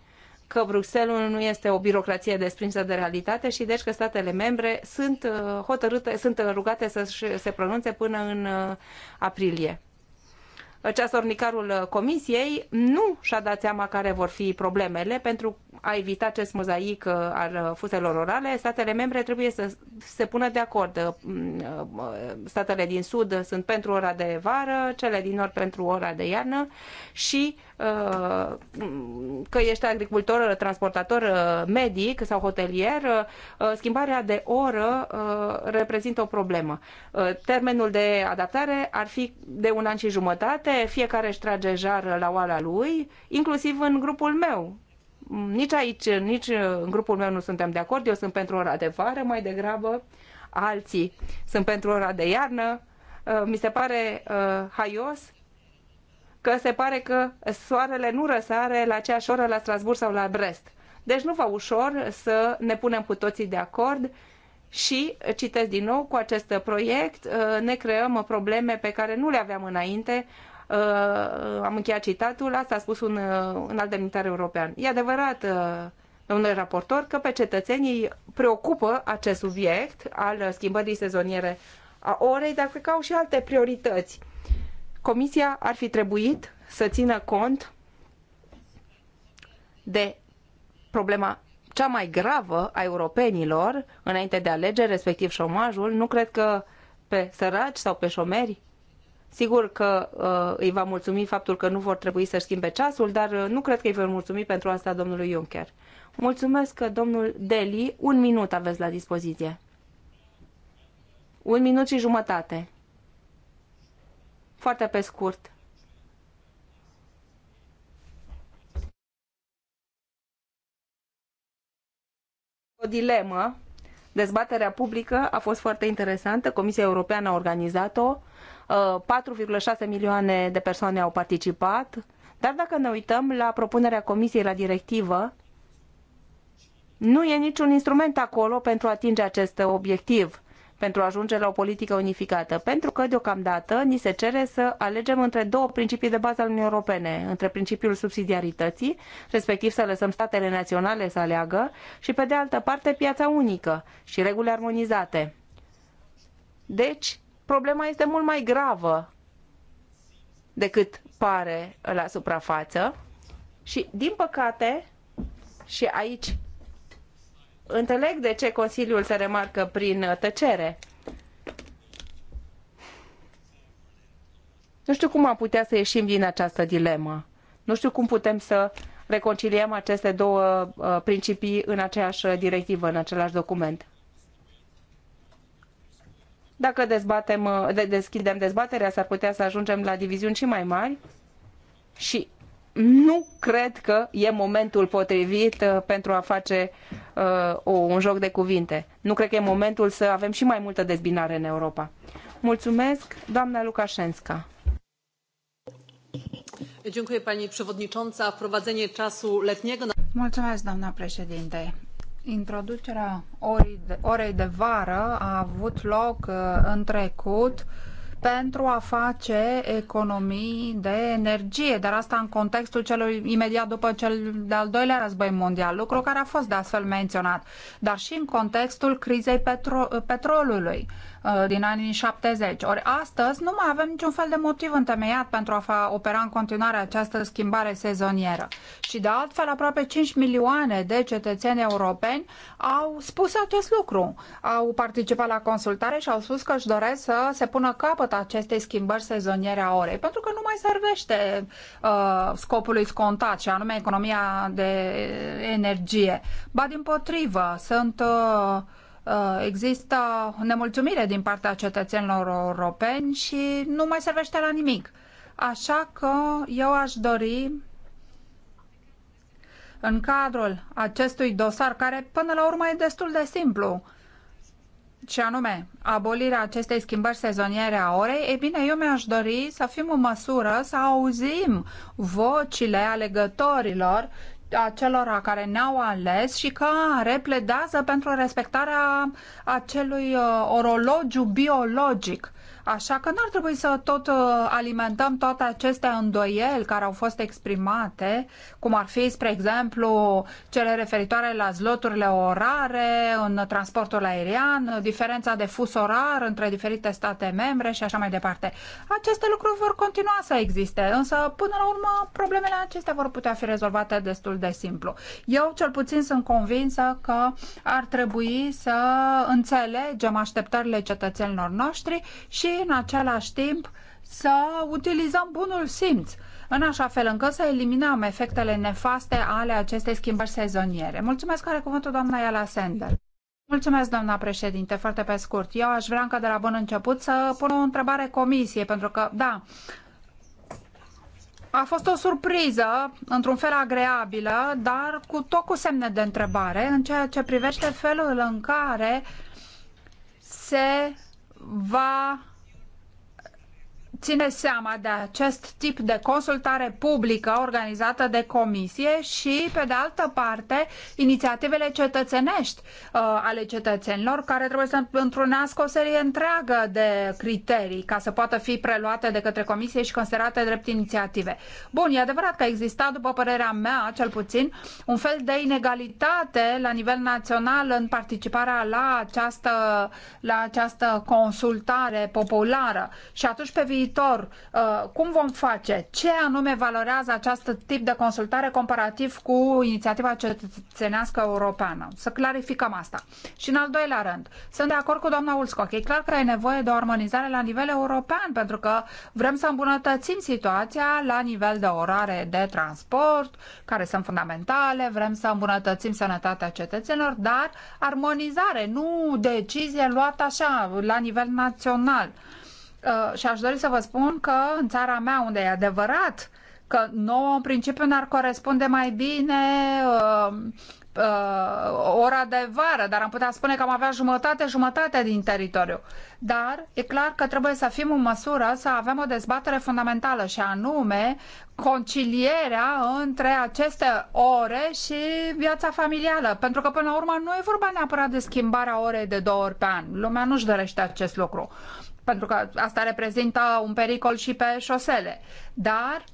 că Bruxelles nu este o birocrație desprinsă de realitate și deci că statele membre sunt uh, hotărâte, sunt rugate să se pronunțe până în uh, aprilie ceasornicarul uh, comisiei nu și-a dat seama care vor fi problemele pentru a evita acest mozaic al fuselor orale. Statele membre trebuie să se pună de acord. Statele din sud sunt pentru ora de vară, cele din nord pentru ora de iarnă și uh, Uh, că ești agricultor, transportator, uh, medic sau hotelier, uh, schimbarea de oră reprezintă o problemă. Termenul de adaptare ar fi de un an și jumătate, fiecare își trage jar la oala lui, inclusiv în grupul meu. Nici aici, nici în grupul meu nu suntem de acord, eu sunt pentru ora de vară mai degrabă, alții sunt pentru ora de iarnă, mi se pare haios că se pare că soarele nu răsare la aceeași oră la Strasburg sau la Brest. Deci nu va ușor să ne punem cu toții de acord și, citesc din nou, cu acest proiect uh, ne creăm probleme pe care nu le aveam înainte. Uh, am încheiat citatul, asta a spus un, uh, un alt demnitar european. E adevărat, domnule raportor, că pe cetățenii preocupă acest subiect al schimbării sezoniere a orei, dar cred că au și alte priorități Comisia ar fi trebuit să țină cont de problema cea mai gravă a europenilor înainte de alegeri, respectiv șomajul. Nu cred că pe săraci sau pe șomeri Sigur că uh, îi va mulțumi faptul că nu vor trebui să-și schimbe ceasul, dar uh, nu cred că îi vor mulțumi pentru asta domnului Juncker. Mulțumesc, domnul Deli. Un minut aveți la dispoziție. Un minut și jumătate. Foarte pe scurt. O dilemă. Dezbaterea publică a fost foarte interesantă. Comisia Europeană a organizat-o. 4,6 uh, milioane de persoane au participat. Dar dacă ne uităm la propunerea Comisiei la directivă, nu e niciun instrument acolo pentru a atinge acest obiectiv pentru a ajunge la o politică unificată? Pentru că, deocamdată, ni se cere să alegem între două principii de bază ale Uniunii Europene, între principiul subsidiarității, respectiv să lăsăm statele naționale să aleagă, și, pe de altă parte, piața unică și reguli armonizate. Deci, problema este mult mai gravă decât pare la suprafață și, din păcate, și aici înțeleg de ce Consiliul se remarcă prin tăcere. Nu știu cum am putea să ieșim din această dilemă. Nu știu cum putem să reconciliem aceste două uh, principii în aceeași directivă, în același document. Dacă dezbatem, uh, deschidem dezbaterea, s-ar putea să ajungem la diviziuni și mai mari și nu cred că e momentul potrivit uh, pentru a face uh, un joc de cuvinte. Nu cred că e momentul să avem și mai multă dezbinare în Europa. Mulțumesc, doamna Lukashenska. Mulțumesc, doamna președinte. Introducerea orei de, orei de vară a avut loc uh, în trecut uh, pentru a face economii de energie, dar asta în contextul celui imediat după cel de-al doilea război mondial, lucru care a fost de astfel menționat, dar și în contextul crizei petro- petrolului. Uh, din anii 70. Ori astăzi nu mai avem niciun fel de motiv întemeiat pentru a opera în continuare această schimbare sezonieră. Și de altfel, aproape 5 milioane de cetățeni europeni au spus acest lucru. Au participat la consultare și au spus că își doresc să se pună capăt acestei schimbări sezoniere a orei, pentru că nu mai servește uh, scopului scontat, și anume economia de energie. Ba din potrivă, sunt uh, Uh, există nemulțumire din partea cetățenilor europeni și nu mai servește la nimic. Așa că eu aș dori în cadrul acestui dosar, care până la urmă e destul de simplu, și anume abolirea acestei schimbări sezoniere a orei, e bine, eu mi-aș dori să fim în măsură să auzim vocile alegătorilor acelora care ne-au ales și care pledează pentru respectarea acelui uh, orologiu biologic Așa că n-ar trebui să tot uh, alimentăm toate aceste îndoieli care au fost exprimate, cum ar fi, spre exemplu, cele referitoare la zloturile orare în transportul aerian, diferența de fus orar între diferite state membre și așa mai departe. Aceste lucruri vor continua să existe, însă, până la urmă, problemele acestea vor putea fi rezolvate destul de simplu. Eu, cel puțin, sunt convinsă că ar trebui să înțelegem așteptările cetățenilor noștri și și în același timp să utilizăm bunul simț în așa fel încât să eliminăm efectele nefaste ale acestei schimbări sezoniere. Mulțumesc, care cuvântul doamna Iala Sender. Mulțumesc, doamna președinte. Foarte pe scurt. Eu aș vrea încă de la bun început să pun o întrebare comisiei, pentru că, da, a fost o surpriză, într-un fel agreabilă, dar cu tot cu semne de întrebare în ceea ce privește felul în care se va ține seama de acest tip de consultare publică organizată de comisie și, pe de altă parte, inițiativele cetățenești uh, ale cetățenilor, care trebuie să întrunească o serie întreagă de criterii ca să poată fi preluate de către comisie și considerate drept inițiative. Bun, e adevărat că exista, după părerea mea, cel puțin, un fel de inegalitate la nivel național în participarea la această, la această consultare populară. Și atunci, pe viitor, viitor, uh, cum vom face? Ce anume valorează acest tip de consultare comparativ cu inițiativa cetățenească europeană? Să clarificăm asta. Și în al doilea rând, sunt de acord cu doamna Ulscoc. E clar că e nevoie de o armonizare la nivel european, pentru că vrem să îmbunătățim situația la nivel de orare de transport, care sunt fundamentale, vrem să îmbunătățim sănătatea cetățenilor, dar armonizare, nu decizie luată așa, la nivel național. Uh, și aș dori să vă spun că în țara mea, unde e adevărat că nouă în principiu n ar corespunde mai bine uh, uh, ora de vară, dar am putea spune că am avea jumătate, jumătate din teritoriu. Dar e clar că trebuie să fim în măsură să avem o dezbatere fundamentală și anume concilierea între aceste ore și viața familială. Pentru că până la urmă nu e vorba neapărat de schimbarea orei de două ori pe an. Lumea nu-și dorește acest lucru pentru că asta reprezintă un pericol și pe șosele. Dar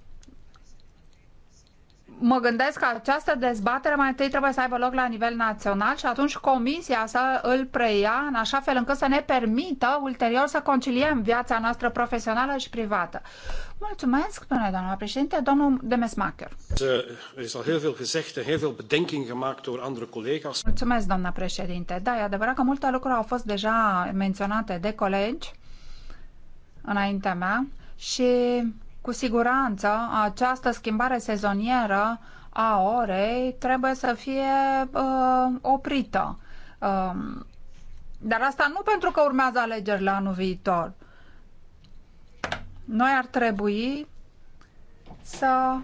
mă gândesc că această dezbatere mai întâi trebuie să aibă loc la nivel național și atunci comisia să îl preia în așa fel încât să ne permită ulterior să conciliem viața noastră profesională și privată. Mulțumesc, domnule doamna președinte, domnul Demesmacher. Eh, er Mulțumesc, doamna președinte. Da, e adevărat că multe lucruri au fost deja menționate de colegi înaintea mea și cu siguranță această schimbare sezonieră a orei trebuie să fie uh, oprită. Uh, dar asta nu pentru că urmează alegeri la anul viitor. Noi ar trebui să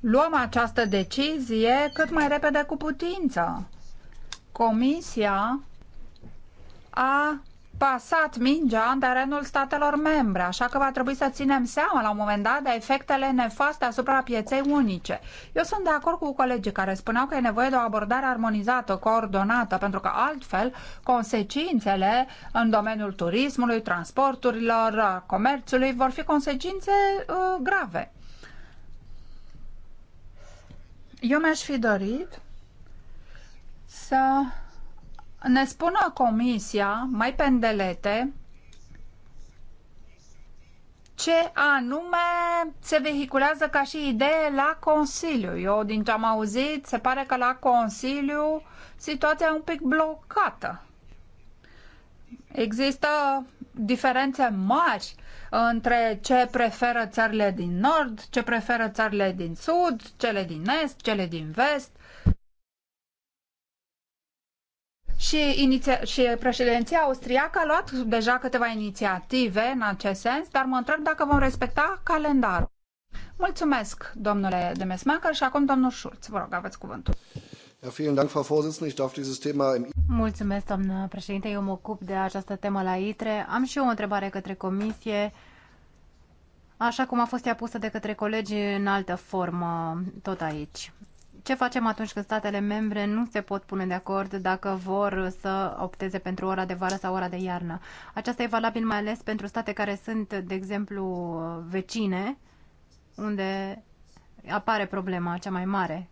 luăm această decizie cât mai repede cu putință. Comisia a pasat mingea în terenul statelor membre, așa că va trebui să ținem seama la un moment dat de efectele nefaste asupra pieței unice. Eu sunt de acord cu colegii care spuneau că e nevoie de o abordare armonizată, coordonată, pentru că altfel consecințele în domeniul turismului, transporturilor, comerțului vor fi consecințe uh, grave. Eu mi-aș fi dorit să ne spună Comisia, mai pendelete, ce anume se vehiculează ca și idee la Consiliu. Eu, din ce am auzit, se pare că la Consiliu situația e un pic blocată. Există diferențe mari între ce preferă țările din nord, ce preferă țările din sud, cele din est, cele din vest. și, iniția- și președinția austriacă a luat deja câteva inițiative în acest sens, dar mă întreb dacă vom respecta calendarul. Mulțumesc, domnule Demesmacher, și acum domnul Schulz. Vă rog, aveți cuvântul. Mulțumesc, doamnă președinte. Eu mă ocup de această temă la ITRE. Am și eu o întrebare către comisie, așa cum a fost ea pusă de către colegi în altă formă, tot aici ce facem atunci când statele membre nu se pot pune de acord dacă vor să opteze pentru ora de vară sau ora de iarnă? Aceasta e valabil mai ales pentru state care sunt, de exemplu, vecine, unde apare problema cea mai mare.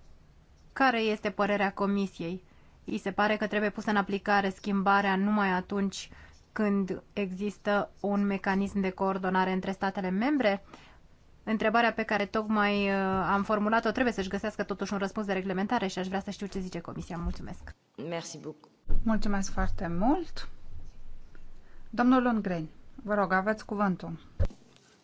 Care este părerea Comisiei? I se pare că trebuie pusă în aplicare schimbarea numai atunci când există un mecanism de coordonare între statele membre? întrebarea pe care tocmai uh, am formulat-o trebuie să-și găsească totuși un răspuns de reglementare și aș vrea să știu ce zice Comisia. Mulțumesc! Merci beaucoup. Mulțumesc foarte mult! Domnul Lundgren, vă rog, aveți cuvântul.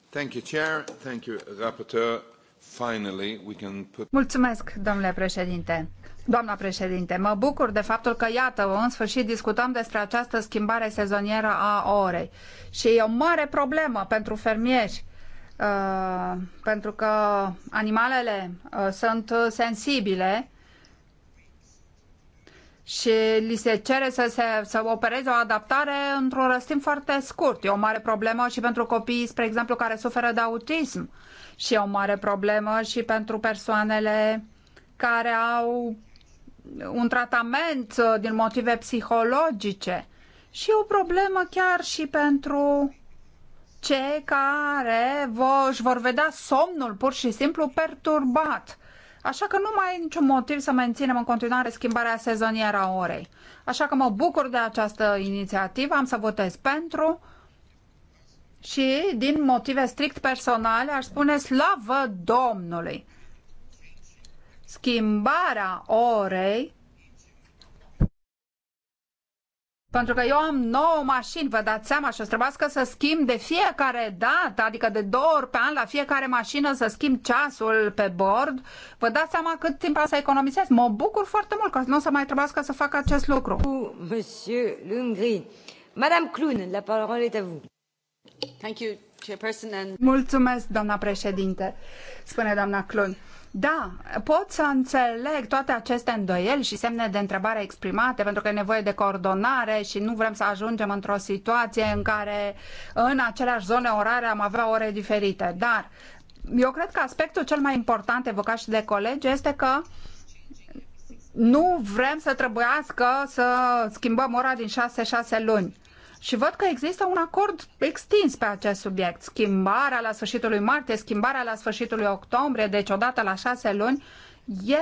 Thank you, Chair. Thank you, Rapporteur. Finally, we can put... Mulțumesc, domnule președinte. Doamna președinte, mă bucur de faptul că, iată, în sfârșit discutăm despre această schimbare sezonieră a orei. Și e o mare problemă pentru fermieri uh, pentru că animalele uh, sunt sensibile și li se cere să, se, să opereze o adaptare într-un răstim foarte scurt. E o mare problemă și pentru copiii, spre exemplu, care suferă de autism și e o mare problemă și pentru persoanele care au un tratament uh, din motive psihologice și o problemă chiar și pentru cei care vă, își vor vedea somnul pur și simplu perturbat. Așa că nu mai e niciun motiv să menținem în continuare schimbarea sezonieră a orei. Așa că mă bucur de această inițiativă, am să votez pentru și din motive strict personale aș spune slavă Domnului. Schimbarea orei Pentru că eu am nouă mașini, vă dați seama, și o să trebuiască să schimb de fiecare dată, adică de două ori pe an la fiecare mașină să schimb ceasul pe bord. Vă dați seama cât timp am să economisesc. Mă bucur foarte mult că nu o să mai trebuiască să fac acest lucru. Monsieur Lungri. Madame Clun, la parole est à vous. Thank you, Chairperson. And... Mulțumesc, doamna președinte, spune doamna Clun. Da, pot să înțeleg toate aceste îndoieli și semne de întrebare exprimate, pentru că e nevoie de coordonare și nu vrem să ajungem într-o situație în care în aceleași zone orare am avea ore diferite. Dar eu cred că aspectul cel mai important evocat și de colegi este că nu vrem să trebuiască să schimbăm ora din 6-6 luni. Și văd că există un acord extins pe acest subiect. Schimbarea la sfârșitul lui martie, schimbarea la sfârșitul lui octombrie, deci odată la șase luni, e,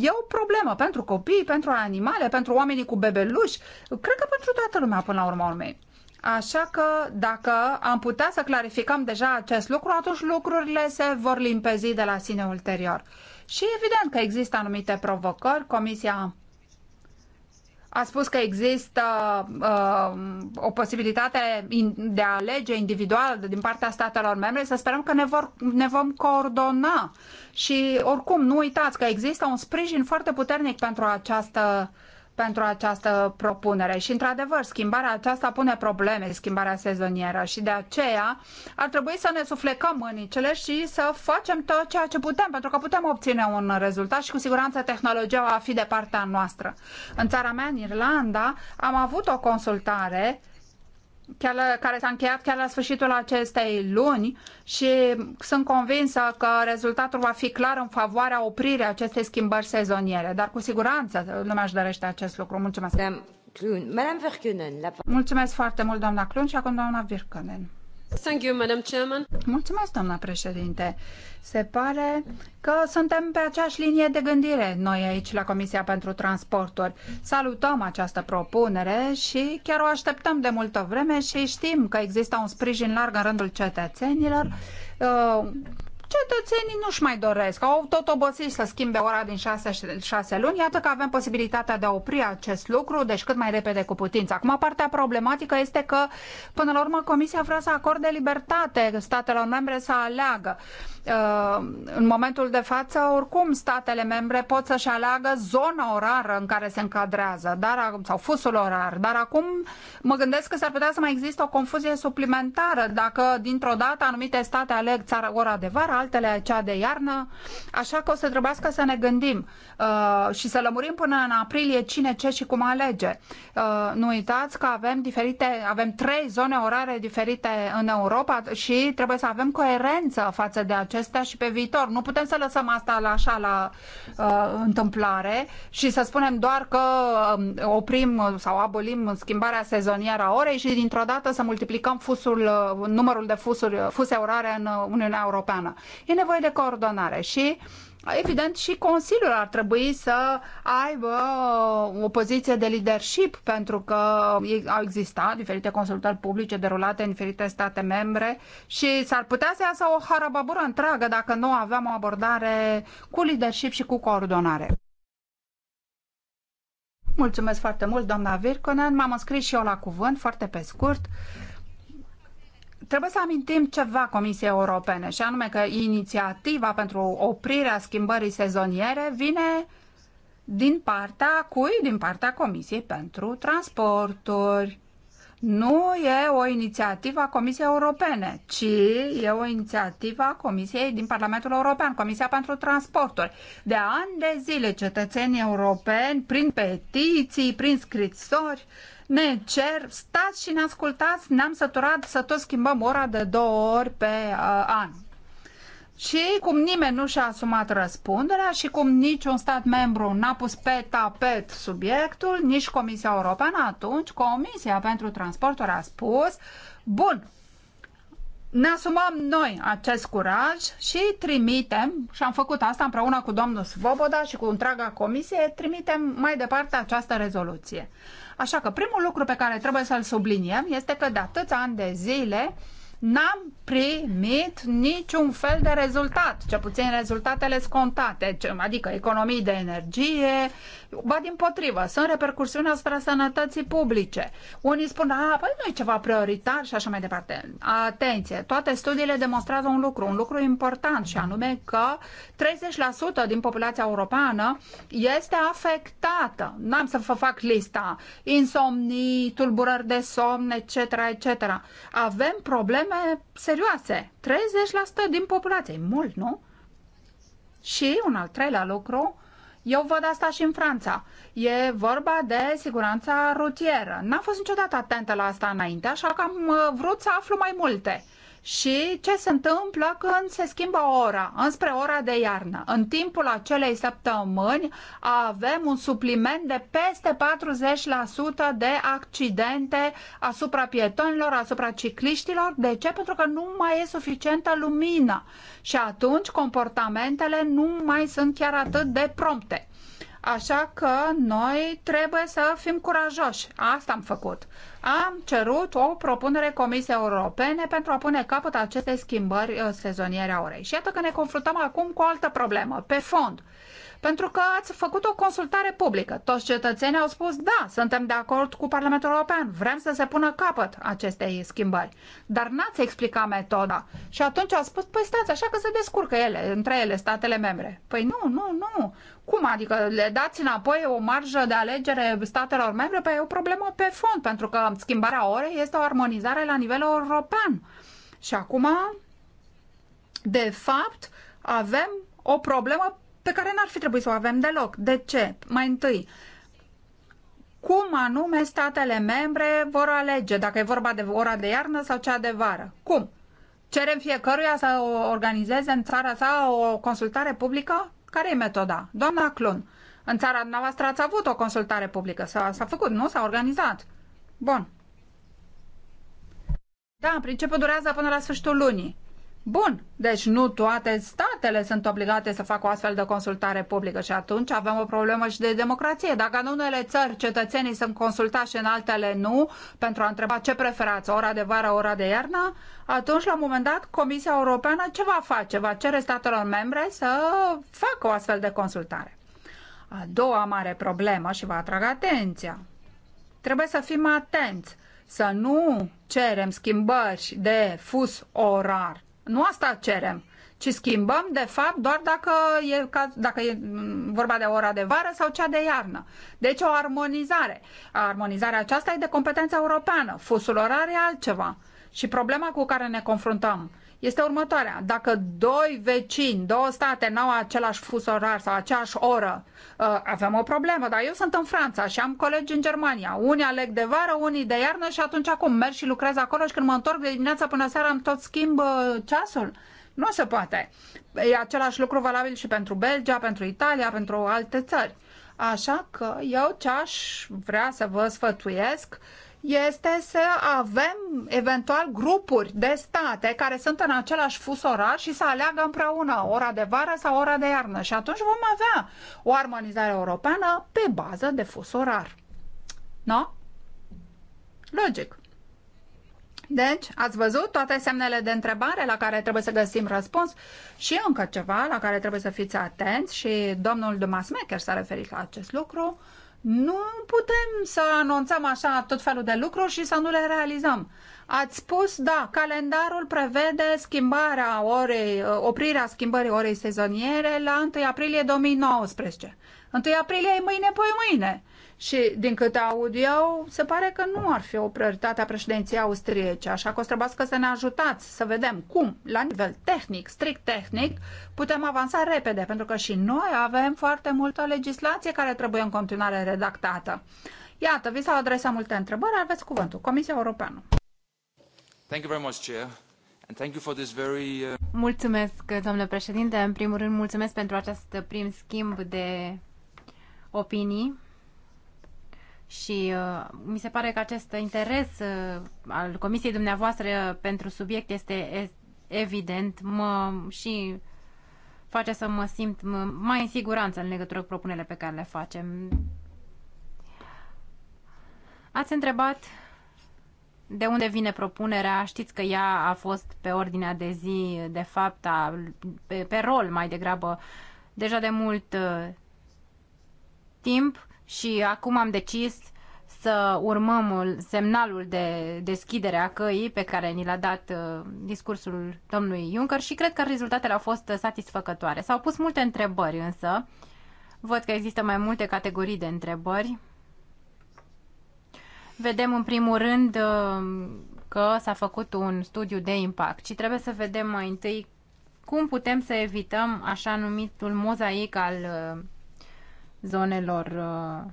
e o problemă pentru copii, pentru animale, pentru oamenii cu bebeluși, cred că pentru toată lumea până la urma urmei. Așa că dacă am putea să clarificăm deja acest lucru, atunci lucrurile se vor limpezi de la sine ulterior. Și evident că există anumite provocări, Comisia a spus că există uh, o posibilitate de a alege individuală din partea statelor membre. Să sperăm că ne, vor, ne vom coordona. Și oricum, nu uitați că există un sprijin foarte puternic pentru această uh, pentru această propunere și, într-adevăr, schimbarea aceasta pune probleme, schimbarea sezonieră și de aceea ar trebui să ne suflecăm mânicele și să facem tot ceea ce putem, pentru că putem obține un rezultat și cu siguranță tehnologia va fi de partea noastră. În țara mea, în Irlanda, am avut o consultare chiar la, care s-a încheiat chiar la sfârșitul acestei luni și sunt convinsă că rezultatul va fi clar în favoarea opririi acestei schimbări sezoniere, dar cu siguranță lumea își dorește acest lucru. Mulțumesc! Mulțumesc foarte mult, doamna Clun și acum doamna Virkanen. Mulțumesc, doamna președinte. Se pare că suntem pe aceeași linie de gândire noi aici la Comisia pentru Transporturi. Salutăm această propunere și chiar o așteptăm de multă vreme și știm că există un sprijin larg în rândul cetățenilor uh, cetățenii nu-și mai doresc. Au tot obosit să schimbe ora din 6, șase luni. Iată că avem posibilitatea de a opri acest lucru, deci cât mai repede cu putință. Acum, partea problematică este că, până la urmă, Comisia vrea să acorde libertate statelor membre să aleagă. Uh, în momentul de față, oricum, statele membre pot să-și aleagă zona orară în care se încadrează dar, sau fusul orar, dar acum mă gândesc că s-ar putea să mai există o confuzie suplimentară dacă dintr-o dată anumite state aleg țara ora de vară, altele cea de iarnă, așa că o să trebuiască să ne gândim uh, și să lămurim până în aprilie cine ce și cum alege. Uh, nu uitați că avem diferite, avem trei zone orare diferite în Europa și trebuie să avem coerență față de acest acestea și pe viitor. Nu putem să lăsăm asta la așa la uh, întâmplare și să spunem doar că um, oprim sau abolim schimbarea sezonieră a orei și dintr-o dată să multiplicăm fusul, uh, numărul de fusuri, uh, fuse orare în Uniunea Europeană. E nevoie de coordonare și uh, Evident, și Consiliul ar trebui să aibă o poziție de leadership, pentru că au existat diferite consultări publice derulate în diferite state membre și s-ar putea să iasă o harababură întreagă dacă nu aveam o abordare cu leadership și cu coordonare. Mulțumesc foarte mult, doamna Virconen. M-am înscris și eu la cuvânt, foarte pe scurt. Trebuie să amintim ceva Comisiei Europene, și anume că inițiativa pentru oprirea schimbării sezoniere vine din partea cui? Din partea Comisiei pentru Transporturi. Nu e o inițiativă a Comisiei Europene, ci e o inițiativă a Comisiei din Parlamentul European, Comisia pentru Transporturi. De ani de zile, cetățenii europeni, prin petiții, prin scrisori, uh, ne cer, stați și ne ascultați, ne-am săturat să tot schimbăm ora de două ori pe uh, an. Și cum nimeni nu și-a asumat răspunderea și cum niciun stat membru n-a pus pe tapet subiectul, nici Comisia Europeană, atunci Comisia pentru Transporturi a spus Bun, ne asumăm noi acest curaj și trimitem, și am făcut asta împreună cu domnul Svoboda și cu întreaga comisie, trimitem mai departe această rezoluție. Așa că primul lucru pe care trebuie să-l subliniem este că de atâția ani de zile n-am primit niciun fel de rezultat, ce puțin rezultatele scontate, adică economii de energie, Ba din potrivă, sunt repercursiuni asupra sănătății publice. Unii spun, a, păi nu e ceva prioritar și așa mai departe. Atenție, toate studiile demonstrează un lucru, un lucru important și anume că 30% din populația europeană este afectată. N-am să vă fac lista. Insomnii, tulburări de somn, etc., etc. Avem probleme serioase. 30% din populație. E mult, nu? Și un al treilea lucru, eu văd asta și în Franța. E vorba de siguranța rutieră. N-am fost niciodată atentă la asta înainte, așa că am uh, vrut să aflu mai multe și ce se întâmplă când se schimbă ora, înspre ora de iarnă. În timpul acelei săptămâni avem un supliment de peste 40% de accidente asupra pietonilor, asupra cicliștilor. De ce? Pentru că nu mai e suficientă lumină și atunci comportamentele nu mai sunt chiar atât de prompte. Așa că noi trebuie să fim curajoși. Asta am făcut am cerut o propunere Comisiei Europene pentru a pune capăt acestei schimbări uh, sezoniere a orei. Și iată că ne confruntăm acum cu o altă problemă, pe fond pentru că ați făcut o consultare publică. Toți cetățenii au spus, da, suntem de acord cu Parlamentul European, vrem să se pună capăt acestei schimbări. Dar n-ați explicat metoda. Și atunci au spus, păi stați, așa că se descurcă ele, între ele, statele membre. Păi nu, nu, nu. Cum adică le dați înapoi o marjă de alegere statelor membre? Păi e o problemă pe fond, pentru că schimbarea orei este o armonizare la nivel european. Și acum, de fapt, avem o problemă pe care n-ar fi trebuit să o avem deloc. De ce? Mai întâi, cum anume statele membre vor alege, dacă e vorba de ora de iarnă sau cea de vară? Cum? Cerem fiecăruia să organizeze în țara sa o consultare publică? Care e metoda? Doamna Clun, în țara noastră ați avut o consultare publică. S-a, făcut, nu? S-a organizat. Bun. Da, în principiu durează până la sfârșitul lunii. Bun, deci nu toate statele sunt obligate să facă o astfel de consultare publică și atunci avem o problemă și de democrație. Dacă în unele țări cetățenii sunt consultați și în altele nu, pentru a întreba ce preferați, ora de vară, ora de iarnă, atunci la un moment dat Comisia Europeană ce va face? Va cere statelor membre să facă o astfel de consultare. A doua mare problemă și vă atrag atenția. Trebuie să fim atenți să nu cerem schimbări de fus orar, nu asta cerem, ci schimbăm, de fapt, doar dacă e, ca, dacă e mm, vorba de ora de vară sau cea de iarnă. Deci o armonizare. Armonizarea aceasta e de competență europeană. Fusul orar e altceva. Și problema cu care ne confruntăm este următoarea. Dacă doi vecini, două state n-au același fus orar sau aceeași oră, uh, avem o problemă. Dar eu sunt în Franța și am colegi în Germania. Unii aleg de vară, unii de iarnă și atunci acum merg și lucrez acolo și când mă întorc de dimineața până seara am tot schimb uh, ceasul. Nu se poate. E același lucru valabil și pentru Belgia, pentru Italia, pentru alte țări. Așa că eu ce aș vrea să vă sfătuiesc este să avem eventual grupuri de state care sunt în același fus orar și să aleagă împreună ora de vară sau ora de iarnă și atunci vom avea o armonizare europeană pe bază de fus orar. No? Logic. Deci, ați văzut toate semnele de întrebare la care trebuie să găsim răspuns și încă ceva la care trebuie să fiți atenți și domnul de Mecher s-a referit la acest lucru. Uh, nu putem să anunțăm așa tot felul de lucruri și să nu le realizăm. Ați spus, da, calendarul prevede schimbarea orei, uh, oprirea schimbării orei sezoniere la 1 aprilie 2019. 1 aprilie e mâine, poi mâine. Și din câte aud eu, se pare că nu ar fi o prioritate a președinției austriece, așa că o să să ne ajutați să vedem cum, la nivel tehnic, strict tehnic, putem avansa repede, pentru că și noi avem foarte multă legislație care trebuie în continuare redactată. Iată, vi s-au adresat multe întrebări, aveți cuvântul. Comisia Europeană. Thank you very much, Chair. And thank you for this very, uh... Mulțumesc, domnule președinte. În primul rând, mulțumesc pentru acest prim schimb de opinii și uh, mi se pare că acest interes uh, al comisiei dumneavoastră pentru subiect este evident mă, și face să mă simt mai în siguranță în legătură cu propunerile pe care le facem. Ați întrebat de unde vine propunerea? Știți că ea a fost pe ordinea de zi, de fapt, a, pe, pe rol mai degrabă, deja de mult uh, timp și acum am decis să urmăm semnalul de deschidere a căii pe care ni l-a dat uh, discursul domnului Juncker și cred că rezultatele au fost satisfăcătoare. S-au pus multe întrebări însă. Văd că există mai multe categorii de întrebări. Vedem în primul rând uh, că s-a făcut un studiu de impact și trebuie să vedem mai întâi cum putem să evităm așa numitul mozaic al uh, zonelor uh,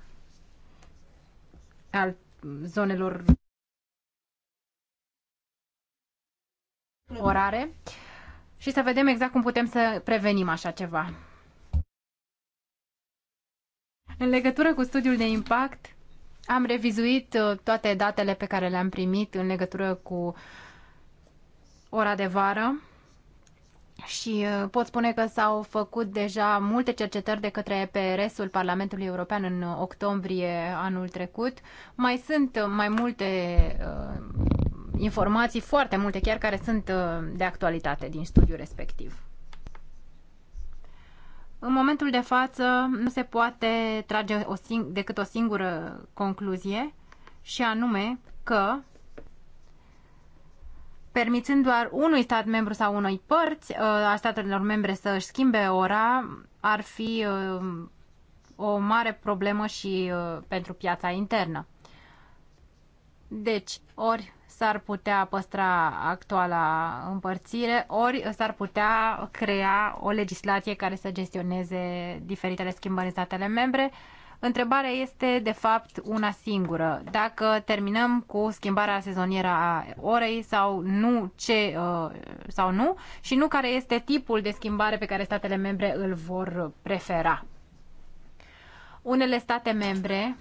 al zonelor orare și să vedem exact cum putem să prevenim așa ceva. În legătură cu studiul de impact, am revizuit uh, toate datele pe care le-am primit în legătură cu ora de vară și uh, pot spune că s-au făcut deja multe cercetări de către EPRS-ul Parlamentului European în octombrie anul trecut. Mai sunt uh, mai multe uh, informații, foarte multe chiar, care sunt uh, de actualitate din studiul respectiv. În momentul de față nu se poate trage o decât o singură concluzie și anume că permițând doar unui stat membru sau unui părți uh, a statelor membre să își schimbe ora, ar fi uh, o mare problemă și uh, pentru piața internă. Deci, ori s-ar putea păstra actuala împărțire, ori s-ar putea crea o legislație care să gestioneze diferitele schimbări în statele membre, Întrebarea este, de fapt, una singură. Dacă terminăm cu schimbarea sezonieră a orei sau nu, ce, uh, sau nu și nu care este tipul de schimbare pe care statele membre îl vor prefera. Unele state membre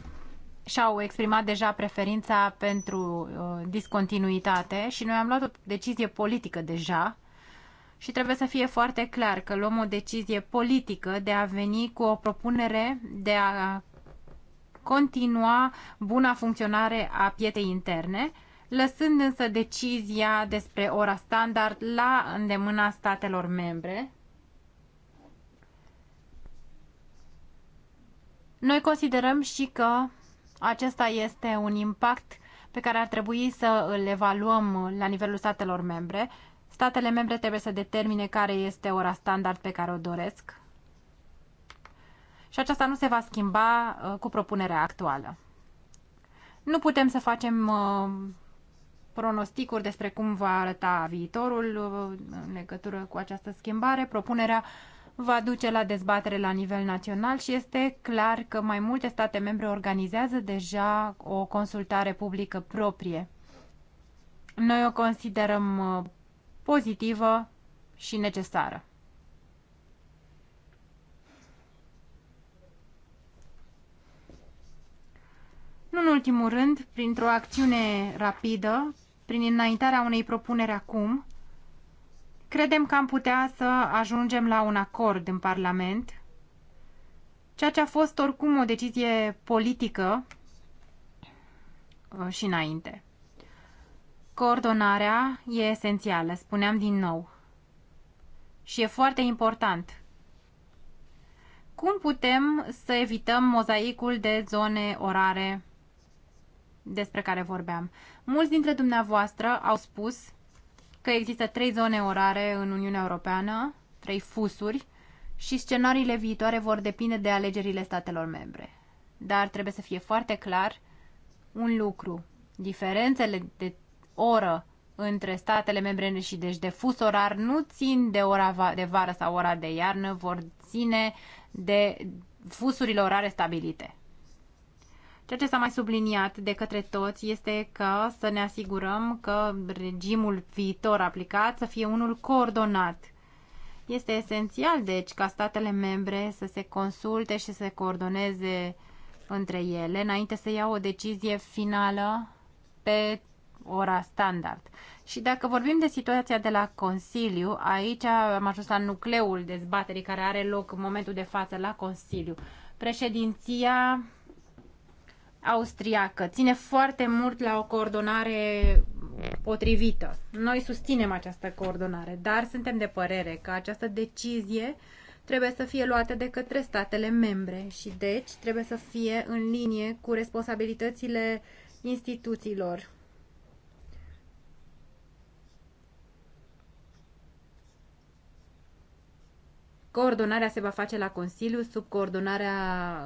și-au exprimat deja preferința pentru uh, discontinuitate și noi am luat o decizie politică deja și trebuie să fie foarte clar că luăm o decizie politică de a veni cu o propunere de a continua buna funcționare a pieței interne, lăsând însă decizia despre ora standard la îndemâna statelor membre. Noi considerăm și că acesta este un impact pe care ar trebui să îl evaluăm la nivelul statelor membre, Statele membre trebuie să determine care este ora standard pe care o doresc și aceasta nu se va schimba uh, cu propunerea actuală. Nu putem să facem uh, pronosticuri despre cum va arăta viitorul uh, în legătură cu această schimbare. Propunerea va duce la dezbatere la nivel național și este clar că mai multe state membre organizează deja o consultare publică proprie. Noi o considerăm pozitivă și necesară. Nu în ultimul rând, printr-o acțiune rapidă, prin înaintarea unei propuneri acum, credem că am putea să ajungem la un acord în Parlament, ceea ce a fost oricum o decizie politică uh, și înainte. Coordonarea e esențială, spuneam din nou. Și e foarte important. Cum putem să evităm mozaicul de zone orare despre care vorbeam? Mulți dintre dumneavoastră au spus că există trei zone orare în Uniunea Europeană, trei fusuri, și scenariile viitoare vor depinde de alegerile statelor membre. Dar trebuie să fie foarte clar un lucru. Diferențele de oră între statele membre și deci de fus orar nu țin de ora de vară sau ora de iarnă, vor ține de fusurile orare stabilite. Ceea ce s-a mai subliniat de către toți este că să ne asigurăm că regimul viitor aplicat să fie unul coordonat. Este esențial, deci, ca statele membre să se consulte și să se coordoneze între ele înainte să ia o decizie finală pe ora standard. Și dacă vorbim de situația de la Consiliu, aici am ajuns la nucleul dezbaterii care are loc în momentul de față la Consiliu. Președinția austriacă ține foarte mult la o coordonare potrivită. Noi susținem această coordonare, dar suntem de părere că această decizie trebuie să fie luată de către statele membre și deci trebuie să fie în linie cu responsabilitățile instituțiilor Coordonarea se va face la Consiliu sub coordonarea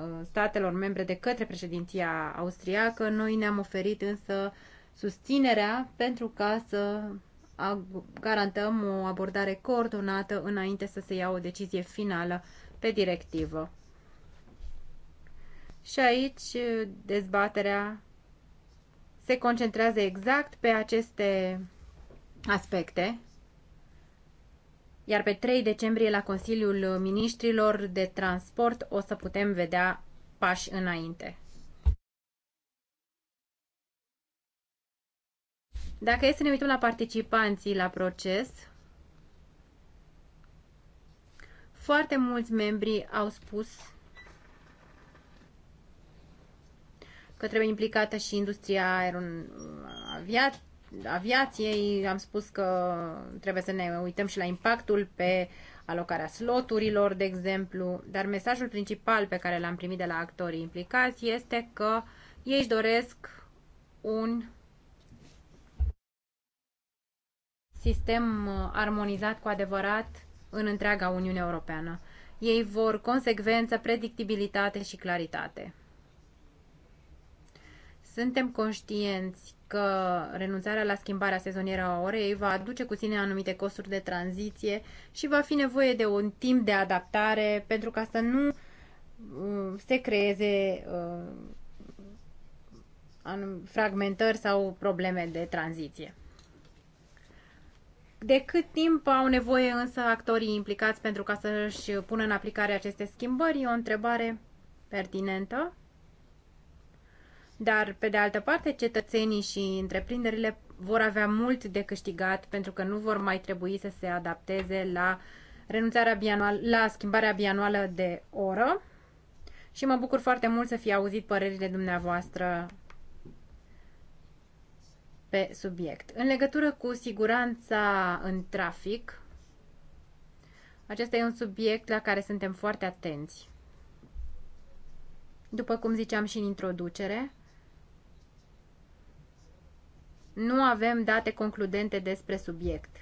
uh, statelor membre de către președinția austriacă. Noi ne-am oferit însă susținerea pentru ca să garantăm o abordare coordonată înainte să se ia o decizie finală pe directivă. Și aici uh, dezbaterea se concentrează exact pe aceste aspecte iar pe 3 decembrie la Consiliul Ministrilor de Transport o să putem vedea pași înainte. Dacă e să ne uităm la participanții la proces, foarte mulți membri au spus că trebuie implicată și industria aeron aviat aviației. Am spus că trebuie să ne uităm și la impactul pe alocarea sloturilor, de exemplu. Dar mesajul principal pe care l-am primit de la actorii implicați este că ei își doresc un sistem armonizat cu adevărat în întreaga Uniune Europeană. Ei vor consecvență, predictibilitate și claritate. Suntem conștienți că renunțarea la schimbarea sezonieră a orei va aduce cu sine anumite costuri de tranziție și va fi nevoie de un timp de adaptare pentru ca să nu uh, se creeze uh, fragmentări sau probleme de tranziție. De cât timp au nevoie însă actorii implicați pentru ca să își pună în aplicare aceste schimbări? E o întrebare pertinentă dar, pe de altă parte, cetățenii și întreprinderile vor avea mult de câștigat pentru că nu vor mai trebui să se adapteze la renunțarea bianual, la schimbarea bianuală de oră și mă bucur foarte mult să fi auzit părerile dumneavoastră pe subiect. În legătură cu siguranța în trafic, acesta e un subiect la care suntem foarte atenți. După cum ziceam și în introducere, nu avem date concludente despre subiect.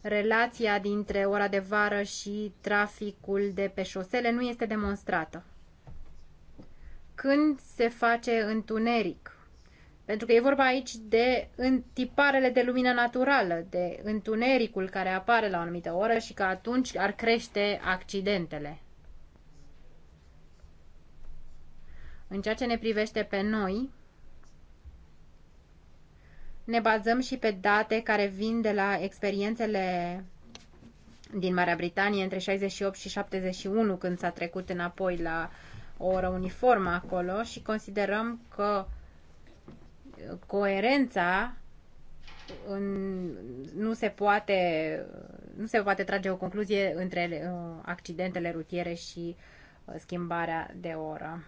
Relația dintre ora de vară și traficul de pe șosele nu este demonstrată. Când se face întuneric? Pentru că e vorba aici de tiparele de lumină naturală, de întunericul care apare la o anumită oră și că atunci ar crește accidentele. În ceea ce ne privește pe noi, ne bazăm și pe date care vin de la experiențele din Marea Britanie între 68 și 71 când s-a trecut înapoi la o oră uniformă acolo și considerăm că coerența în, nu se poate nu se poate trage o concluzie între uh, accidentele rutiere și uh, schimbarea de oră.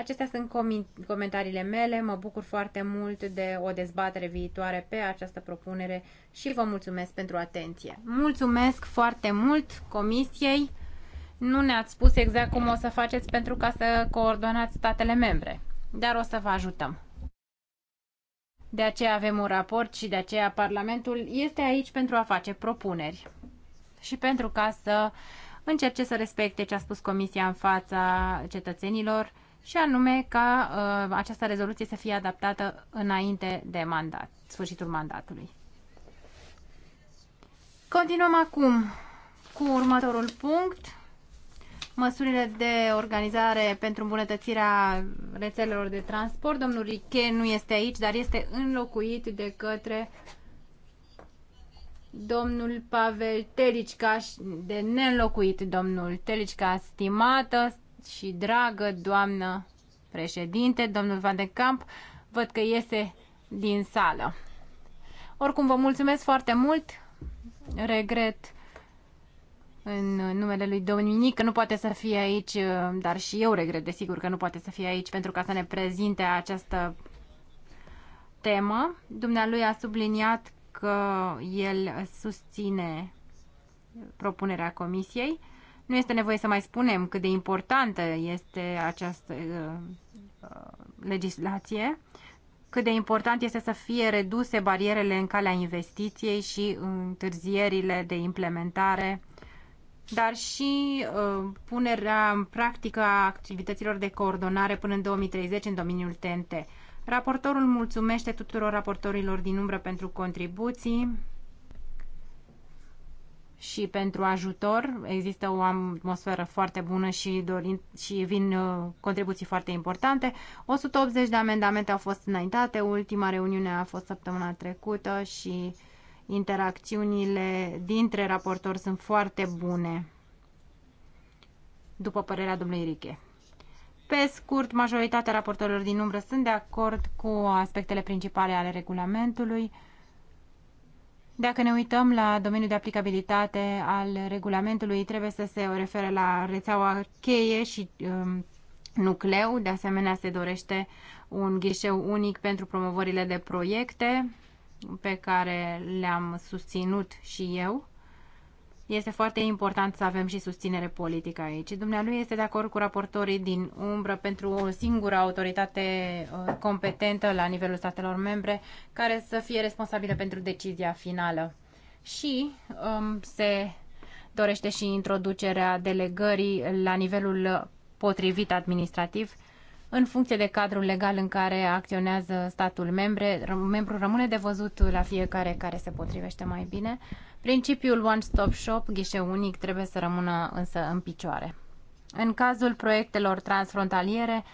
Acestea sunt comentariile mele. Mă bucur foarte mult de o dezbatere viitoare pe această propunere și vă mulțumesc pentru atenție. Mulțumesc foarte mult Comisiei. Nu ne-ați spus exact cum o să faceți pentru ca să coordonați statele membre, dar o să vă ajutăm. De aceea avem un raport și de aceea Parlamentul este aici pentru a face propuneri și pentru ca să încerce să respecte ce a spus Comisia în fața cetățenilor și anume ca uh, această rezoluție să fie adaptată înainte de mandat, sfârșitul mandatului. Continuăm acum cu următorul punct. Măsurile de organizare pentru îmbunătățirea rețelelor de transport. Domnul Riche nu este aici, dar este înlocuit de către domnul Pavel Telicca de neînlocuit domnul Telicca, stimată și dragă doamnă președinte, domnul Van de Camp, văd că iese din sală. Oricum, vă mulțumesc foarte mult. Regret în numele lui Dominic că nu poate să fie aici, dar și eu regret, desigur, că nu poate să fie aici pentru ca să ne prezinte această temă. Dumnealui a subliniat că el susține propunerea comisiei nu este nevoie să mai spunem cât de importantă este această uh, uh, legislație, cât de important este să fie reduse barierele în calea investiției și întârzierile de implementare, dar și uh, punerea în practică a activităților de coordonare până în 2030 în domeniul TNT. Raportorul mulțumește tuturor raportorilor din umbră pentru contribuții și pentru ajutor. Există o atmosferă foarte bună și, dorin, și vin uh, contribuții foarte importante. 180 de amendamente au fost înaintate. Ultima reuniune a fost săptămâna trecută și interacțiunile dintre raportori sunt foarte bune, după părerea domnului Riche. Pe scurt, majoritatea raportorilor din umbră sunt de acord cu aspectele principale ale regulamentului. Dacă ne uităm la domeniul de aplicabilitate al regulamentului, trebuie să se referă la rețeaua cheie și um, nucleu. De asemenea, se dorește un ghișeu unic pentru promovările de proiecte pe care le-am susținut și eu. Este foarte important să avem și susținere politică aici. Dumnealui este de acord cu raportorii din umbră pentru o singură autoritate uh, competentă la nivelul statelor membre care să fie responsabilă pentru decizia finală. Și um, se dorește și introducerea delegării la nivelul potrivit administrativ în funcție de cadrul legal în care acționează statul membre. Membru rămâne de văzut la fiecare care se potrivește mai bine. Principiul One Stop Shop, ghișeu unic, trebuie să rămână însă în picioare. În cazul proiectelor transfrontaliere,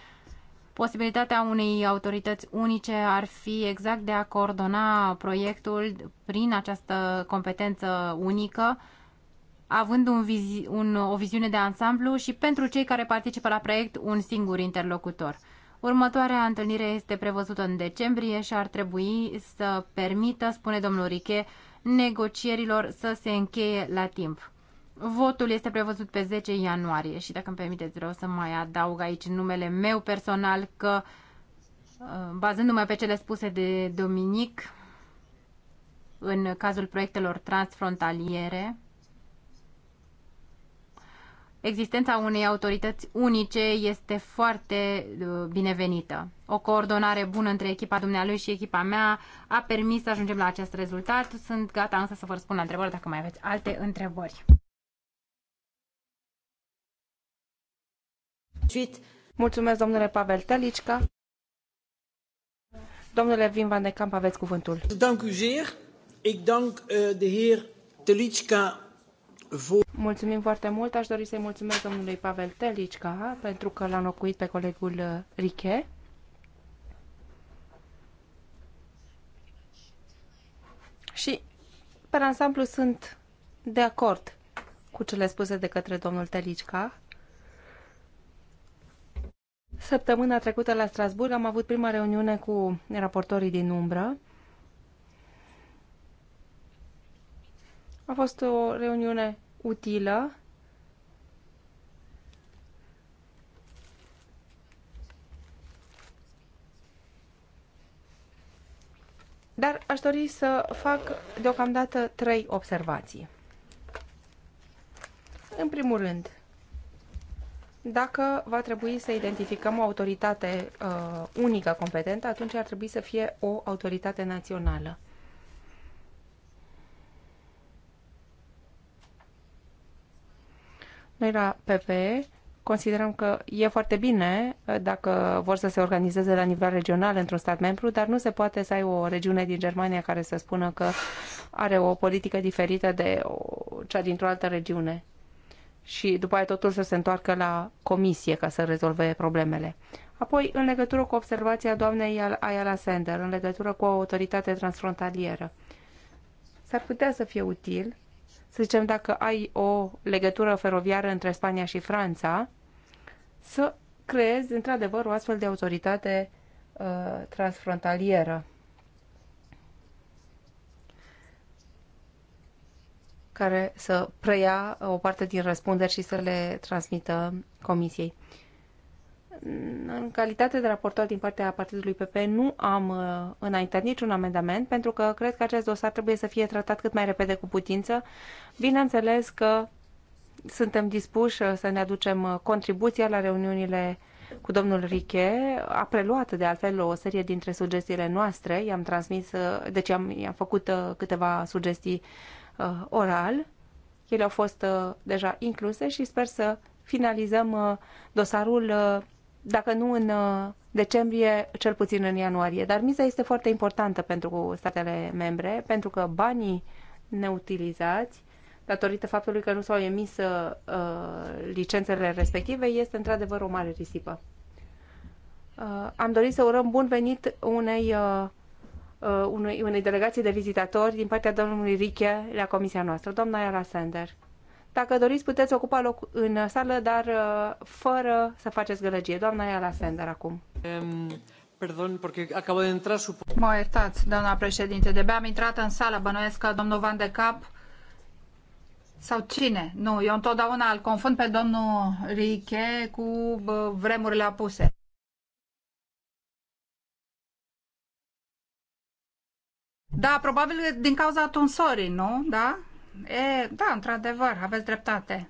posibilitatea unei autorități unice ar fi exact de a coordona proiectul prin această competență unică, având un vizi, un, o viziune de ansamblu și pentru cei care participă la proiect un singur interlocutor. Următoarea întâlnire este prevăzută în decembrie și ar trebui să permită, spune domnul Riche, negocierilor să se încheie la timp. Votul este prevăzut pe 10 ianuarie și dacă îmi permiteți vreau să mai adaug aici numele meu personal că uh, bazându-mă pe cele spuse de Dominic în cazul proiectelor transfrontaliere existența unei autorități unice este foarte uh, binevenită. O coordonare bună între echipa dumnealui și echipa mea a permis să ajungem la acest rezultat. Sunt gata însă să vă răspund la întrebări dacă mai aveți alte întrebări. Mulțumesc, domnule Pavel Telicca. Domnule Vim Van de Camp, aveți cuvântul. Dank u zeer. Ik dank eh, de heer Telicca Mulțumim foarte mult. Aș dori să-i mulțumesc domnului Pavel Telicca pentru că l-a înlocuit pe colegul uh, Riche. Și, pe ansamblu, sunt de acord cu cele spuse de către domnul Telicca. Săptămâna trecută la Strasburg am avut prima reuniune cu raportorii din umbră A fost o reuniune utilă. Dar aș dori să fac deocamdată trei observații. În primul rând, dacă va trebui să identificăm o autoritate uh, unică competentă, atunci ar trebui să fie o autoritate națională. Noi la PPE considerăm că e foarte bine uh, dacă vor să se organizeze la nivel regional într-un stat membru, dar nu se poate să ai o regiune din Germania care să spună că are o politică diferită de cea dintr-o altă regiune. Și după aia totul să se întoarcă la comisie ca să rezolve problemele. Apoi, în legătură cu observația doamnei Ayala Sender, în legătură cu o autoritate transfrontalieră, s-ar putea să fie util să zicem, dacă ai o legătură feroviară între Spania și Franța, să creezi, într-adevăr, o astfel de autoritate uh, transfrontalieră. care să preia o parte din răspunderi și să le transmită comisiei. În calitate de raportor din partea Partidului PP nu am uh, înaintat niciun amendament pentru că cred că acest dosar trebuie să fie tratat cât mai repede cu putință. Bineînțeles că suntem dispuși uh, să ne aducem uh, contribuția la reuniunile cu domnul Riche. A preluat de altfel o serie dintre sugestiile noastre. I-am transmis, deci am, i-am făcut câteva sugestii uh, oral. Ele au fost uh, deja incluse și sper să finalizăm uh, dosarul uh, dacă nu în uh, decembrie, cel puțin în ianuarie. Dar miza este foarte importantă pentru statele membre, pentru că banii neutilizați, datorită faptului că nu s-au emis uh, licențele respective, este într-adevăr o mare risipă. Uh, am dorit să urăm bun venit unei, uh, uh unei, unei delegații de vizitatori din partea domnului Riche la comisia noastră, doamna Iara Sander. Dacă doriți, puteți ocupa loc în sală, dar uh, fără să faceți gălăgie. Doamna la Sender, acum. Um... Pardon, porque acabo de intra, supo... Mă iertați, doamna președinte, de am intrat în sală, bănuiesc că domnul Van de Cap sau cine? Nu, eu întotdeauna îl confund pe domnul Riche cu vremurile apuse. Da, probabil din cauza tunsorii, nu? Da? E, da, într-adevăr, aveți dreptate.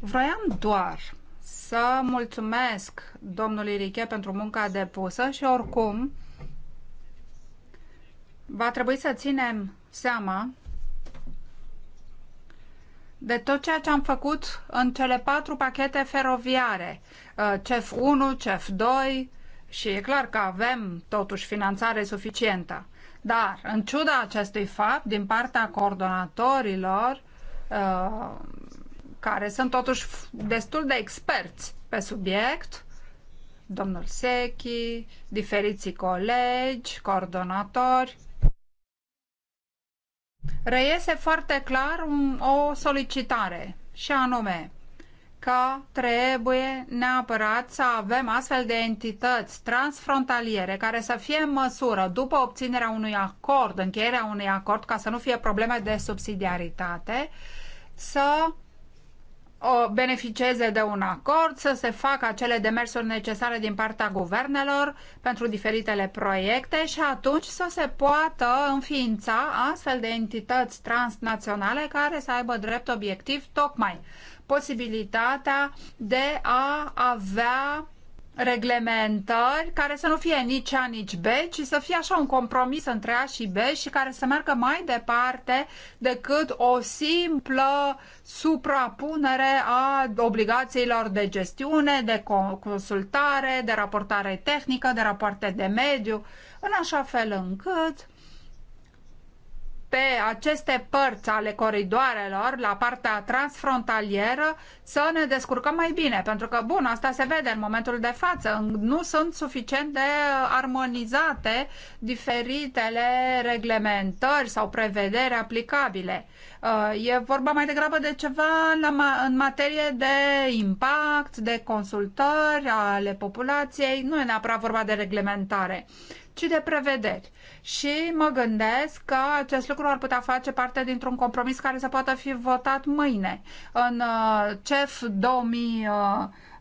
Vroiam doar să mulțumesc domnului Riche pentru munca depusă și oricum va trebui să ținem seama de tot ceea ce am făcut în cele patru pachete feroviare, CEF 1, CEF 2 și e clar că avem totuși finanțare suficientă. Dar, în ciuda acestui fapt, din partea coordonatorilor, uh, care sunt totuși destul de experți pe subiect, domnul Sechi, diferiții colegi, coordonatori, reiese foarte clar o solicitare și anume că trebuie neapărat să avem astfel de entități transfrontaliere care să fie în măsură, după obținerea unui acord, încheierea unui acord, ca să nu fie probleme de subsidiaritate, să beneficieze de un acord, să se facă acele demersuri necesare din partea guvernelor pentru diferitele proiecte și atunci să se poată înființa astfel de entități transnaționale care să aibă drept obiectiv tocmai posibilitatea de a avea reglementări care să nu fie nici A, nici B, ci să fie așa un compromis între A și B și care să meargă mai departe decât o simplă suprapunere a obligațiilor de gestiune, de consultare, de raportare tehnică, de rapoarte de mediu, în așa fel încât pe aceste părți ale coridoarelor, la partea transfrontalieră, să ne descurcăm mai bine. Pentru că, bun, asta se vede în momentul de față. Nu sunt suficient de armonizate diferitele reglementări sau prevederi aplicabile. Uh, e vorba mai degrabă de ceva în materie de impact, de consultări ale populației. Nu e neapărat vorba de reglementare ci de prevederi. Și mă gândesc că acest lucru ar putea face parte dintr-un compromis care să poată fi votat mâine. În uh, CEF 2000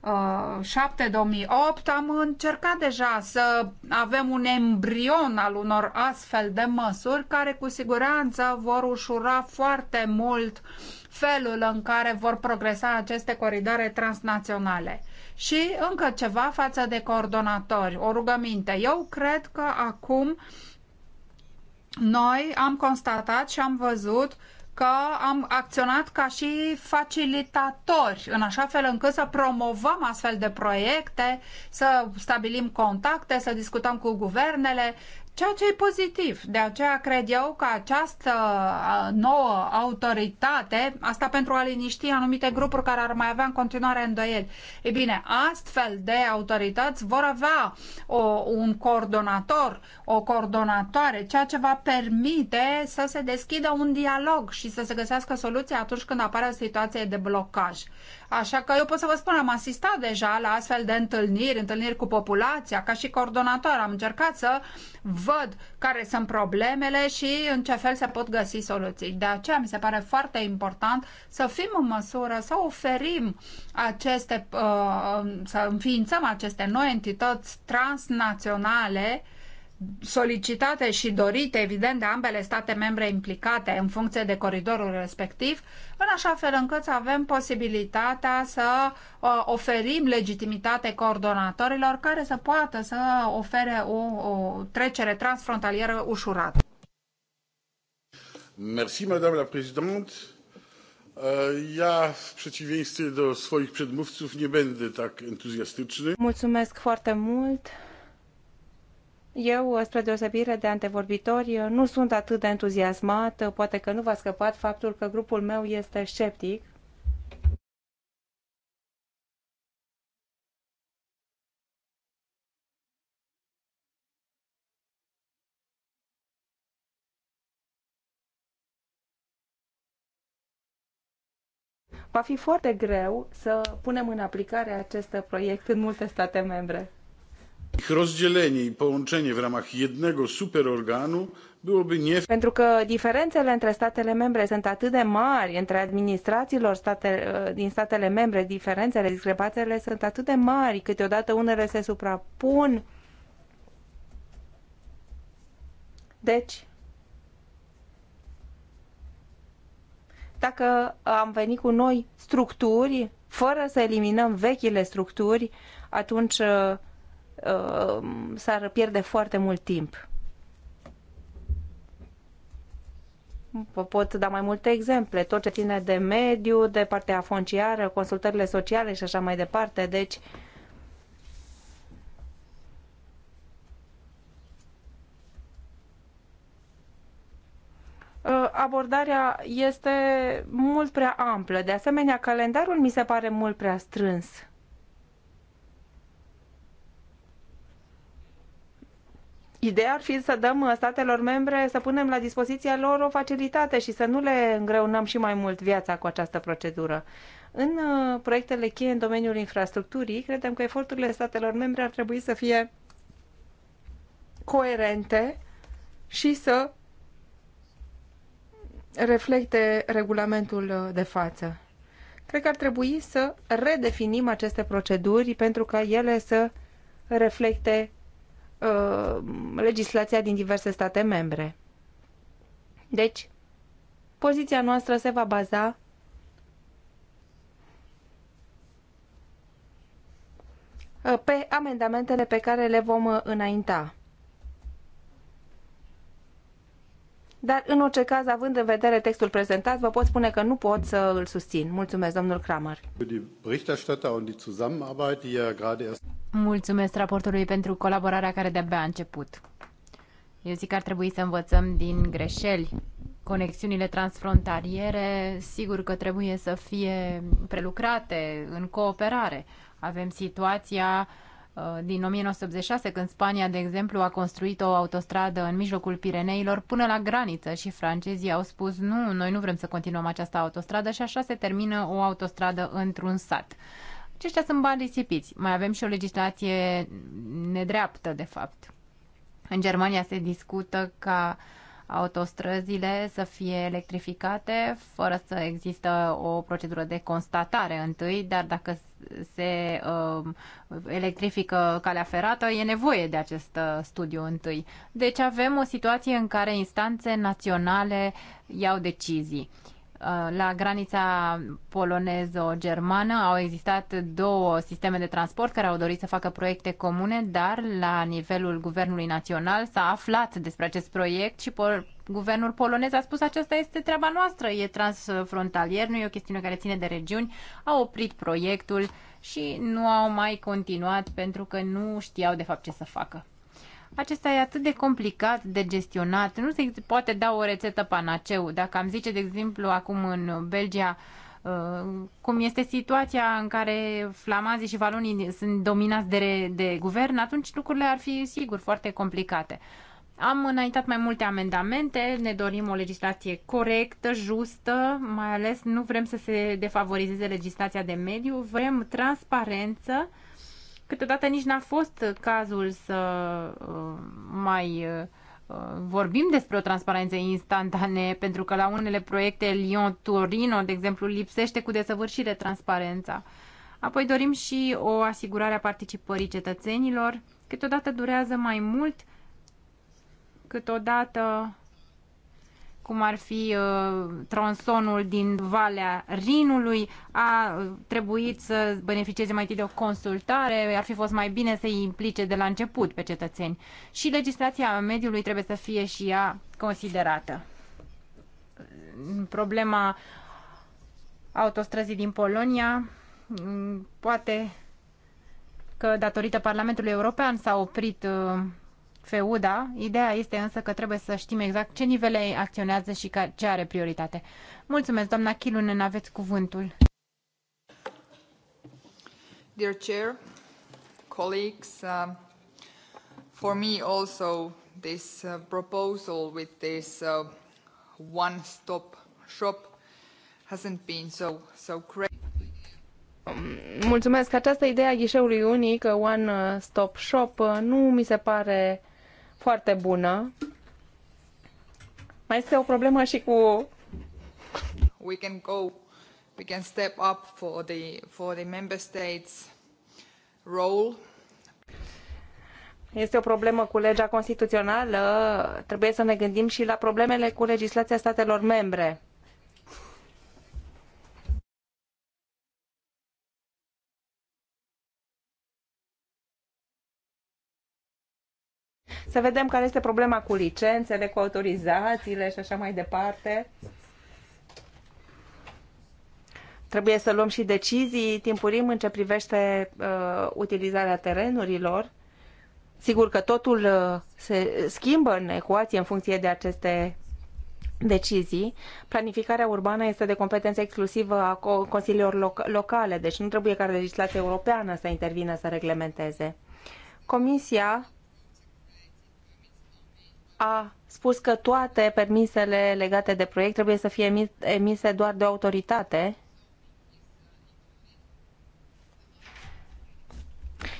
2007-2008 uh, uh, am încercat deja să avem un embrion al unor astfel de măsuri care cu siguranță vor ușura foarte mult felul în care vor progresa aceste coridoare transnaționale. Și încă ceva față de coordonatori, o rugăminte. Eu cred că acum noi am constatat și am văzut că am acționat ca și facilitatori, în așa fel încât să promovăm astfel de proiecte, să stabilim contacte, să discutăm cu guvernele, Ceea ce e pozitiv. De aceea cred eu că această nouă autoritate, asta pentru a liniști anumite grupuri care ar mai avea în continuare îndoieli, e bine, astfel de autorități vor avea o, un coordonator, o coordonatoare, ceea ce va permite să se deschidă un dialog și să se găsească soluții atunci când apare o situație de blocaj. Așa că eu pot să vă spun, am asistat deja la astfel de întâlniri, întâlniri cu populația, ca și coordonator. Am încercat să văd care sunt problemele și în ce fel se pot găsi soluții. De aceea mi se pare foarte important să fim în măsură să oferim aceste, uh, să înființăm aceste noi entități transnaționale solicitate și dorite, evident, de ambele state membre implicate în funcție de coridorul respectiv, în așa fel încât să avem posibilitatea să uh, oferim legitimitate coordonatorilor care să poată să ofere o, o trecere transfrontalieră ușurată. Merci, Madame la Présidente. Uh, ja w przeciwieństwie do swoich przedmówców nie będę tak entuzjastyczny. Mulțumesc foarte mult. Eu, spre deosebire de antevorbitori, nu sunt atât de entuziasmat, poate că nu v-a scăpat faptul că grupul meu este sceptic. Va fi foarte greu să punem în aplicare acest proiect în multe state membre. Ich rozdzielenie i połączenie w ramach jednego superorganu byłoby nie... Pentru că diferențele între statele membre sunt atât de mari, între administrațiilor state, ă, din statele membre, diferențele, discrepanțele sunt atât de mari, câteodată unele se suprapun. Deci, dacă am venit cu noi structuri, fără să eliminăm vechile structuri, atunci ă, Uh, s-ar pierde foarte mult timp. Vă pot da mai multe exemple, tot ce ține de mediu, de partea fonciară, consultările sociale și așa mai departe. Deci, uh, abordarea este mult prea amplă. De asemenea, calendarul mi se pare mult prea strâns. Ideea ar fi să dăm uh, statelor membre, să punem la dispoziția lor o facilitate și să nu le îngreunăm și mai mult viața cu această procedură. În uh, proiectele cheie în domeniul infrastructurii, credem că eforturile statelor membre ar trebui să fie coerente și să reflecte regulamentul uh, de față. Cred că ar trebui să redefinim aceste proceduri pentru ca ele să reflecte Uh, legislația din diverse state membre. Deci, poziția noastră se va baza uh, pe amendamentele pe care le vom înainta. dar în orice caz, având în vedere textul prezentat, vă pot spune că nu pot să îl susțin. Mulțumesc, domnul Kramer. Mulțumesc raportului pentru colaborarea care de-abia a început. Eu zic că ar trebui să învățăm din greșeli. Conexiunile transfrontaliere, sigur că trebuie să fie prelucrate în cooperare. Avem situația uh, Uh, din 1986, când Spania, de exemplu, a construit o autostradă în mijlocul Pireneilor până la graniță și francezii au spus nu, noi nu vrem să continuăm această autostradă și așa se termină o autostradă într-un sat. Aceștia deci sunt bani risipiți. Mai avem și o legislație nedreaptă, de fapt. În Germania se discută ca uh, autostrăzile să fie electrificate fără să există o procedură de constatare întâi, dar dacă se uh, electrifică calea ferată, e nevoie de acest uh, studiu întâi. Deci avem o situație în care instanțe naționale iau decizii. Uh, Uh, la granița polonezo-germană au existat două sisteme de transport care au dorit să facă proiecte comune, dar la nivelul Guvernului Național s-a aflat despre acest proiect și pol- guvernul polonez a spus aceasta este treaba noastră, e transfrontalier, nu e o chestiune care ține de regiuni, a oprit proiectul și nu au mai continuat pentru că nu știau de fapt ce să facă acesta e atât de complicat de gestionat. Nu se poate da o rețetă panaceu. Dacă am zice, de exemplu, acum în Belgia, uh, cum este situația în care flamazii și valonii sunt dominați de, de guvern, atunci lucrurile ar fi, sigur, foarte complicate. Am înaintat mai multe amendamente, ne dorim o legislație corectă, justă, mai ales nu vrem să se defavorizeze legislația de mediu, vrem transparență, Câteodată nici n-a fost cazul să uh, mai uh, vorbim despre o transparență instantanee, pentru că la unele proiecte Lyon-Torino, de exemplu, lipsește cu desăvârșire transparența. Apoi dorim și o asigurare a participării cetățenilor. Câteodată durează mai mult, câteodată cum ar fi uh, tronsonul din Valea Rinului, a trebuit să beneficieze mai întâi de o consultare, ar fi fost mai bine să-i implice de la început pe cetățeni. Și legislația mediului trebuie să fie și ea considerată. Problema autostrăzii din Polonia mm, poate că datorită Parlamentului European s-a oprit uh, feuda. Ideea este însă că trebuie să știm exact ce nivele acționează și ce are prioritate. Mulțumesc, doamna Chilunen, aveți cuvântul. Dear Chair, colleagues, uh, for me also this uh, proposal with this uh, one-stop shop hasn't been so, so great. Um, mulțumesc. Această idee a ghișeului unic, uh, One Stop Shop, uh, nu mi se pare foarte bună. Mai este o problemă și cu we can go we can step up for the for the member states role este o problemă cu legea constituțională, trebuie să ne gândim și la problemele cu legislația statelor membre. să vedem care este problema cu licențele, cu autorizațiile și așa mai departe. Trebuie să luăm și decizii timpurim în ce privește uh, utilizarea terenurilor. Sigur că totul uh, se schimbă în ecuație în funcție de aceste decizii. Planificarea urbană este de competență exclusivă a consiliilor loc locale, deci nu trebuie ca legislația europeană să intervină să reglementeze. Comisia a spus că toate permisele legate de proiect trebuie să fie emise doar de o autoritate.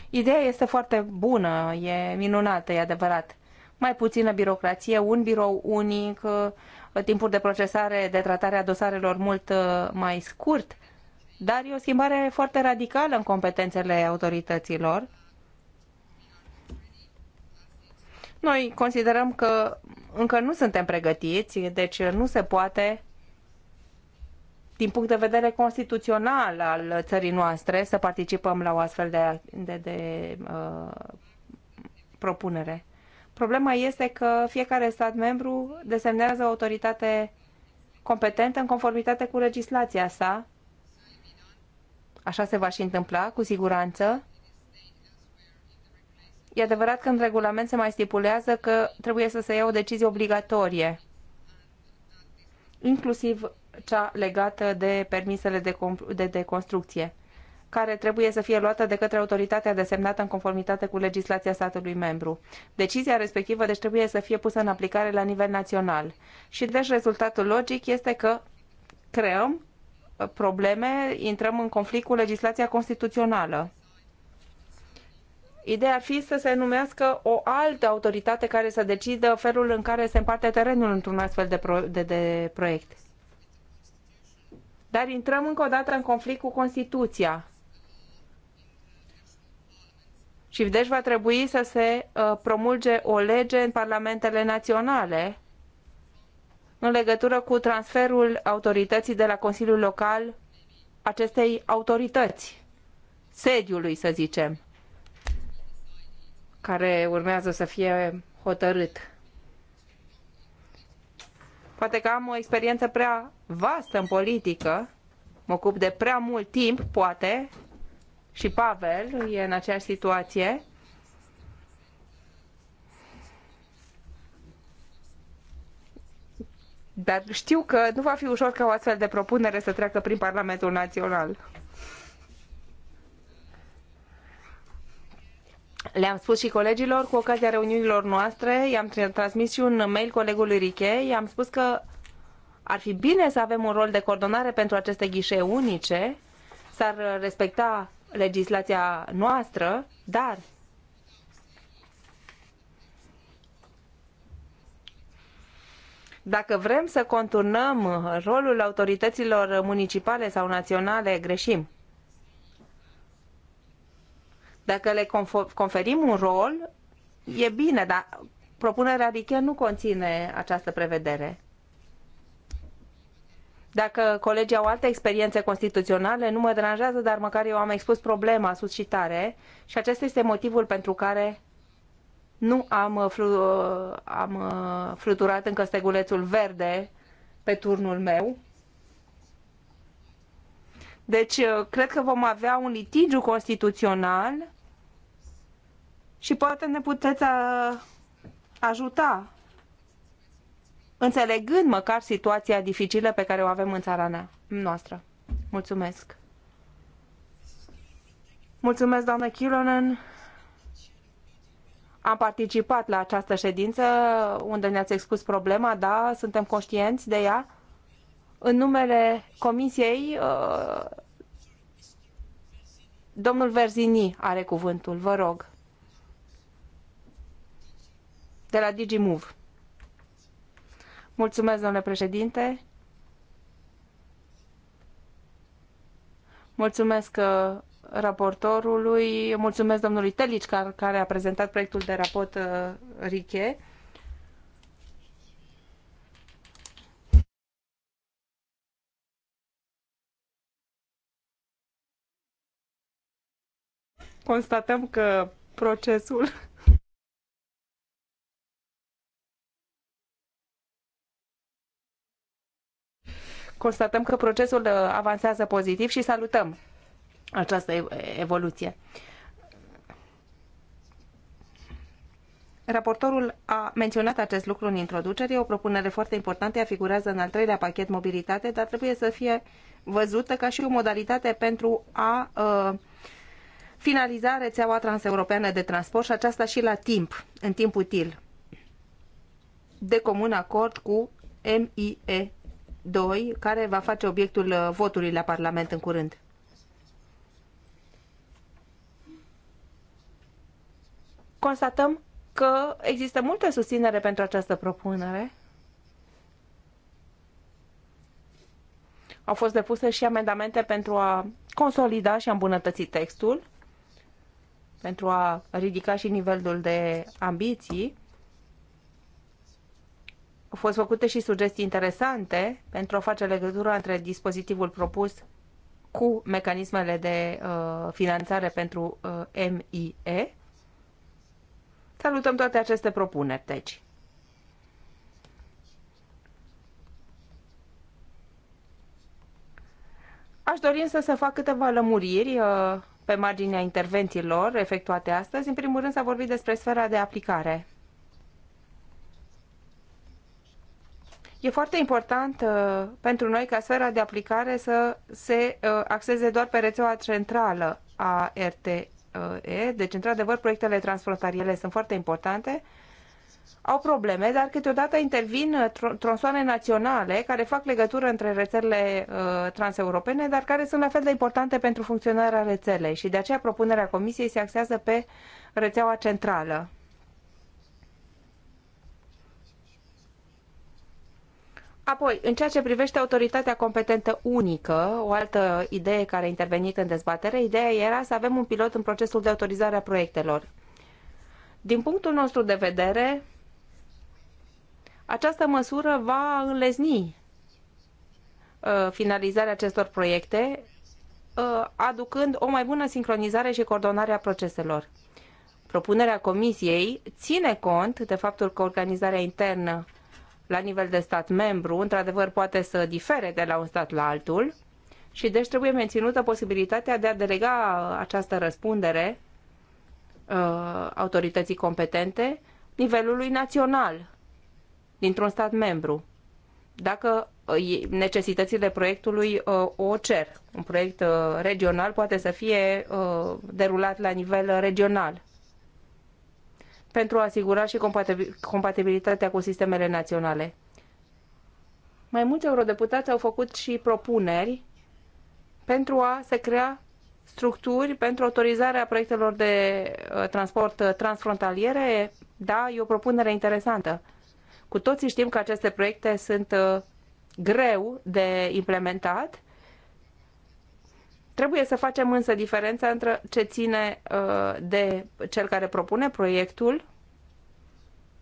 Ideea este foarte bună, e minunată, e adevărat. Mai puțină birocrație, un birou unic, uh, timpuri de procesare, de tratare a dosarelor mult uh, mai scurt, dar e o schimbare foarte radicală în competențele autorităților Noi considerăm că încă nu suntem pregătiți, deci nu se poate din punct de vedere constituțional al țării noastre să participăm la o astfel de, de, de uh, propunere. Problema este că fiecare stat membru desemnează o autoritate competentă în conformitate cu legislația sa. Așa se va și întâmpla, cu siguranță. E adevărat că în regulament se mai stipulează că trebuie să se ia o decizie obligatorie, inclusiv cea legată de permisele de, de, de construcție, care trebuie să fie luată de către autoritatea desemnată în conformitate cu legislația statului membru. Decizia respectivă deci trebuie să fie pusă în aplicare la nivel național. Și deci rezultatul logic este că creăm uh, probleme, intrăm în conflict cu legislația constituțională Ideea ar fi să se numească o altă autoritate care să decidă felul în care se împarte terenul într-un astfel de, pro- de, de proiect. Dar intrăm încă o dată în conflict cu Constituția. Și deci va trebui să se uh, promulge o lege în parlamentele naționale în legătură cu transferul autorității de la Consiliul Local acestei autorități, sediului, să zicem care urmează să fie hotărât. Poate că am o experiență prea vastă în politică, mă ocup de prea mult timp, poate, și Pavel e în aceeași situație. Dar știu că nu va fi ușor ca o astfel de propunere să treacă prin Parlamentul Național. le-am spus și colegilor cu ocazia reuniunilor noastre, i-am transmis și un mail colegului Riche, i-am spus că ar fi bine să avem un rol de coordonare pentru aceste ghișe unice, s-ar respecta legislația noastră, dar dacă vrem să conturnăm rolul autorităților municipale sau naționale, greșim. Dacă le conferim un rol, e bine, dar propunerea Riche nu conține această prevedere. Dacă colegii au alte experiențe constituționale, nu mă deranjează, dar măcar eu am expus problema suscitare și acesta este motivul pentru care nu am, uh, flu, uh, am uh, fluturat încă stegulețul verde pe turnul meu. Deci, cred că vom avea un litigiu constituțional și poate ne puteți uh, ajuta înțelegând măcar situația dificilă pe care o avem în țara noastră. Mulțumesc! Mulțumesc, doamnă Kilonen! Am participat la această ședință unde ne-ați expus problema, da, suntem conștienți de ea. În numele Comisiei, uh, domnul Verzini are cuvântul, vă rog de la DigiMove. Mulțumesc, domnule președinte. Mulțumesc uh, raportorului, mulțumesc domnului Telici care a prezentat proiectul de raport uh, Riche. Constatăm că procesul constatăm că procesul uh, avansează pozitiv și salutăm această evoluție. Raportorul a menționat acest lucru în introducere, e o propunere foarte importantă, ea figurează în al treilea pachet mobilitate, dar trebuie să fie văzută ca și o modalitate pentru a uh, finaliza rețeaua transeuropeană de transport și aceasta și la timp, în timp util, de comun acord cu MIE 2, care va face obiectul uh, votului la Parlament în curând. Constatăm că există multă susținere pentru această propunere. Au fost depuse și amendamente pentru a consolida și a îmbunătăți textul, pentru a ridica și nivelul de ambiții fost făcute și sugestii interesante pentru a face legătura între dispozitivul propus cu mecanismele de uh, finanțare pentru uh, MIE. Salutăm toate aceste propuneri, deci. Aș dori însă să fac câteva lămuriri uh, pe marginea intervențiilor efectuate astăzi. În primul rând s-a vorbit despre sfera de aplicare E foarte important uh, pentru noi ca sfera de aplicare să se uh, axeze doar pe rețeaua centrală a RTE. Deci, într-adevăr, proiectele transfrontaliere sunt foarte importante. Au probleme, dar câteodată intervin uh, tronsoane naționale care fac legătură între rețelele uh, transeuropene, dar care sunt la fel de importante pentru funcționarea rețelei și de aceea propunerea Comisiei se axează pe rețeaua centrală Apoi, în ceea ce privește autoritatea competentă unică, o altă idee care a intervenit în dezbatere, ideea era să avem un pilot în procesul de autorizare a proiectelor. Din punctul nostru de vedere, această măsură va înlezni uh, finalizarea acestor proiecte, uh, aducând o mai bună sincronizare și coordonare a proceselor. Propunerea Comisiei ține cont de faptul că organizarea internă la nivel de stat membru, într-adevăr, poate să difere de la un stat la altul și deci trebuie menținută posibilitatea de a delega această răspundere uh, autorității competente nivelului național dintr-un stat membru, dacă uh, necesitățile proiectului uh, o cer. Un proiect uh, regional poate să fie derulat la nivel regional pentru a asigura și compatibilitatea cu sistemele naționale. Mai mulți eurodeputați au făcut și propuneri pentru a se crea structuri pentru autorizarea proiectelor de uh, transport uh, transfrontaliere. Da, e o propunere interesantă. Cu toții știm că aceste proiecte sunt uh, greu de implementat Trebuie să facem însă diferența între ce ține uh, de cel care propune proiectul,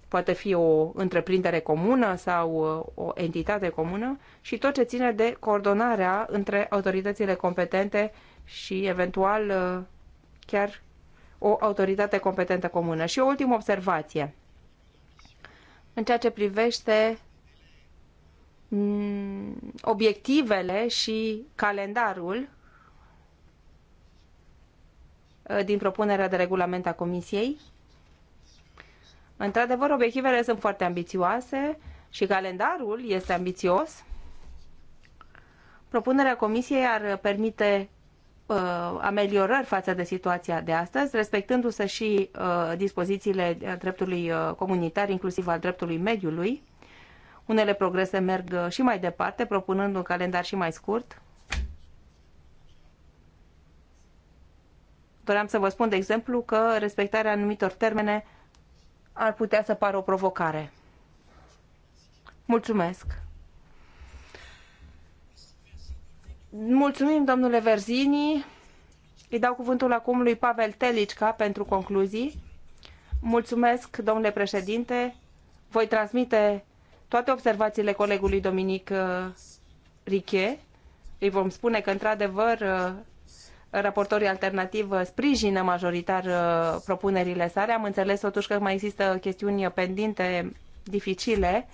poate fi o întreprindere comună sau uh, o entitate comună, și tot ce ține de coordonarea între autoritățile competente și eventual uh, chiar o autoritate competentă comună. Și o ultimă observație. În ceea ce privește mm, obiectivele și calendarul Uh, din propunerea de regulament a Comisiei. Într-adevăr, obiectivele sunt foarte ambițioase și calendarul este ambițios. Propunerea Comisiei ar permite uh, ameliorări față de situația de astăzi, respectându-se și uh, dispozițiile dreptului uh, comunitar, inclusiv al dreptului mediului. Unele progrese merg uh, și mai departe, propunând un calendar și mai scurt, Doream să vă spun, de exemplu, că respectarea anumitor termene ar putea să pară o provocare. Mulțumesc! Mulțumim, domnule Verzini. Îi dau cuvântul acum lui Pavel Telicca pentru concluzii. Mulțumesc, domnule președinte. Voi transmite toate observațiile colegului Dominic uh, Riche. Îi vom spune că, într-adevăr, uh, raportorii alternativ sprijină majoritar uh, propunerile sale. Am înțeles totuși că mai există chestiuni pendinte dificile.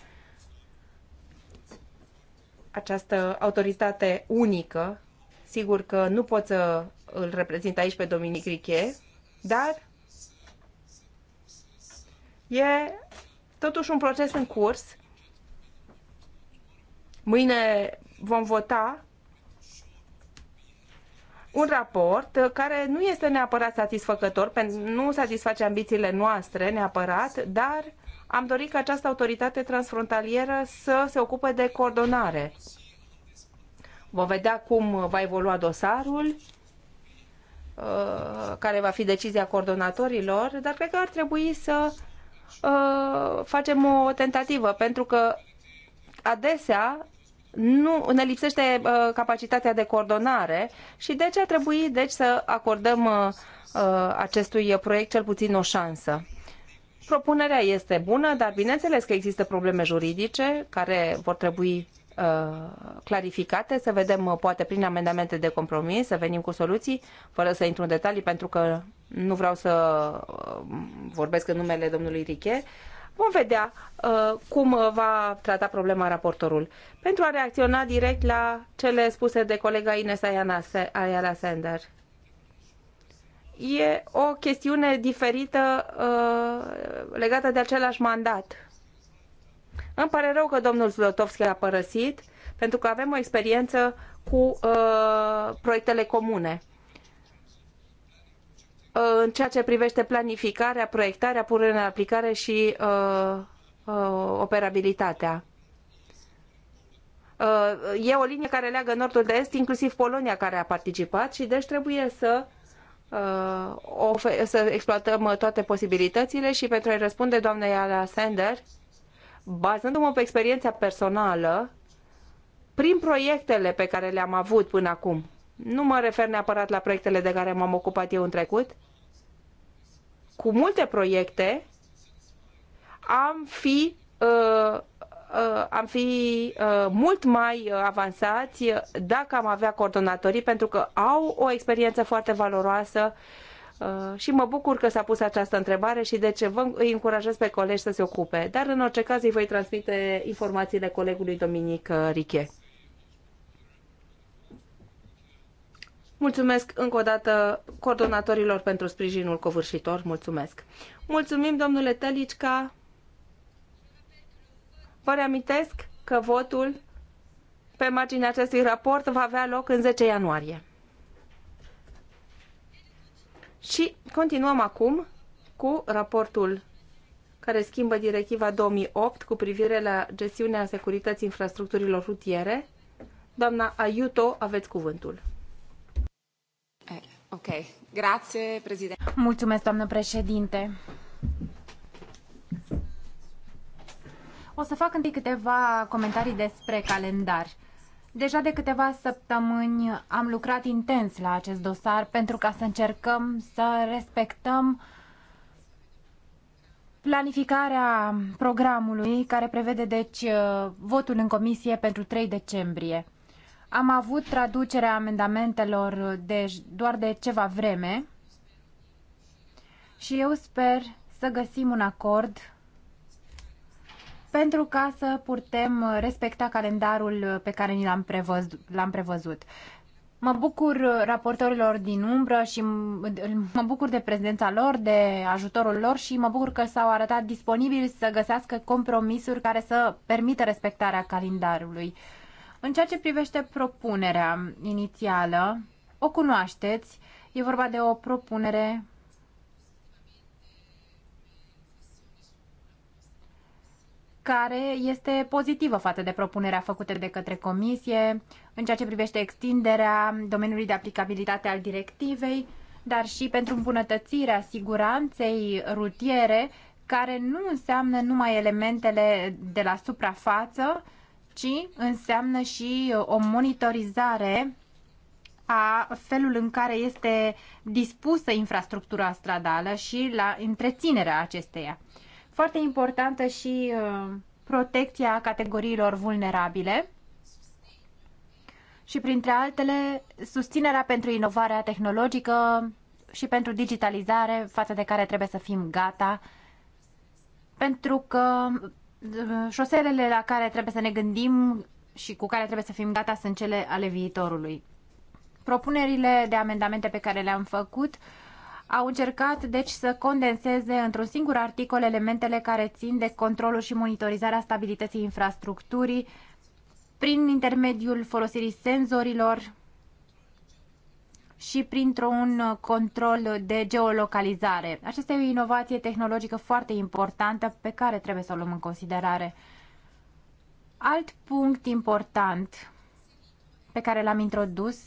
Această autoritate unică, sigur că nu pot să îl reprezint aici pe Dominic Riche, dar e totuși un proces în curs. Mâine vom vota un raport uh, care nu este neapărat satisfăcător, nu satisface ambițiile noastre neapărat, dar am dorit ca această autoritate transfrontalieră să se ocupe de coordonare. Vom vedea cum va evolua dosarul, uh, care va fi decizia coordonatorilor, dar cred că ar trebui să uh, facem o tentativă, pentru că adesea nu ne lipsește uh, capacitatea de coordonare și de ce ar trebui deci să acordăm uh, uh, acestui proiect cel puțin o șansă. Propunerea este bună, dar bineînțeles că există probleme juridice care vor trebui uh, clarificate, să vedem uh, poate prin amendamente de compromis, să venim cu soluții, fără să intru în detalii pentru că nu vreau să vorbesc în numele domnului Riche, Vom vedea uh, cum uh, va trata problema raportorul. Pentru a reacționa direct la cele spuse de colega Ines Ayala Sender. E o chestiune diferită uh, legată de același mandat. Îmi pare rău că domnul Zlotovski a părăsit, pentru că avem o experiență cu uh, proiectele comune în ceea ce privește planificarea, proiectarea, punerea în aplicare și uh, uh, operabilitatea. Uh, e o linie care leagă nordul de est, inclusiv Polonia care a participat și deci trebuie să uh, să exploatăm toate posibilitățile și pentru a-i răspunde doamnei Ala Sender, bazându-mă pe experiența personală, prin proiectele pe care le-am avut până acum, nu mă refer neapărat la proiectele de care m-am ocupat eu în trecut. Cu multe proiecte am fi uh, uh am fi uh, mult mai uh, avansați dacă am avea coordonatorii, pentru că au o experiență foarte valoroasă și mă bucur că s-a pus această întrebare și de ce vă îi încurajez pe colegi să se ocupe. Dar în orice caz îi voi transmite informațiile colegului Dominic Riche. Mulțumesc încă o dată coordonatorilor pentru sprijinul covârșitor. Mulțumesc. Mulțumim, domnule Tălicica. Vă reamintesc că votul pe marginea acestui raport va avea loc în 10 ianuarie. Și continuăm acum cu raportul care schimbă directiva 2008 cu privire la gestiunea securității infrastructurilor rutiere. Doamna Ayuto, aveți cuvântul. Mulțumesc, doamnă președinte. O să fac întâi câteva comentarii despre calendar. Deja de câteva săptămâni am lucrat intens la acest dosar pentru ca să încercăm să respectăm planificarea programului care prevede deci votul în comisie pentru 3 decembrie. Am avut traducerea amendamentelor de, doar de ceva vreme și eu sper să găsim un acord pentru ca să putem respecta calendarul pe care ni l-am prevăzut, prevăzut. Mă bucur raportorilor din umbră și mă bucur de prezența lor, de ajutorul lor și mă bucur că s-au arătat disponibili să găsească compromisuri care să permită respectarea calendarului. În ceea ce privește propunerea inițială, o cunoașteți, e vorba de o propunere care este pozitivă față de propunerea făcută de către Comisie în ceea ce privește extinderea domeniului de aplicabilitate al directivei, dar și pentru îmbunătățirea siguranței rutiere, care nu înseamnă numai elementele de la suprafață, ci înseamnă și uh, o monitorizare a felul în care este dispusă infrastructura stradală și la întreținerea acesteia. Foarte importantă și uh, protecția categoriilor vulnerabile și, printre altele, susținerea pentru inovarea tehnologică și pentru digitalizare, față de care trebuie să fim gata, pentru că șoselele la care trebuie să ne gândim și cu care trebuie să fim gata sunt cele ale viitorului. Propunerile de amendamente pe care le-am făcut au încercat deci să condenseze într-un singur articol elementele care țin de controlul și monitorizarea stabilității infrastructurii prin intermediul folosirii senzorilor, și printr-un uh, control de geolocalizare. Aceasta e o inovație tehnologică foarte importantă pe care trebuie să o luăm în considerare. Alt punct important pe care l-am introdus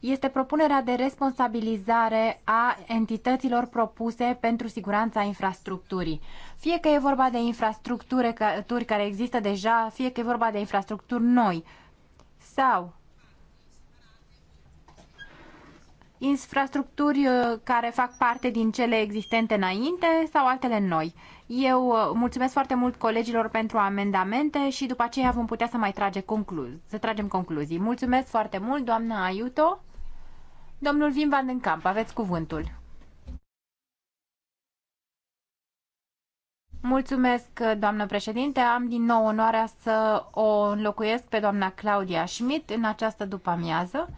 este propunerea de responsabilizare a entităților propuse pentru siguranța infrastructurii. Fie că e vorba de infrastructuri care există deja, fie că e vorba de infrastructuri noi sau infrastructuri uh, care fac parte din cele existente înainte sau altele noi. Eu uh, mulțumesc foarte mult colegilor pentru amendamente și după aceea vom putea să mai trage concluzii, să tragem concluzii. Mulțumesc foarte mult, doamna Aiuto. Domnul Vim Van den Camp, aveți cuvântul. Mulțumesc, uh, doamnă președinte. Am din nou onoarea să o înlocuiesc pe doamna Claudia Schmidt în această după-amiază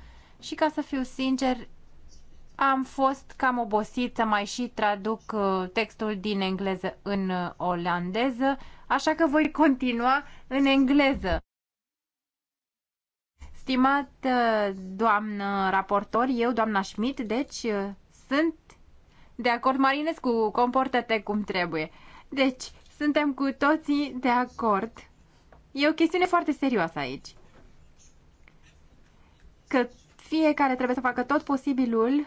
și ca să fiu sincer, am fost cam obosit să mai și traduc uh, textul din engleză în uh, olandeză, așa că voi continua în engleză. Stimat uh, doamnă raportor, eu, doamna Schmidt, deci sunt de acord, Marinescu, comportă-te cum trebuie. Deci, suntem cu toții de acord. E o chestiune foarte serioasă aici. Că fiecare trebuie să facă tot posibilul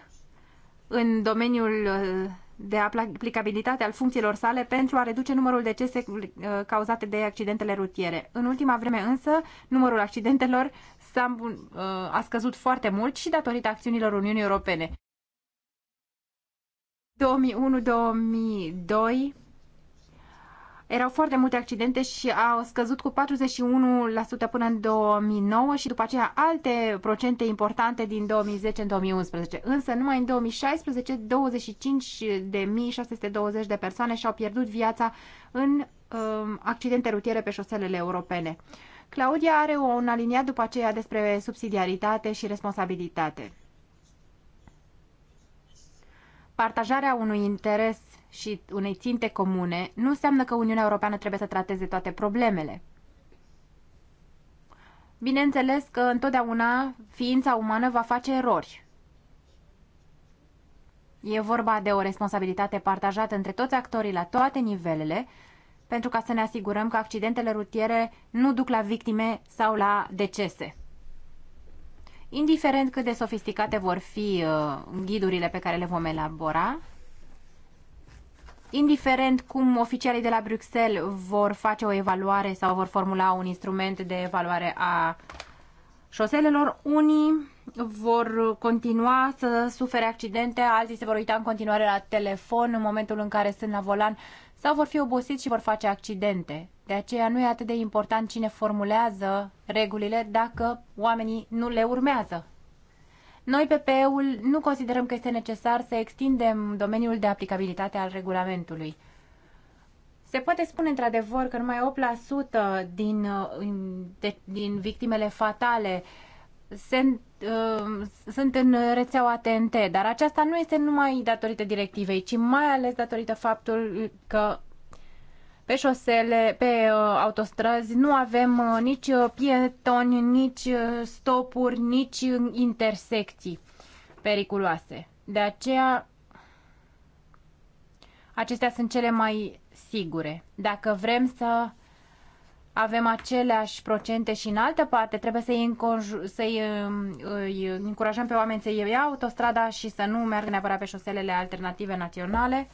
în domeniul uh, de aplicabilitate al funcțiilor sale pentru a reduce numărul decese uh, cauzate de accidentele rutiere. În ultima vreme însă, numărul accidentelor -a, uh, a scăzut foarte mult și datorită acțiunilor Uniunii Europene. 2001-2002 erau foarte multe accidente și au scăzut cu 41% până în 2009 și după aceea alte procente importante din 2010 în 2011. Însă numai în 2016 25.620 de persoane și-au pierdut viața în um, accidente rutiere pe șoselele europene. Claudia are o aliniat după aceea despre subsidiaritate și responsabilitate. Partajarea unui interes și unei ținte comune, nu înseamnă că Uniunea Europeană trebuie să trateze toate problemele. Bineînțeles că întotdeauna ființa umană va face erori. E vorba de o responsabilitate partajată între toți actorii la toate nivelele, pentru ca să ne asigurăm că accidentele rutiere nu duc la victime sau la decese. Indiferent cât de sofisticate vor fi uh, ghidurile pe care le vom elabora, indiferent cum oficialii de la Bruxelles vor face o evaluare sau vor formula un instrument de evaluare a șoselelor, unii vor continua să sufere accidente, alții se vor uita în continuare la telefon în momentul în care sunt la volan sau vor fi obosiți și vor face accidente. De aceea nu e atât de important cine formulează regulile dacă oamenii nu le urmează. Noi, PPE-ul, nu considerăm că este necesar să extindem domeniul de aplicabilitate al regulamentului. Se poate spune într-adevăr că numai 8% din, uh, de, din victimele fatale se, uh, sunt în rețeaua TNT, dar aceasta nu este numai datorită directivei, ci mai ales datorită faptul că pe șosele, pe uh, autostrăzi, nu avem uh, nici uh, pietoni, nici uh, stopuri, nici uh, intersecții periculoase. De aceea, acestea sunt cele mai sigure. Dacă vrem să avem aceleași procente și în altă parte, trebuie să-i, să um, încurajăm pe oameni să iei autostrada și să nu meargă neapărat pe șoselele alternative naționale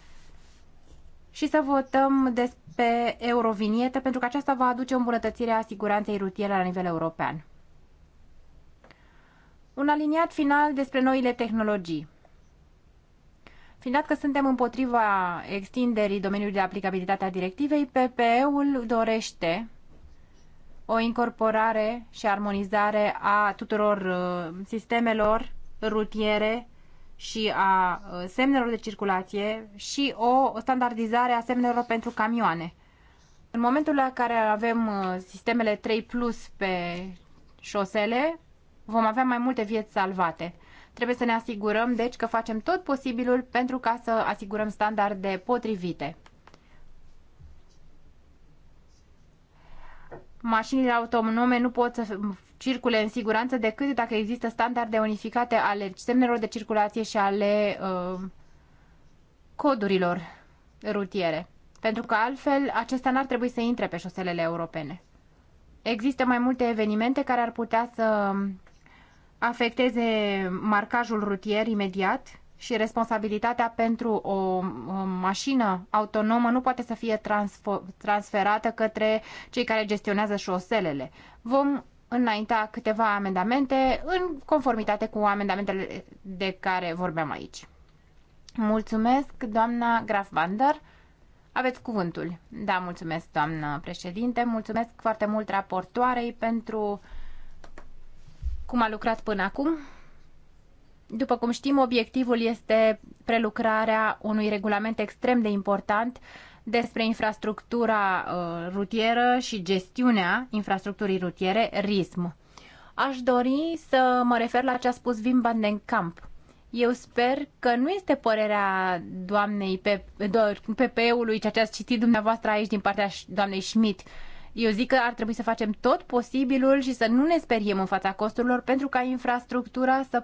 și să votăm despre eurovinietă, pentru că aceasta va aduce o a siguranței rutiere la nivel european. Un aliniat final despre noile tehnologii. Fiind dat că suntem împotriva extinderii domeniului de aplicabilitate a directivei, PPE-ul dorește o incorporare și armonizare a tuturor uh, sistemelor rutiere și a semnelor de circulație și o standardizare a semnelor pentru camioane. În momentul la care avem sistemele 3 plus pe șosele, vom avea mai multe vieți salvate. Trebuie să ne asigurăm, deci, că facem tot posibilul pentru ca să asigurăm standarde potrivite. Mașinile autonome nu pot să circule în siguranță decât dacă există standarde unificate ale semnelor de circulație și ale uh, codurilor rutiere. Pentru că altfel acestea n-ar trebui să intre pe șoselele europene. Există mai multe evenimente care ar putea să afecteze marcajul rutier imediat și responsabilitatea pentru o, mașină autonomă nu poate să fie transferată către cei care gestionează șoselele. Vom înainta câteva amendamente în conformitate cu amendamentele de care vorbeam aici. Mulțumesc, doamna Graf Vander. Aveți cuvântul. Da, mulțumesc, doamnă președinte. Mulțumesc foarte mult raportoarei pentru cum a lucrat până acum. După cum știm, obiectivul este prelucrarea unui regulament extrem de important uh, despre infrastructura uh, rutieră și gestiunea infrastructurii rutiere, RISM. Aș dori să mă refer la ce a spus Wim van den Kamp. Eu sper că nu este părerea doamnei PP-ului, ceea ce ați citit dumneavoastră aici din partea doamnei Schmidt. Eu zic că ar trebui să facem tot posibilul și să nu ne speriem în fața costurilor pentru ca infrastructura să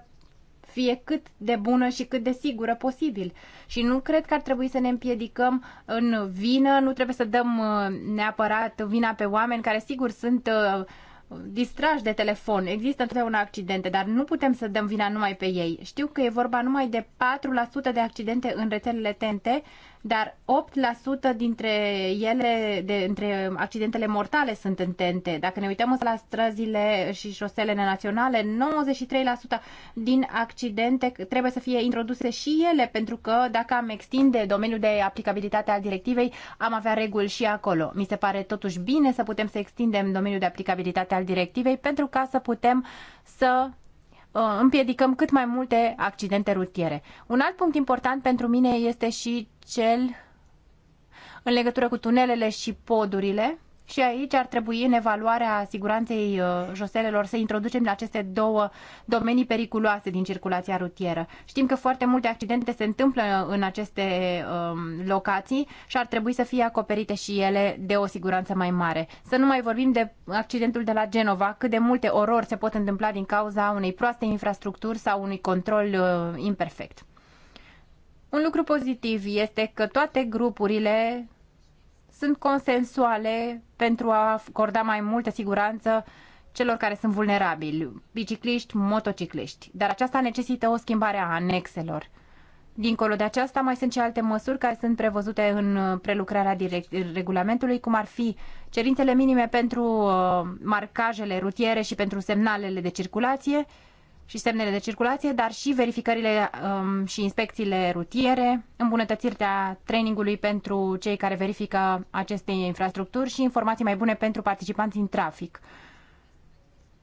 fie cât de bună și cât de sigură posibil. Și nu cred că ar trebui să ne împiedicăm în vină, nu trebuie să dăm uh, neapărat vina pe oameni care sigur sunt uh, distrași de telefon. Există întotdeauna accidente, dar nu putem să dăm vina numai pe ei. Știu că e vorba numai de 4% de accidente în rețelele TNT, dar 8% dintre ele, de, între accidentele mortale sunt în Dacă ne uităm la străzile și șoselele naționale, 93% din accidente trebuie să fie introduse și ele, pentru că dacă am extinde domeniul de aplicabilitate al directivei, am avea reguli și acolo. Mi se pare totuși bine să putem să extindem domeniul de aplicabilitate al directivei pentru ca să putem să Uh, împiedicăm cât mai multe accidente rutiere. Un alt punct important pentru mine este și cel în legătură cu tunelele și podurile. Și aici ar trebui în evaluarea siguranței uh, joselelor să introducem aceste două domenii periculoase din circulația rutieră. Știm că foarte multe accidente se întâmplă în aceste um, locații și ar trebui să fie acoperite și ele de o siguranță mai mare. Să nu mai vorbim de accidentul de la Genova, cât de multe orori se pot întâmpla din cauza unei proaste infrastructuri sau unui control uh, imperfect. Un lucru pozitiv este că toate grupurile sunt consensuale pentru a acorda mai multă siguranță celor care sunt vulnerabili, bicicliști, motocicliști. Dar aceasta necesită o schimbare a anexelor. Dincolo de aceasta, mai sunt și alte măsuri care sunt prevăzute în uh, prelucrarea direct- regulamentului, cum ar fi cerințele minime pentru uh, marcajele rutiere și pentru semnalele de circulație, și semnele de circulație, dar și verificările um, și inspecțiile rutiere, îmbunătățirea trainingului pentru cei care verifică aceste infrastructuri și informații mai bune pentru participanții în trafic.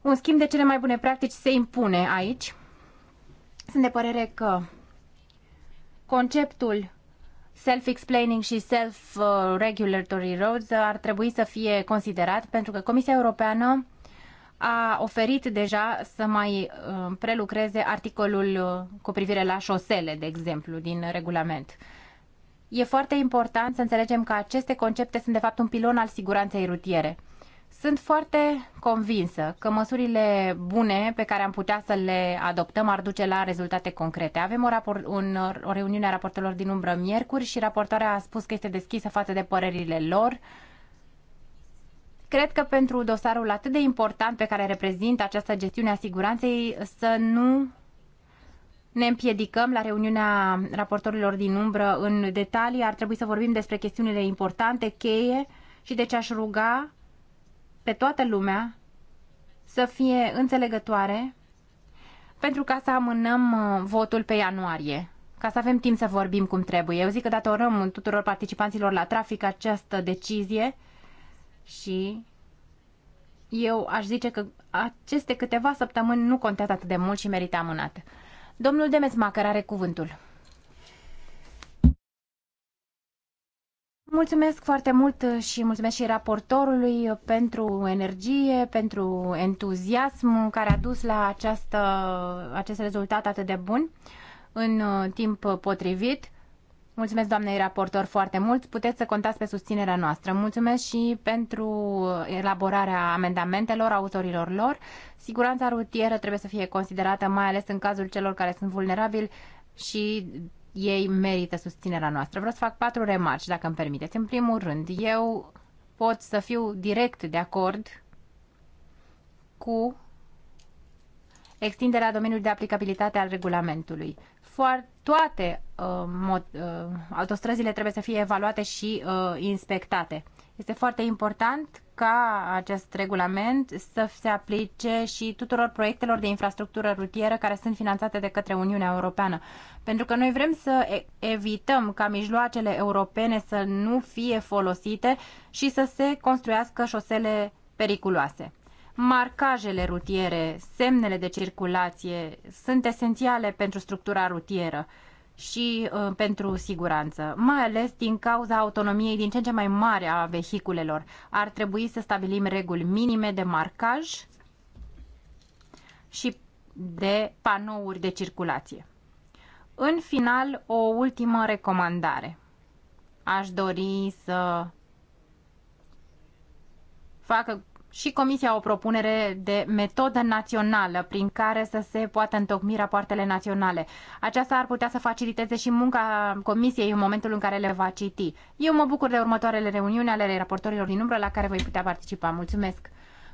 Un schimb de cele mai bune practici se impune aici. Sunt de părere că conceptul self-explaining și self-regulatory roads ar trebui să fie considerat pentru că Comisia Europeană a oferit deja să mai uh, prelucreze articolul uh, cu privire la șosele, de exemplu, din regulament. E foarte important să înțelegem că aceste concepte sunt de fapt un pilon al siguranței rutiere. Sunt foarte convinsă că măsurile bune pe care am putea să le adoptăm ar duce la rezultate concrete. Avem o, rapor- un, o reuniune a raportelor din umbră miercuri și raportoarea a spus că este deschisă față de părerile lor. Uh, Cred că pentru dosarul atât de important pe care reprezintă această gestiune a siguranței să nu ne împiedicăm la reuniunea raportorilor din umbră în detalii. Ar trebui să vorbim despre chestiunile importante, cheie și deci aș ruga pe toată lumea să fie înțelegătoare pentru ca să amânăm uh, votul pe ianuarie, ca să avem timp să vorbim cum trebuie. Eu zic că datorăm tuturor participanților la trafic această decizie și eu aș zice că aceste câteva săptămâni nu contează atât de mult și merită amânate. Domnul Demesmacher are cuvântul. Mulțumesc foarte mult și mulțumesc și raportorului pentru energie, pentru entuziasm care a dus la această, acest rezultat atât de bun în uh, timp potrivit. Mulțumesc, doamnei raportor, foarte mult. Puteți să contați pe susținerea noastră. Mulțumesc și pentru elaborarea amendamentelor autorilor lor. Siguranța rutieră trebuie să fie considerată, mai ales în cazul celor care sunt vulnerabili și ei merită susținerea noastră. Vreau să fac patru remarci, dacă îmi permiteți. În primul rând, eu pot să fiu direct de acord cu extinderea domeniului de aplicabilitate al regulamentului toate uh, uh, autostrăzile trebuie să fie evaluate și uh, inspectate. Este foarte important ca acest regulament să se aplice și tuturor proiectelor de infrastructură rutieră care sunt finanțate de către Uniunea Europeană. Pentru că noi vrem să evităm ca mijloacele europene să nu fie folosite și să se construiască șosele periculoase marcajele rutiere, semnele de circulație sunt esențiale pentru structura rutieră și uh, pentru siguranță, mai ales din cauza autonomiei din ce în ce mai mare a vehiculelor. Ar trebui să stabilim reguli minime de marcaj și de panouri de circulație. În final, o ultimă recomandare. Aș dori să facă și Comisia o propunere de metodă națională prin care să se poată întocmi rapoartele naționale. Aceasta ar putea să faciliteze și munca Comisiei în momentul în care le va citi. Eu mă bucur de următoarele reuniuni ale raportorilor din umbră la care voi putea participa. Mulțumesc!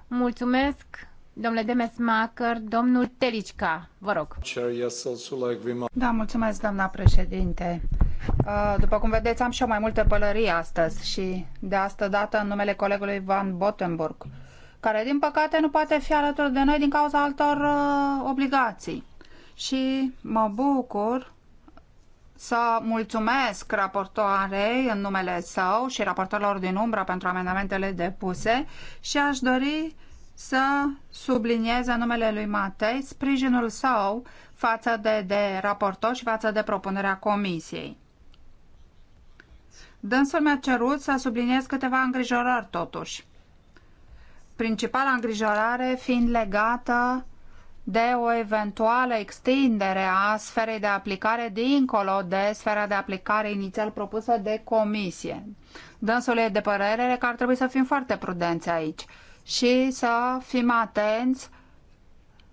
Mulțumesc, domnule Demesmacher, domnul Telicca, vă rog. Da, mulțumesc, doamna președinte. Uh, după cum vedeți, am și eu mai multe pălării astăzi și de asta dată în numele colegului Van Bottenburg care din păcate nu poate fi alături de noi din cauza altor uh, obligații. Și mă bucur să mulțumesc raportoarei în numele său și raportorilor din umbră pentru amendamentele depuse și aș dori să subliniez în numele lui Matei sprijinul său față de, de raportor și față de propunerea comisiei. Dânsul mi-a cerut să subliniez câteva îngrijorări totuși principala îngrijorare fiind legată de o eventuală extindere a sferei de aplicare dincolo de sfera de aplicare inițial propusă de comisie. Dânsul e de părere că ar trebui să fim foarte prudenți aici și să fim atenți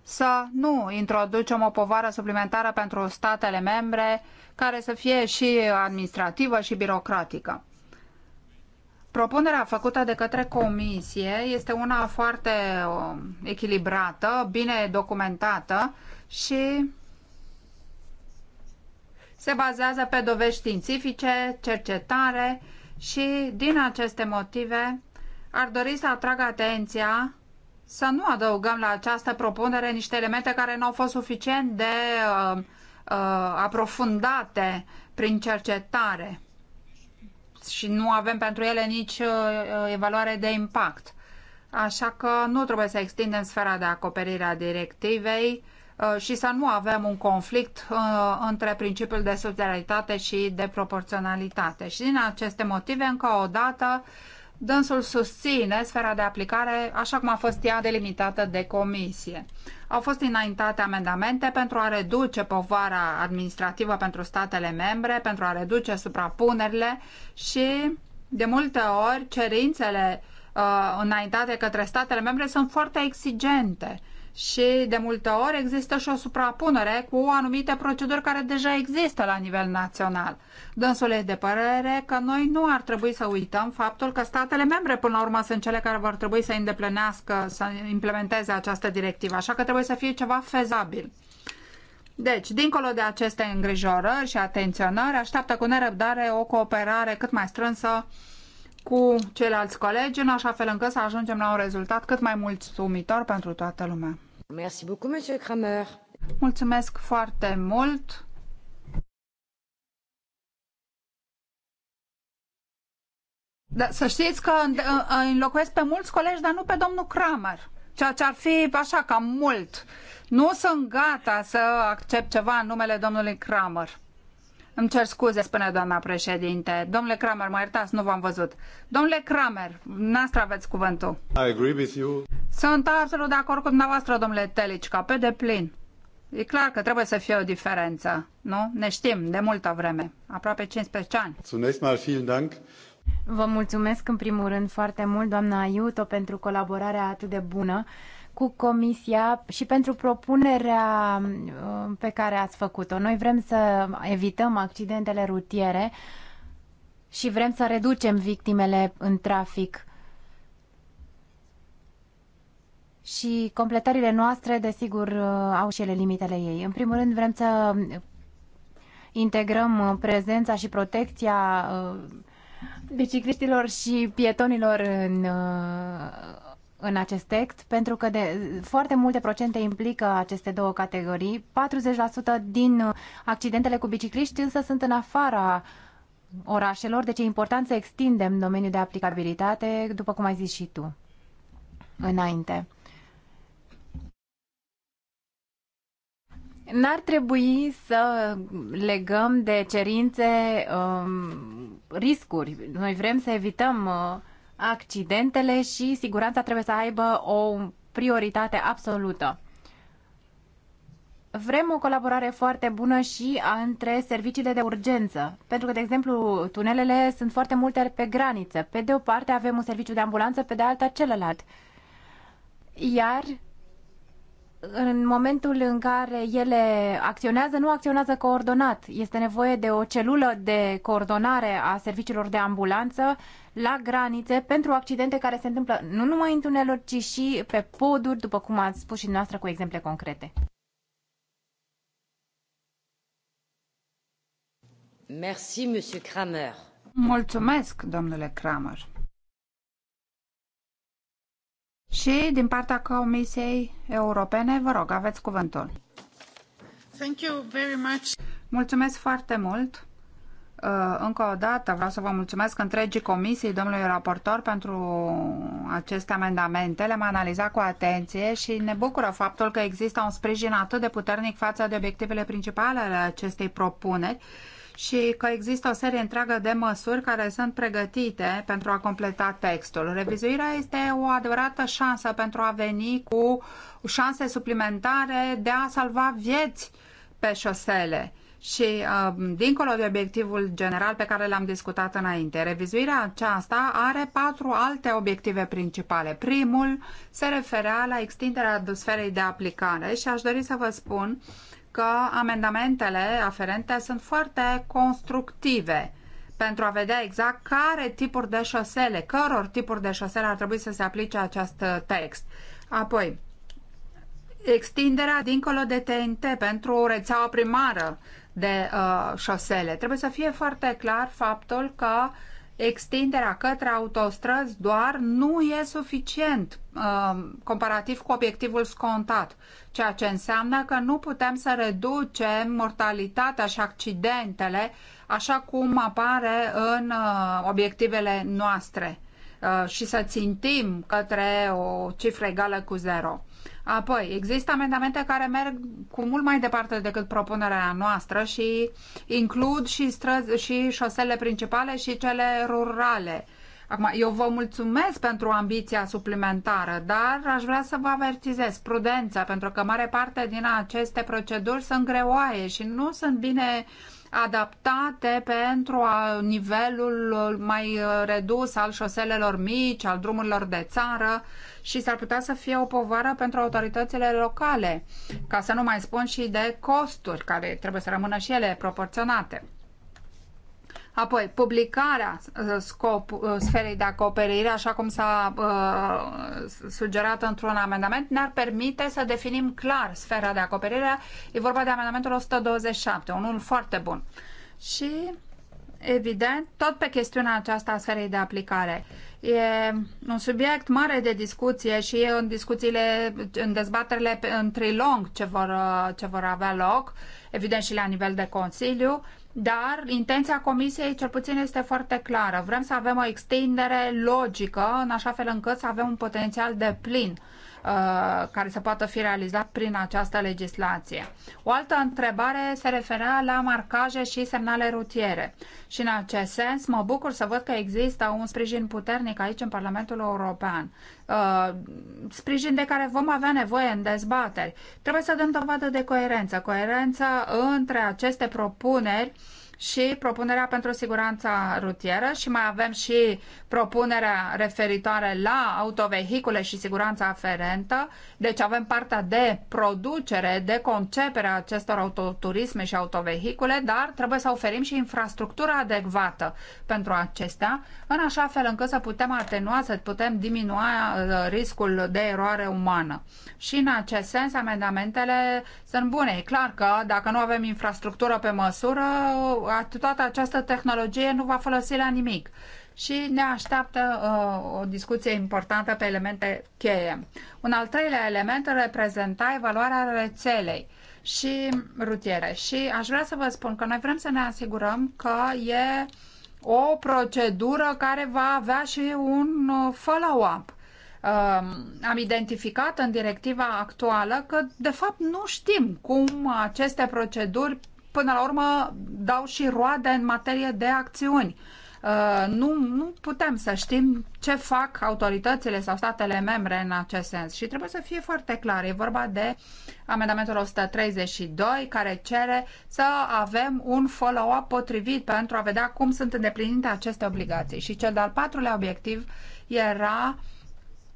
să nu introducem o povară suplimentară pentru statele membre care să fie și administrativă și birocratică. Propunerea făcută de către comisie este una foarte echilibrată, bine documentată și se bazează pe dovești științifice, cercetare și din aceste motive ar dori să atrag atenția să nu adăugăm la această propunere niște elemente care nu au fost suficient de uh, uh, aprofundate prin cercetare și nu avem pentru ele nici uh, uh, evaluare de impact. Așa că nu trebuie să extindem sfera de acoperire a directivei uh, și să nu avem un conflict între principiul de subsidiaritate și de proporționalitate. Și din aceste motive, încă o dată, Dânsul susține sfera de aplicare așa cum a fost ea delimitată de comisie. Au fost înaintate amendamente pentru a reduce povara administrativă pentru statele membre, pentru a reduce suprapunerile și de multe ori cerințele uh, înaintate către statele membre sunt foarte exigente și de multe ori există și o suprapunere cu anumite proceduri care deja există la nivel național. Dânsul e de părere că noi nu ar trebui să uităm faptul că statele membre până la urmă sunt cele care vor trebui să îndeplinească, să implementeze această directivă, așa că trebuie să fie ceva fezabil. Deci, dincolo de aceste îngrijorări și atenționări, așteaptă cu nerăbdare o cooperare cât mai strânsă cu ceilalți colegi, în așa fel încât să ajungem la un rezultat cât mai mulțumitor pentru toată lumea. Mulțumesc foarte mult. Da, să știți că înlocuiesc pe mulți colegi, dar nu pe domnul Kramer. Ceea ce ar fi așa cam mult. Nu sunt gata să accept ceva în numele domnului Kramer. Îmi cer scuze, spune doamna președinte. Domnule Kramer, mă iertați, nu v-am văzut. Domnule Kramer, noastră aveți cuvântul. I agree with you. Sunt absolut de acord cu dumneavoastră, domnule Telicca, pe deplin. E clar că trebuie să fie o diferență, nu? Ne știm de multă vreme, aproape 15 ani. Zunächst mal vielen Dank. Vă mulțumesc în primul rând foarte mult, doamna Iuto, pentru colaborarea atât de bună cu Comisia și pentru propunerea uh, pe care ați făcut-o. Noi vrem să evităm accidentele rutiere și vrem să reducem victimele în trafic. Și completările noastre, desigur, uh, au și ele limitele ei. În primul rând, vrem să integrăm uh, prezența și protecția bicicliștilor și pietonilor în în acest text, pentru că de foarte multe procente implică aceste două categorii. 40% din uh, accidentele cu bicicliști însă sunt în afara orașelor, deci e important să extindem domeniul de aplicabilitate, după cum ai zis și tu înainte. N-ar trebui să legăm de cerințe um, riscuri. Noi vrem să evităm uh, accidentele și siguranța trebuie să aibă o prioritate absolută. Vrem o colaborare foarte bună și între serviciile de urgență, pentru că, de exemplu, tunelele sunt foarte multe pe graniță. Pe de o parte avem un serviciu de ambulanță, pe de alta celălalt. Iar în momentul în care ele acționează, nu acționează coordonat. Este nevoie de o celulă de coordonare a serviciilor de ambulanță la granițe pentru accidente care se întâmplă nu numai în tuneluri, ci și pe poduri, după cum ați spus și noastră cu exemple concrete. Merci, Mulțumesc, domnule Kramer. Și din partea Comisiei Europene, vă rog, aveți cuvântul. Thank you very much. Mulțumesc foarte mult. Uh, încă o dată vreau să vă mulțumesc întregii comisii, domnului raportor, pentru aceste amendamente. Le-am analizat cu atenție și ne bucură faptul că există un sprijin atât de puternic față de obiectivele principale ale acestei propuneri și că există o serie întreagă de măsuri care sunt pregătite pentru a completa textul. Revizuirea este o adevărată șansă pentru a veni cu șanse suplimentare de a salva vieți pe șosele. Și um, dincolo de obiectivul general pe care l-am discutat înainte, revizuirea aceasta are patru alte obiective principale. Primul se referea la extinderea sferei de aplicare și aș dori să vă spun uh, că amendamentele aferente sunt foarte constructive pentru a vedea exact care tipuri de șosele, căror tipuri de șosele ar trebui să se aplice acest text. Apoi, extinderea dincolo de TNT pentru rețeaua primară de uh, șosele. Trebuie să fie foarte clar faptul că uh, extinderea către autostrăzi doar nu e suficient um, comparativ cu obiectivul scontat, ceea ce înseamnă că nu putem să reducem mortalitatea și accidentele așa cum apare în uh, obiectivele noastre uh, și să țintim către o cifră egală cu zero. Apoi, există amendamente care merg cu mult mai departe decât propunerea noastră și includ și, străzi, și șosele principale și cele rurale. Acum, eu vă mulțumesc pentru ambiția suplimentară, dar aș vrea să vă avertizez prudența, pentru că mare parte din aceste proceduri sunt greoaie și nu sunt bine uh, adaptate pentru a nivelul mai uh, redus al șoselelor mici, al drumurilor de țară și s-ar putea să fie o povară pentru autoritățile locale, ca să nu mai spun și de costuri care trebuie să rămână și ele proporționate. Apoi, publicarea uh, scop, uh, sferei de acoperire, așa cum s-a uh, sugerat într-un amendament, ne-ar permite să definim clar sfera de acoperire. E vorba de amendamentul 127, unul foarte bun. Și, evident, tot pe chestiunea aceasta a sferei de aplicare. E un subiect mare de discuție și în discuțiile, în dezbaterile în trilong ce vor, ce vor avea loc, evident și la nivel de Consiliu, dar intenția Comisiei cel puțin este foarte clară. Vrem să avem o extindere logică, în așa fel încât să avem un potențial de plin Uh, care să poată fi realizat prin această legislație. O altă întrebare se referea la marcaje și semnale rutiere. Și în acest sens mă bucur să văd că există un sprijin puternic aici în Parlamentul European. Uh, sprijin de care vom avea nevoie în dezbateri. Trebuie să dăm dovadă de coerență. Coerență între aceste propuneri și propunerea pentru siguranța rutieră și mai avem și propunerea referitoare la autovehicule și siguranța aferentă. Deci avem partea de producere, de concepere a acestor autoturisme și autovehicule, dar trebuie să oferim și infrastructura adecvată pentru acestea, în așa fel încât să putem atenua, să putem diminua uh, riscul de eroare umană. Și în acest sens, amendamentele sunt bune. E clar că dacă nu avem infrastructură pe măsură, toată această tehnologie nu va folosi la nimic. Și ne așteaptă uh, o discuție importantă pe elemente cheie. Un al treilea element reprezenta evaluarea rețelei și rutiere. Și aș vrea să vă spun că noi vrem să ne asigurăm că e o procedură care va avea și un uh, follow-up. Um, am identificat în directiva actuală că, de fapt, nu știm cum aceste proceduri până la urmă dau și roade în materie de acțiuni. Uh, nu, nu putem să știm ce fac autoritățile sau statele membre în acest sens și trebuie să fie foarte clar. E vorba de amendamentul 132 care cere să avem un follow-up potrivit pentru a vedea cum sunt îndeplinite aceste obligații. Și cel de-al patrulea obiectiv era uh,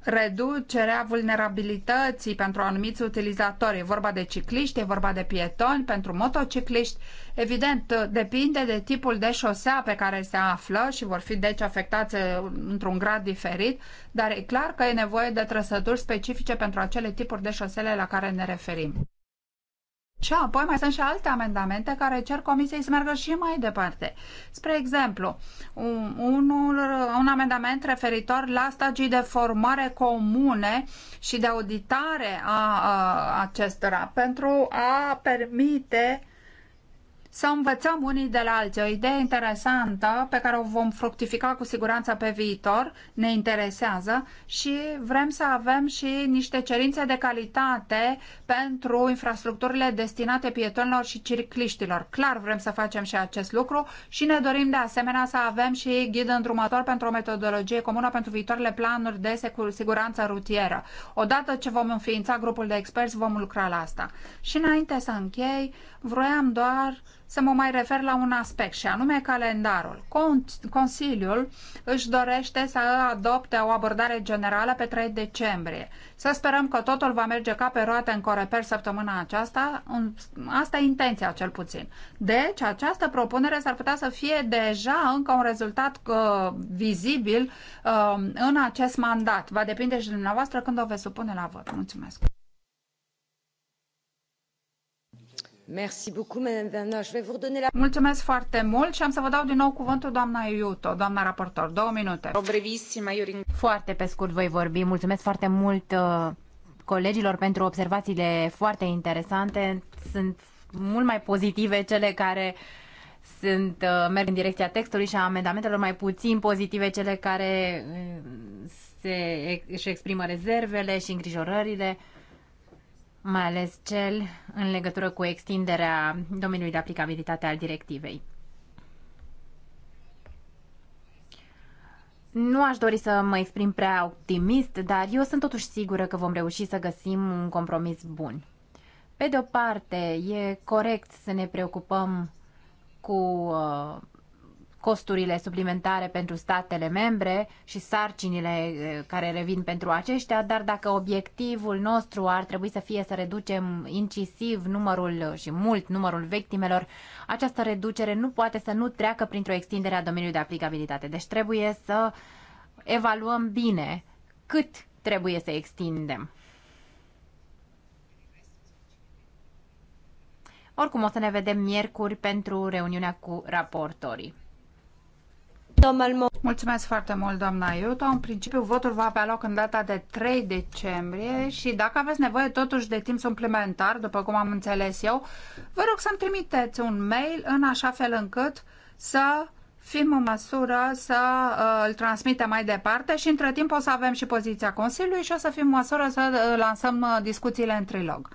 reducerea vulnerabilității pentru anumiți utilizatori. E vorba de cicliști, e vorba de pietoni, pentru motocicliști. Evident, depinde de tipul de șosea pe care se află și vor fi deci afectați uh, într-un grad diferit, dar e clar că e nevoie de trăsături specifice pentru acele tipuri de șosele la care ne referim. Și apoi mai sunt și alte amendamente care cer comisiei să meargă și mai departe. Spre exemplu, un, unul, un amendament referitor la stagii de formare comune și de auditare a, a acestora pentru a permite să învățăm unii de la alții. O idee interesantă pe care o vom fructifica cu siguranță pe viitor, ne interesează și vrem să avem și niște cerințe de calitate pentru infrastructurile destinate pietonilor și cicliștilor. Clar vrem să facem și acest lucru și ne dorim de asemenea să avem și ghid îndrumător pentru o metodologie comună pentru viitoarele planuri de siguranță rutieră. Odată ce vom înființa grupul de experți, vom lucra la asta. Și înainte să închei, vroiam doar să mă mai refer la un aspect și anume calendarul. Consiliul își dorește să adopte o abordare generală pe 3 decembrie. Să sperăm că totul va merge ca pe roate în Coreper săptămâna aceasta. Asta e intenția cel puțin. Deci această propunere s-ar putea să fie deja încă un rezultat uh, vizibil uh, în acest mandat. Va depinde și de dumneavoastră când o veți supune la vot. Mulțumesc! Mulțumesc foarte mult și am să vă dau din nou cuvântul doamna Iuto, doamna raportor. Două minute. Foarte pe scurt voi vorbi. Mulțumesc foarte mult uh, colegilor pentru observațiile foarte interesante. Sunt mult mai pozitive cele care sunt, uh, merg în direcția textului și a amendamentelor mai puțin pozitive cele care uh, se, își exprimă rezervele și îngrijorările mai ales cel în legătură cu extinderea domeniului de aplicabilitate al directivei. Nu aș dori să mă exprim prea optimist, dar eu sunt totuși sigură că vom reuși să găsim un compromis bun. Pe de o parte, e corect să ne preocupăm cu uh, costurile suplimentare pentru statele membre și sarcinile eh, care revin pentru aceștia, dar dacă obiectivul nostru ar trebui să fie să reducem incisiv numărul și mult numărul victimelor, această reducere nu poate să nu treacă printr-o extindere a domeniului de aplicabilitate. Deci trebuie să evaluăm bine cât trebuie să extindem. Oricum o să ne vedem miercuri pentru reuniunea cu raportorii. Mulțumesc foarte mult, doamna Iuto. În principiu, votul va avea loc în data de 3 decembrie și dacă aveți nevoie totuși de timp suplimentar, după cum am înțeles eu, vă rog să-mi trimiteți un mail în așa fel încât să fim în măsură să uh, îl transmitem mai departe și între timp o să avem și poziția Consiliului și o să fim în măsură să uh, lansăm uh, discuțiile în trilog.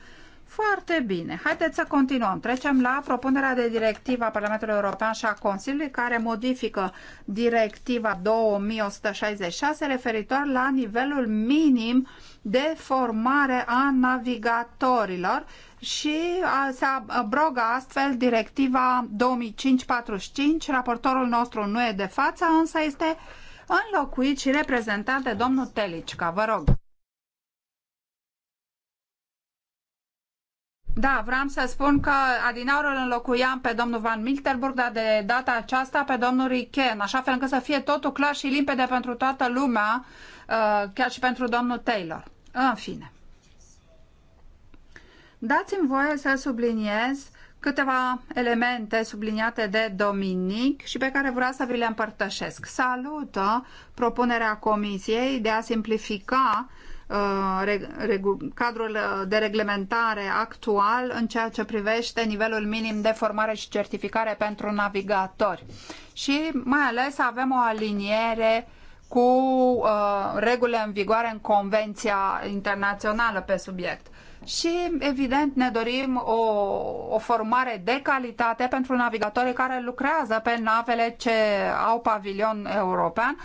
Foarte bine. Haideți să continuăm. Trecem la propunerea de directivă a Parlamentului European și a Consiliului care modifică directiva 2166 referitor la nivelul minim de formare a navigatorilor și se abrogă astfel directiva 2545. Raportorul nostru nu e de față, însă este înlocuit și reprezentat de domnul Telicca. Vă rog. Da, vreau să spun că Adinaurul înlocuiam pe domnul Van Milterburg, dar de data aceasta pe domnul Riche, în așa fel încât să fie totul clar și limpede pentru toată lumea, uh, chiar și pentru domnul Taylor. În fine. Dați-mi voie să subliniez câteva elemente subliniate de Dominic și pe care vreau să vi le împărtășesc. Salută propunerea Comisiei de a simplifica uh, Uh, cadrul de reglementare actual în ceea ce privește nivelul minim de formare și certificare pentru navigatori. Și mai ales avem o aliniere cu uh, regulile în vigoare în Convenția Internațională pe subiect. Și, evident, ne dorim o, o formare de calitate pentru navigatorii care lucrează pe navele ce au pavilion european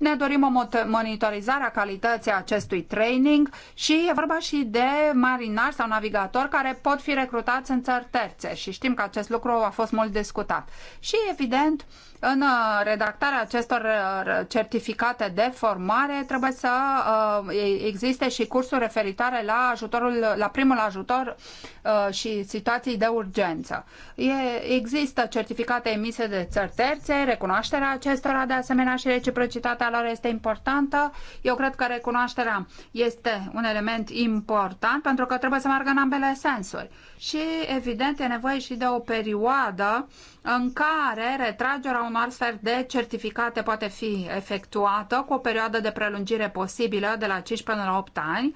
ne dorim o monitorizare a calității acestui training și e vorba și de marinari sau navigatori care pot fi recrutați în țări terțe și știm că acest lucru a fost mult discutat. Și evident, în uh, redactarea acestor uh, certificate de formare trebuie să uh, existe și cursuri referitoare la ajutorul, la primul ajutor și situații de urgență. Există certificate emise de țări terțe, recunoașterea acestora de asemenea și reciprocitatea lor este importantă. Eu cred că recunoașterea este un element important pentru că trebuie să meargă în ambele sensuri. Și, evident, e nevoie și de o perioadă în care retragerea unor astfel de certificate poate fi efectuată cu o perioadă de prelungire posibilă de la 5 până la 8 ani,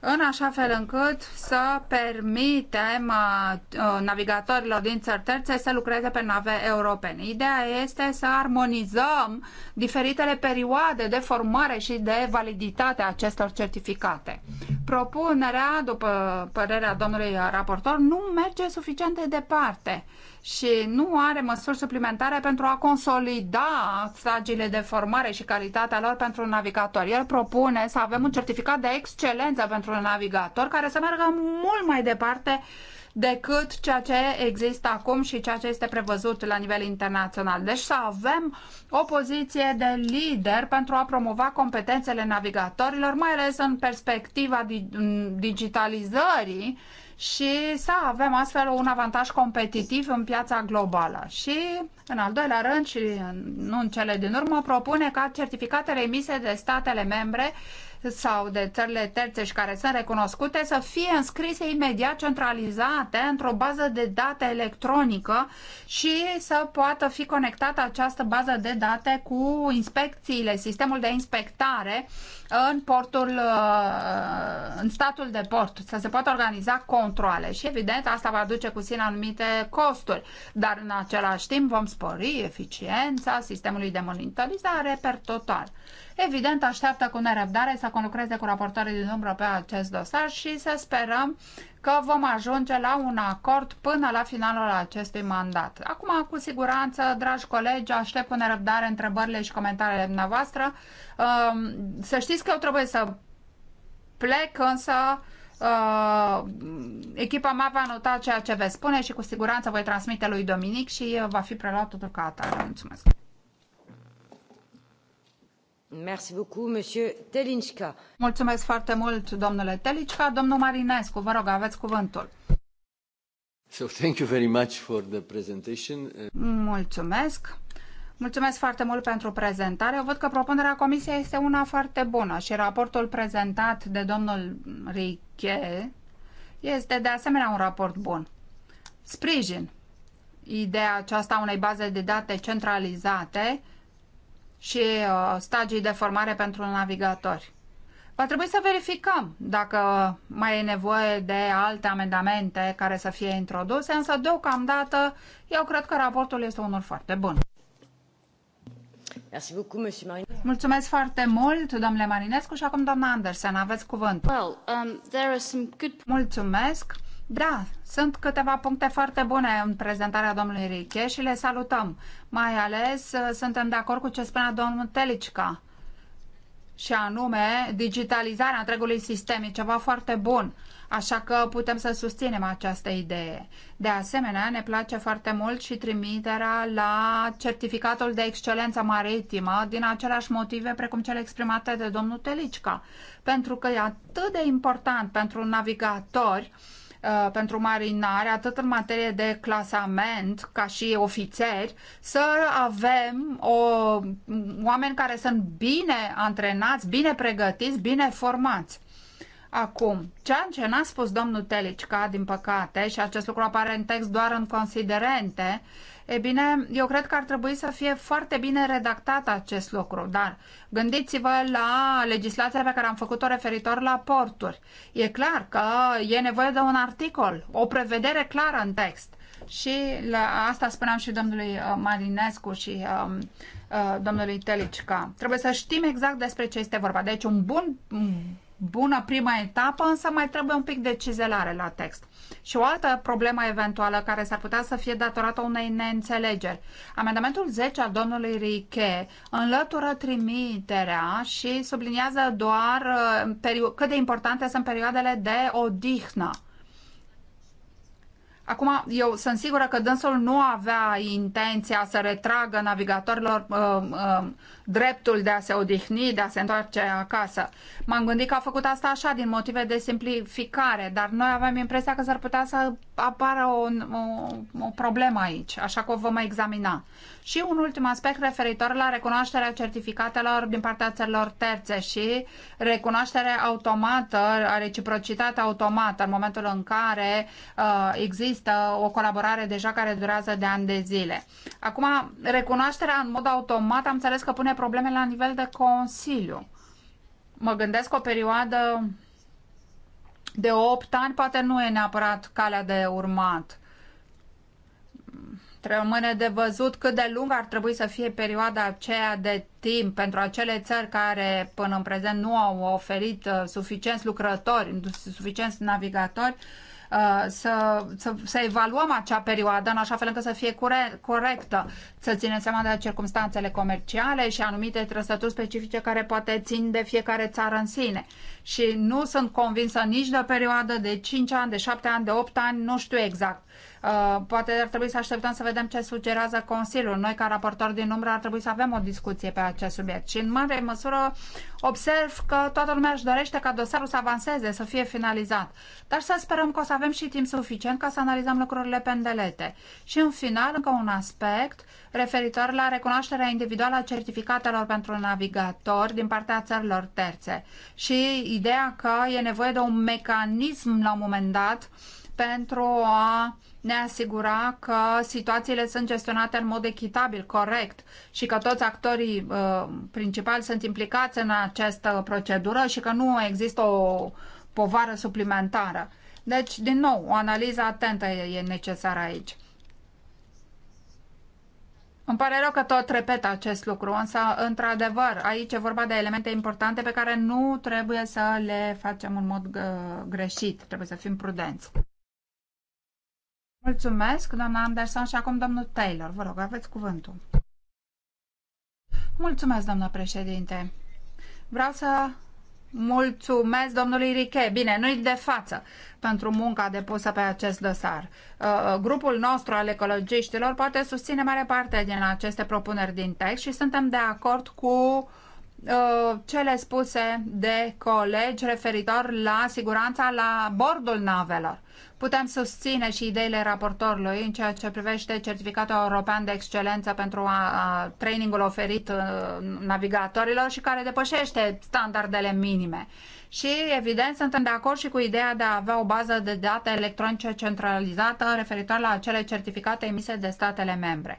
în așa fel încât să permitem uh, uh, navigatorilor din țări terțe să lucreze pe nave europene. Ideea este să armonizăm diferitele perioade de formare și de validitate a acestor certificate. Propunerea, după părerea domnului raportor, nu merge suficient de departe și nu are măsuri suplimentare pentru a consolida stagiile de formare și calitatea lor pentru navigator. El propune să avem un certificat de excelență pentru navigator care să meargă mult mai departe uh, decât ceea ce există acum și ceea ce este prevăzut la nivel internațional. Deci să avem o poziție de lider pentru a promova competențele navigatorilor, mai ales în perspectiva digitalizării și să avem astfel un avantaj competitiv în piața globală. Și, în al doilea rând, și nu în cele din urmă, propune ca certificatele emise de statele membre sau de țările terțe și care sunt recunoscute să fie înscrise imediat centralizate într-o bază de date electronică și să poată fi conectată această bază de date cu inspecțiile, sistemul de inspectare în portul, uh, în statul de port, să se poată organiza controle și evident asta va duce cu sine anumite costuri, dar în același timp vom spori eficiența sistemului de monitorizare per total. Evident, așteaptă cu nerăbdare să conlucreze cu raportorii din umbră pe acest dosar și să sperăm că vom ajunge la un acord până la finalul acestui mandat. Acum, cu siguranță, dragi colegi, aștept cu nerăbdare întrebările și comentariile dumneavoastră. Um, să știți că eu trebuie să plec, însă Uh, echipa mea va nota ceea ce veți spune și cu siguranță voi transmite lui Dominic și uh, va fi preluat totul ca atare. Mulțumesc! Mulțumesc foarte mult, domnule Telinska. Domnul Marinescu, vă rog, aveți cuvântul. So, thank you very much for the presentation. Mulțumesc. Mulțumesc foarte mult pentru prezentare. Eu văd că propunerea comisiei este una foarte bună și raportul prezentat de domnul Riche este de asemenea un raport bun. Sprijin ideea aceasta unei baze de date centralizate și uh, stagii de formare pentru navigatori. Va trebui să verificăm dacă mai e nevoie de alte amendamente care să fie introduse, însă deocamdată eu cred că raportul este unul foarte bun. Mulțumesc foarte mult, domnule Marinescu, și acum doamna Andersen, aveți cuvântul. Well, um, there are some good... Mulțumesc. Da, sunt câteva puncte foarte bune în prezentarea domnului Riche și le salutăm. Mai ales uh, suntem de acord cu ce spunea domnul Telicca și anume digitalizarea întregului sistem. E ceva foarte bun, așa că putem să susținem această idee. De asemenea, ne place foarte mult și trimiterea la certificatul de excelență maritimă din aceleași motive precum cele exprimate de domnul Telicca, pentru că e atât de important pentru navigatori Uh, pentru marinare, atât în materie de clasament, ca și ofițeri, să avem o, oameni care sunt bine antrenați, bine pregătiți, bine formați. Acum, ceea ce n-a spus domnul Telicca, din păcate, și acest lucru apare în text doar în considerente, E bine, eu cred că ar trebui să fie foarte bine redactat acest lucru, dar gândiți-vă la legislația pe care am făcut-o referitor la porturi. E clar că e nevoie de un articol, o prevedere clară în text. Și la asta spuneam și domnului uh, Marinescu și um, uh, domnului Telicica. Trebuie să știm exact despre ce este vorba. Deci un bun bună prima etapă, însă mai trebuie un pic de cizelare la text. Și o altă problemă eventuală care s-ar putea să fie datorată unei neînțelegeri. Amendamentul 10 al domnului Riche înlătură trimiterea și subliniază doar uh, cât de importante sunt perioadele de odihnă. Acum, eu sunt sigură că dânsul nu avea intenția să retragă navigatorilor uh, uh, dreptul de a se odihni, de a se întoarce acasă. M-am gândit că a făcut asta așa, din motive de simplificare, dar noi avem impresia că s-ar putea să apară o, o, o problemă aici, așa că o vom examina. Și un ultim aspect referitor la recunoașterea certificatelor din partea țărilor terțe și recunoașterea automată, reciprocitatea automată, în momentul în care uh, există o colaborare deja care durează de ani de zile. Acum, recunoașterea în mod automat, am înțeles că pune probleme la nivel de Consiliu. Mă gândesc o perioadă de 8 ani poate nu e neapărat calea de urmat. Rămâne de văzut cât de lung ar trebui să fie perioada aceea de timp pentru acele țări care până în prezent nu au oferit uh, suficienți lucrători, suficienți navigatori Uh, să, să, să evaluăm acea perioadă în așa fel încât să fie cure, corectă, să ținem seama de circumstanțele comerciale și anumite trăsături specifice care poate țin de fiecare țară în sine. Și nu sunt convinsă nici de o perioadă de 5 ani, de 7 ani, de 8 ani, nu știu exact Uh, poate ar trebui să așteptăm să vedem ce sugerează Consiliul. Noi, ca raportori din umbră, ar trebui să avem o discuție pe acest subiect. Și, în mare măsură, observ că toată lumea își dorește ca dosarul să avanseze, să fie finalizat. Dar să sperăm că o să avem și timp suficient ca să analizăm lucrurile pendelete. Și, în final, încă un aspect referitor la recunoașterea individuală a certificatelor pentru navigatori din partea țărilor terțe. Și ideea că e nevoie de un mecanism la un moment dat uh, pentru a ne asigura că situațiile sunt gestionate în mod echitabil, corect și că toți actorii uh, principali sunt implicați în această procedură și că nu există o povară suplimentară. Deci, din nou, o analiză atentă e necesară aici. Îmi pare rău că tot repet acest lucru, însă, într-adevăr, aici e vorba de elemente importante pe care nu trebuie să le facem în mod uh, greșit, trebuie să fim prudenți. Mulțumesc, doamna Anderson, și acum domnul Taylor. Vă rog, aveți cuvântul. Mulțumesc, doamna președinte. Vreau să mulțumesc domnului Riche, bine, nu-i de față, pentru munca depusă pe acest dosar. Uh, uh, grupul nostru al ecologiștilor poate susține mare parte din aceste propuneri din text și suntem de acord cu Uh, cele spuse de colegi referitor la siguranța la bordul navelor. Putem susține și ideile raportorului în ceea ce privește certificatul european de excelență pentru a, a, trainingul oferit uh, navigatorilor și care depășește standardele minime. Și, evident, suntem de acord și cu ideea de a avea o bază de date electronice centralizată referitor la acele certificate emise de statele membre.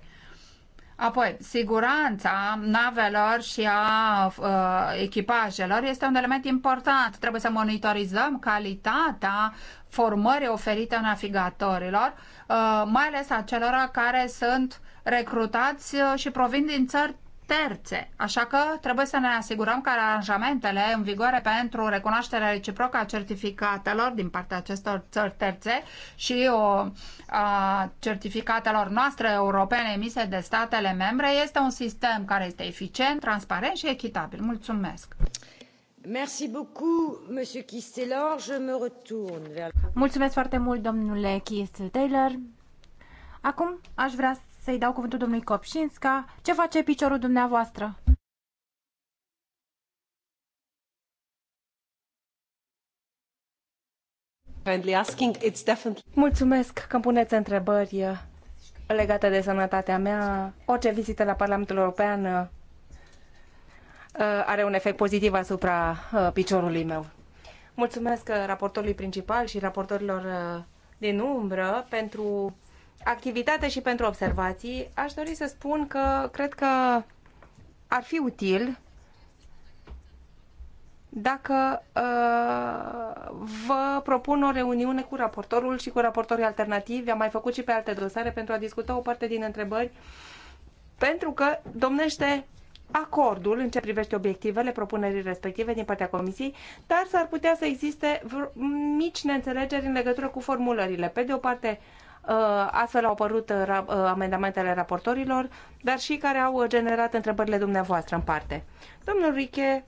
Apoi, siguranța navelor și a uh, echipajelor este un element important. Trebuie să monitorizăm calitatea formării oferite navigatorilor, uh, mai ales a celor care sunt recrutați uh, și provin din țări terțe. Așa că trebuie să ne asigurăm că aranjamentele în vigoare pentru recunoașterea reciprocă a certificatelor din partea acestor țări terțe și o, a certificatelor noastre europene emise de statele membre este un sistem care este eficient, transparent și echitabil. Mulțumesc! Mulțumesc foarte mult, domnule Keith Taylor. Acum aș vrea să-i dau cuvântul domnului Copșinska. Ce face piciorul dumneavoastră? Mulțumesc că îmi puneți întrebări legate de sănătatea mea. Orice vizită la Parlamentul European uh, are un efect pozitiv asupra uh, piciorului meu. Mulțumesc uh, raportorului principal și raportorilor din umbră pentru activitate și pentru observații, aș dori să spun că cred că ar fi util dacă uh, vă propun o reuniune cu raportorul și cu raportorii alternativi, am mai făcut și pe alte dosare pentru a discuta o parte din întrebări, pentru că domnește acordul în ce privește obiectivele propunerii respective din partea comisiei, dar s-ar putea să existe mici neînțelegeri în legătură cu formulările. Pe de o parte, Uh, astfel au apărut uh, uh, amendamentele raportorilor, dar și care au generat întrebările dumneavoastră în parte. Domnul Riche,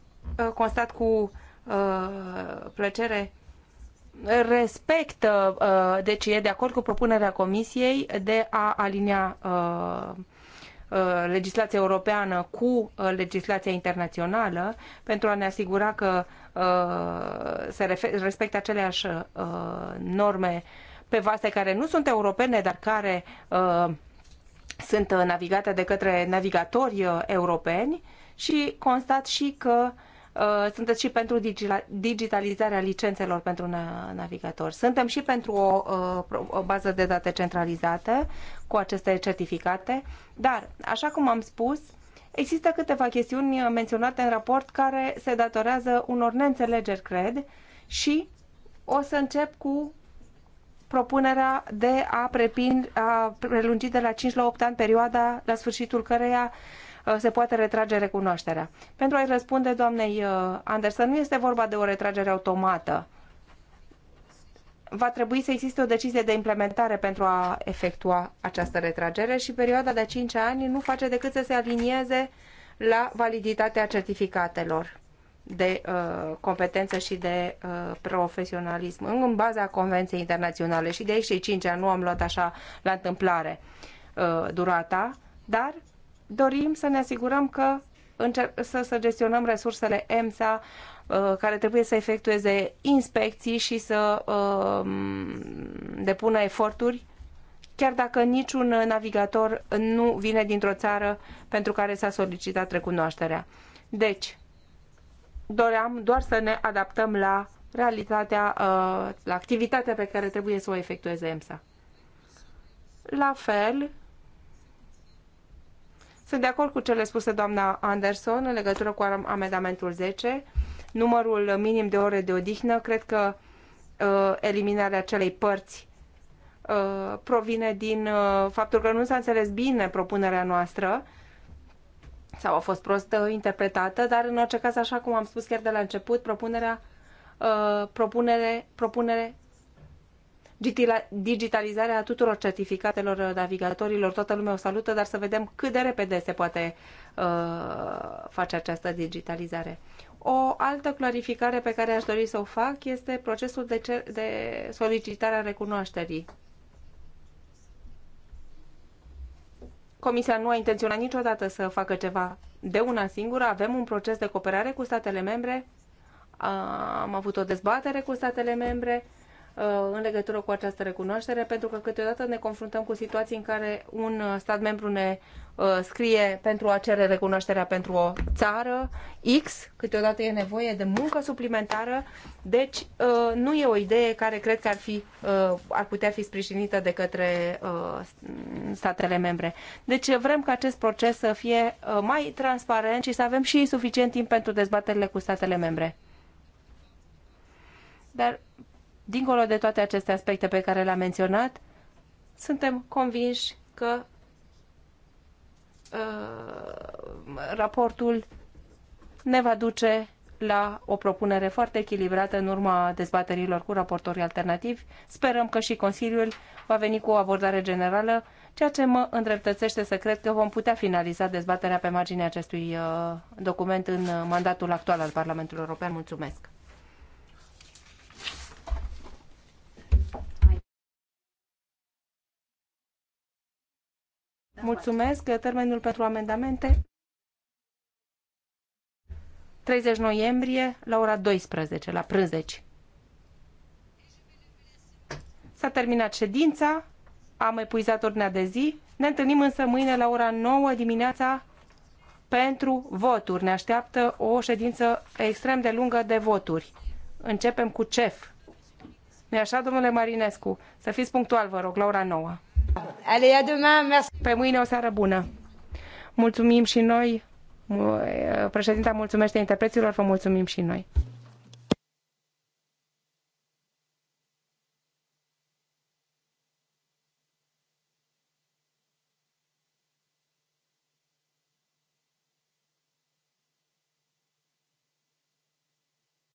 constat cu plăcere respectă, deci e de acord cu propunerea Comisiei de a alinia legislația europeană cu legislația internațională pentru a ne asigura că se respectă aceleași norme pe vase care nu sunt europene, dar care uh, sunt uh, navigate de către navigatori uh, europeni și constat și că uh, sunteți și pentru digitalizarea licențelor pentru navigatori. Suntem și pentru o, uh, o bază de date centralizată cu aceste certificate, dar, așa cum am spus, există câteva chestiuni menționate în raport care se datorează unor neînțelegeri, cred, și o să încep cu propunerea de a, a prelungi de la 5 la 8 ani perioada la sfârșitul căreia uh, se poate retrage recunoașterea. Pentru a-i răspunde doamnei uh, Anderson, nu este vorba de o retragere automată. Va trebui să existe o decizie de implementare pentru a efectua această retragere și perioada de 5 ani nu face decât să se alinieze la validitatea certificatelor de uh, competență și de uh, profesionalism în baza Convenției Internaționale și de aici și cinci ani nu am luat așa la întâmplare uh, durata, dar dorim să ne asigurăm că să, să gestionăm resursele EMSA uh, care trebuie să efectueze inspecții și să uh, depună eforturi chiar dacă niciun navigator nu vine dintr-o țară pentru care s-a solicitat recunoașterea. Deci, doream doar să ne adaptăm la realitatea, uh, la activitatea pe care trebuie să o efectueze EMSA. La fel, sunt de acord cu cele spuse doamna Anderson în legătură cu amendamentul 10, numărul minim de ore de odihnă. Cred că uh, eliminarea acelei părți uh, provine din faptul că nu s-a înțeles bine propunerea noastră sau a fost prost uh, interpretată, dar în orice caz, așa cum am spus chiar de la început, propunerea uh, propunere, propunere digitalizarea tuturor certificatelor uh, navigatorilor, toată lumea o salută, dar să vedem cât de repede se poate uh, face această digitalizare. O altă clarificare pe care aș dori să o fac este procesul de, cer- de solicitare a recunoașterii Comisia nu a intenționat niciodată să facă ceva de una singură. Avem un proces de cooperare cu statele membre. Am avut o dezbatere cu statele membre uh, în legătură cu această recunoaștere, pentru că câteodată ne confruntăm cu situații în care un stat membru ne Uh, scrie pentru a cere recunoașterea pentru o țară X, câteodată e nevoie de muncă suplimentară, deci uh, nu e o idee care cred că ar, fi, uh, ar putea fi sprijinită de către statele membre. Deci vrem ca acest proces să fie mai transparent și să avem și suficient timp pentru dezbaterile cu statele membre. Dar, dincolo de toate aceste aspecte pe care le-am menționat, suntem convinși că Uh, raportul ne va duce la o propunere foarte echilibrată în urma dezbaterilor cu raportorii alternativi. Sperăm că și Consiliul va veni cu o abordare generală, ceea ce mă îndreptățește să cred că vom putea finaliza dezbaterea pe marginea acestui uh, document în uh, mandatul actual al Parlamentului European. Mulțumesc! Mulțumesc. Termenul pentru amendamente 30 noiembrie la ora 12, la prânzeci. S-a terminat ședința, am epuizat ordinea de zi. Ne întâlnim însă mâine la ora 9 dimineața pentru voturi. Ne așteaptă o ședință extrem de lungă de voturi. Începem cu CEF. nu așa, domnule Marinescu? Să fiți punctual, vă rog, la ora 9. Allez, à demain, merci. Pe mâine o seară bună. Mulțumim și noi. Eh, președinta mulțumește interpreților, vă mulțumim și noi.